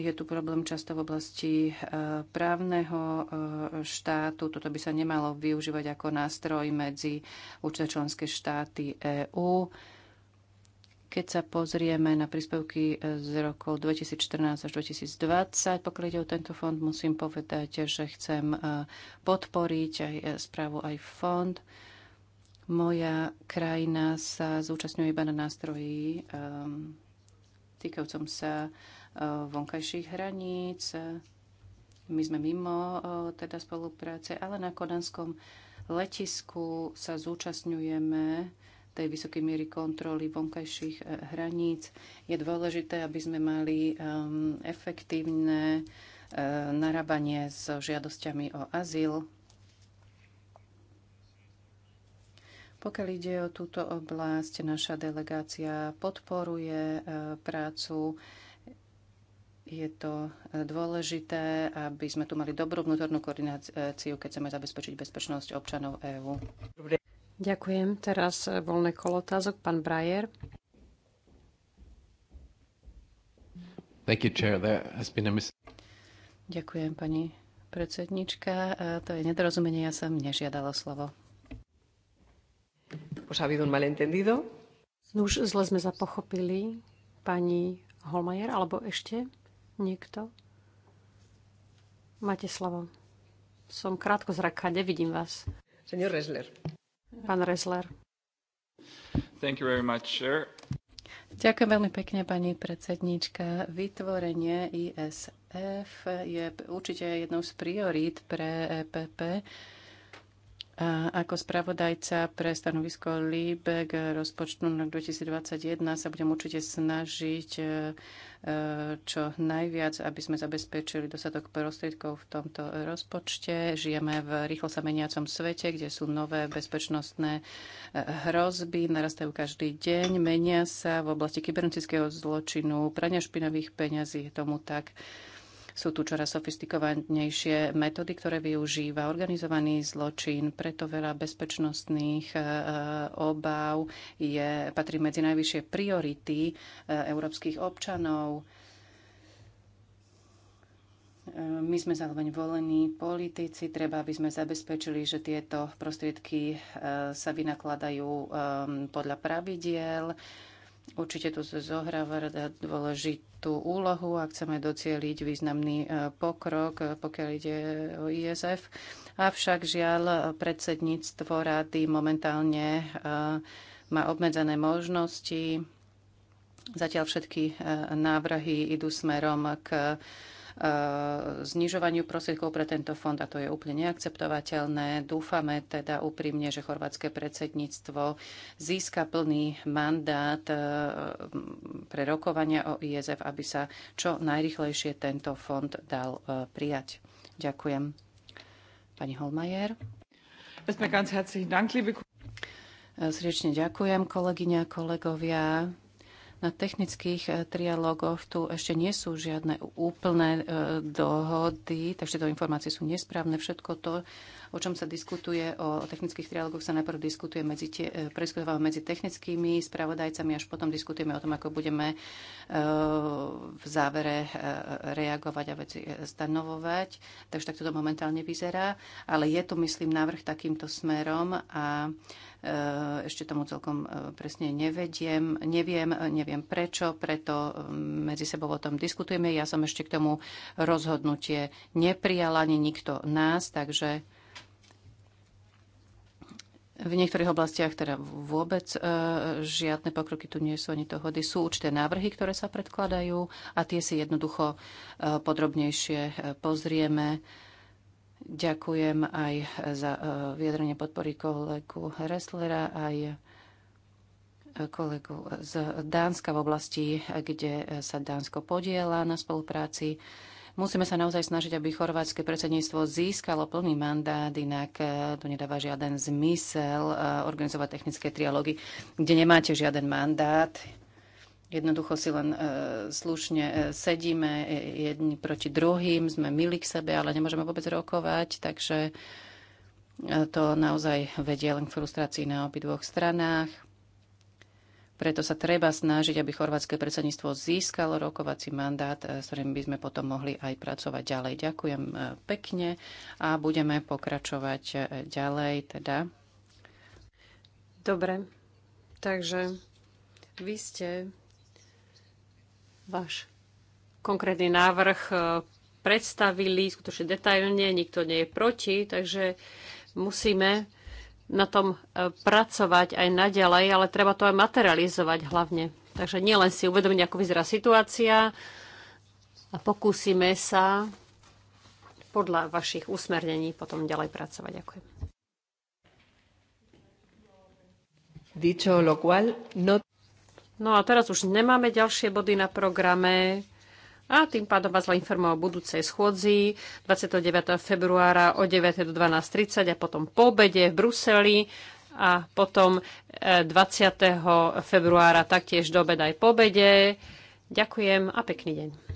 Je tu problém často v oblasti e, právneho e, štátu. Toto by sa nemalo využívať ako nástroj medzi určité členské štáty EÚ. Keď sa pozrieme na príspevky e, z rokov 2014 až 2020, pokiaľ ide o tento fond, musím povedať, že chcem e, podporiť aj e, správu, aj fond. Moja krajina sa zúčastňuje iba na nástroji um, týkajúcom sa uh, vonkajších hraníc. My sme mimo uh, teda spolupráce, ale na Kodanskom letisku sa zúčastňujeme tej vysokej miery kontroly vonkajších e, hraníc. Je dôležité, aby sme mali um, efektívne e, narábanie s žiadosťami o azyl. Pokiaľ ide o túto oblasť, naša delegácia podporuje e, prácu je to dôležité, aby sme tu mali dobrú vnútornú koordináciu, keď chceme zabezpečiť bezpečnosť občanov EÚ. Ďakujem. Teraz e, voľné kolo otázok. Pán Brajer. Ďakujem, pani predsednička. E, to je nedorozumenie, ja som nežiadala slovo. Pues ha habido un malentendido. No už zle sme zapochopili pani Holmajer, alebo ešte niekto? Máte slovo. Som krátko zraka, nevidím vás. Senior Resler. Pán Rezler. Thank you very much, sir. Ďakujem veľmi pekne, pani predsedníčka. Vytvorenie ISF je určite jednou z priorít pre EPP. Ako spravodajca pre stanovisko LIBE k rozpočtu na 2021 sa budem určite snažiť e, e, čo najviac, aby sme zabezpečili dosadok prostriedkov v tomto rozpočte. Žijeme v rýchlo sa meniacom svete, kde sú nové bezpečnostné e, hrozby, narastajú každý deň, menia sa v oblasti kybernetického zločinu, prania špinavých peňazí, tomu tak. Sú tu čoraz sofistikovanejšie metódy, ktoré využíva organizovaný zločin, preto veľa bezpečnostných e, obav je, patrí medzi najvyššie priority e, európskych občanov. E, my sme zároveň volení politici, treba, aby sme zabezpečili, že tieto prostriedky sa vynakladajú podľa pravidiel Určite tu zohráva rada dôležitú úlohu a chceme docieliť významný e, pokrok, e, pokiaľ ide o ISF. Avšak žiaľ, e, predsedníctvo rady momentálne má obmedzené možnosti. Zatiaľ všetky návrhy idú smerom k Eh, znižovaniu prostriedkov pre tento fond a to je úplne neakceptovateľné. Dúfame teda úprimne, že chorvátske predsedníctvo získa plný mandát eh, pre rokovania o ISF, aby sa čo najrychlejšie tento fond dal eh, prijať. Ďakujem. Pani Holmajer. Srdečne ďakujem, kolegyňa a kolegovia. Na technických e, trialógoch tu ešte nie sú žiadne úplné e, dohody, takže to informácie sú nesprávne. Všetko to, o čom sa diskutuje o technických trialógoch, sa najprv diskutuje medzi tie, e, medzi technickými spravodajcami, až potom diskutujeme o tom, ako budeme v závere reagovať a veci stanovovať. Takže takto to momentálne vyzerá. Ale je tu, myslím, návrh takýmto smerom a E, ešte tomu celkom e, presne nevediem, neviem, neviem prečo, preto e, medzi sebou o tom diskutujeme. Ja som ešte k tomu rozhodnutie neprijala, ani nikto nás, takže v niektorých oblastiach teda vôbec e, žiadne pokroky tu nie sú ani dohody. Sú určité návrhy, ktoré sa predkladajú a tie si jednoducho e, podrobnejšie pozrieme. E, Ďakujem aj za e, vyjadrenie podpory kolegu Resslera, aj kolegu z Dánska v oblasti, kde sa Dánsko podiela na spolupráci. Musíme sa naozaj snažiť, aby chorvátske predsedníctvo získalo plný mandát, inak e, tu nedáva žiaden zmysel e, organizovať technické trialógy, kde nemáte žiaden mandát. Jednoducho si len e, slušne e, sedíme e, jedni proti druhým, sme milí k sebe, ale nemôžeme vôbec rokovať, takže to naozaj vedie len k frustrácii na obidvoch stranách. Preto sa treba snažiť, aby chorvátske predsedníctvo získalo rokovací mandát, s ktorým by sme potom mohli aj pracovať ďalej. Ďakujem pekne a budeme pokračovať ďalej. Teda. Dobre, takže vy ste váš konkrétny návrh e, predstavili skutočne detailne, nikto nie je proti, takže musíme na tom e, pracovať aj naďalej, ale treba to aj materializovať hlavne. Takže nielen si uvedomiť, ako vyzerá situácia a pokúsime sa podľa vašich usmernení potom ďalej pracovať. Ďakujem. Dicho lo cual, no... No a teraz už nemáme ďalšie body na programe. A tým pádom vás informujem o budúcej schôdzi 29. februára o 9. do 12.30 a potom po obede v Bruseli a potom 20. E, februára taktiež do obeda aj po obede. Ďakujem a pekný deň.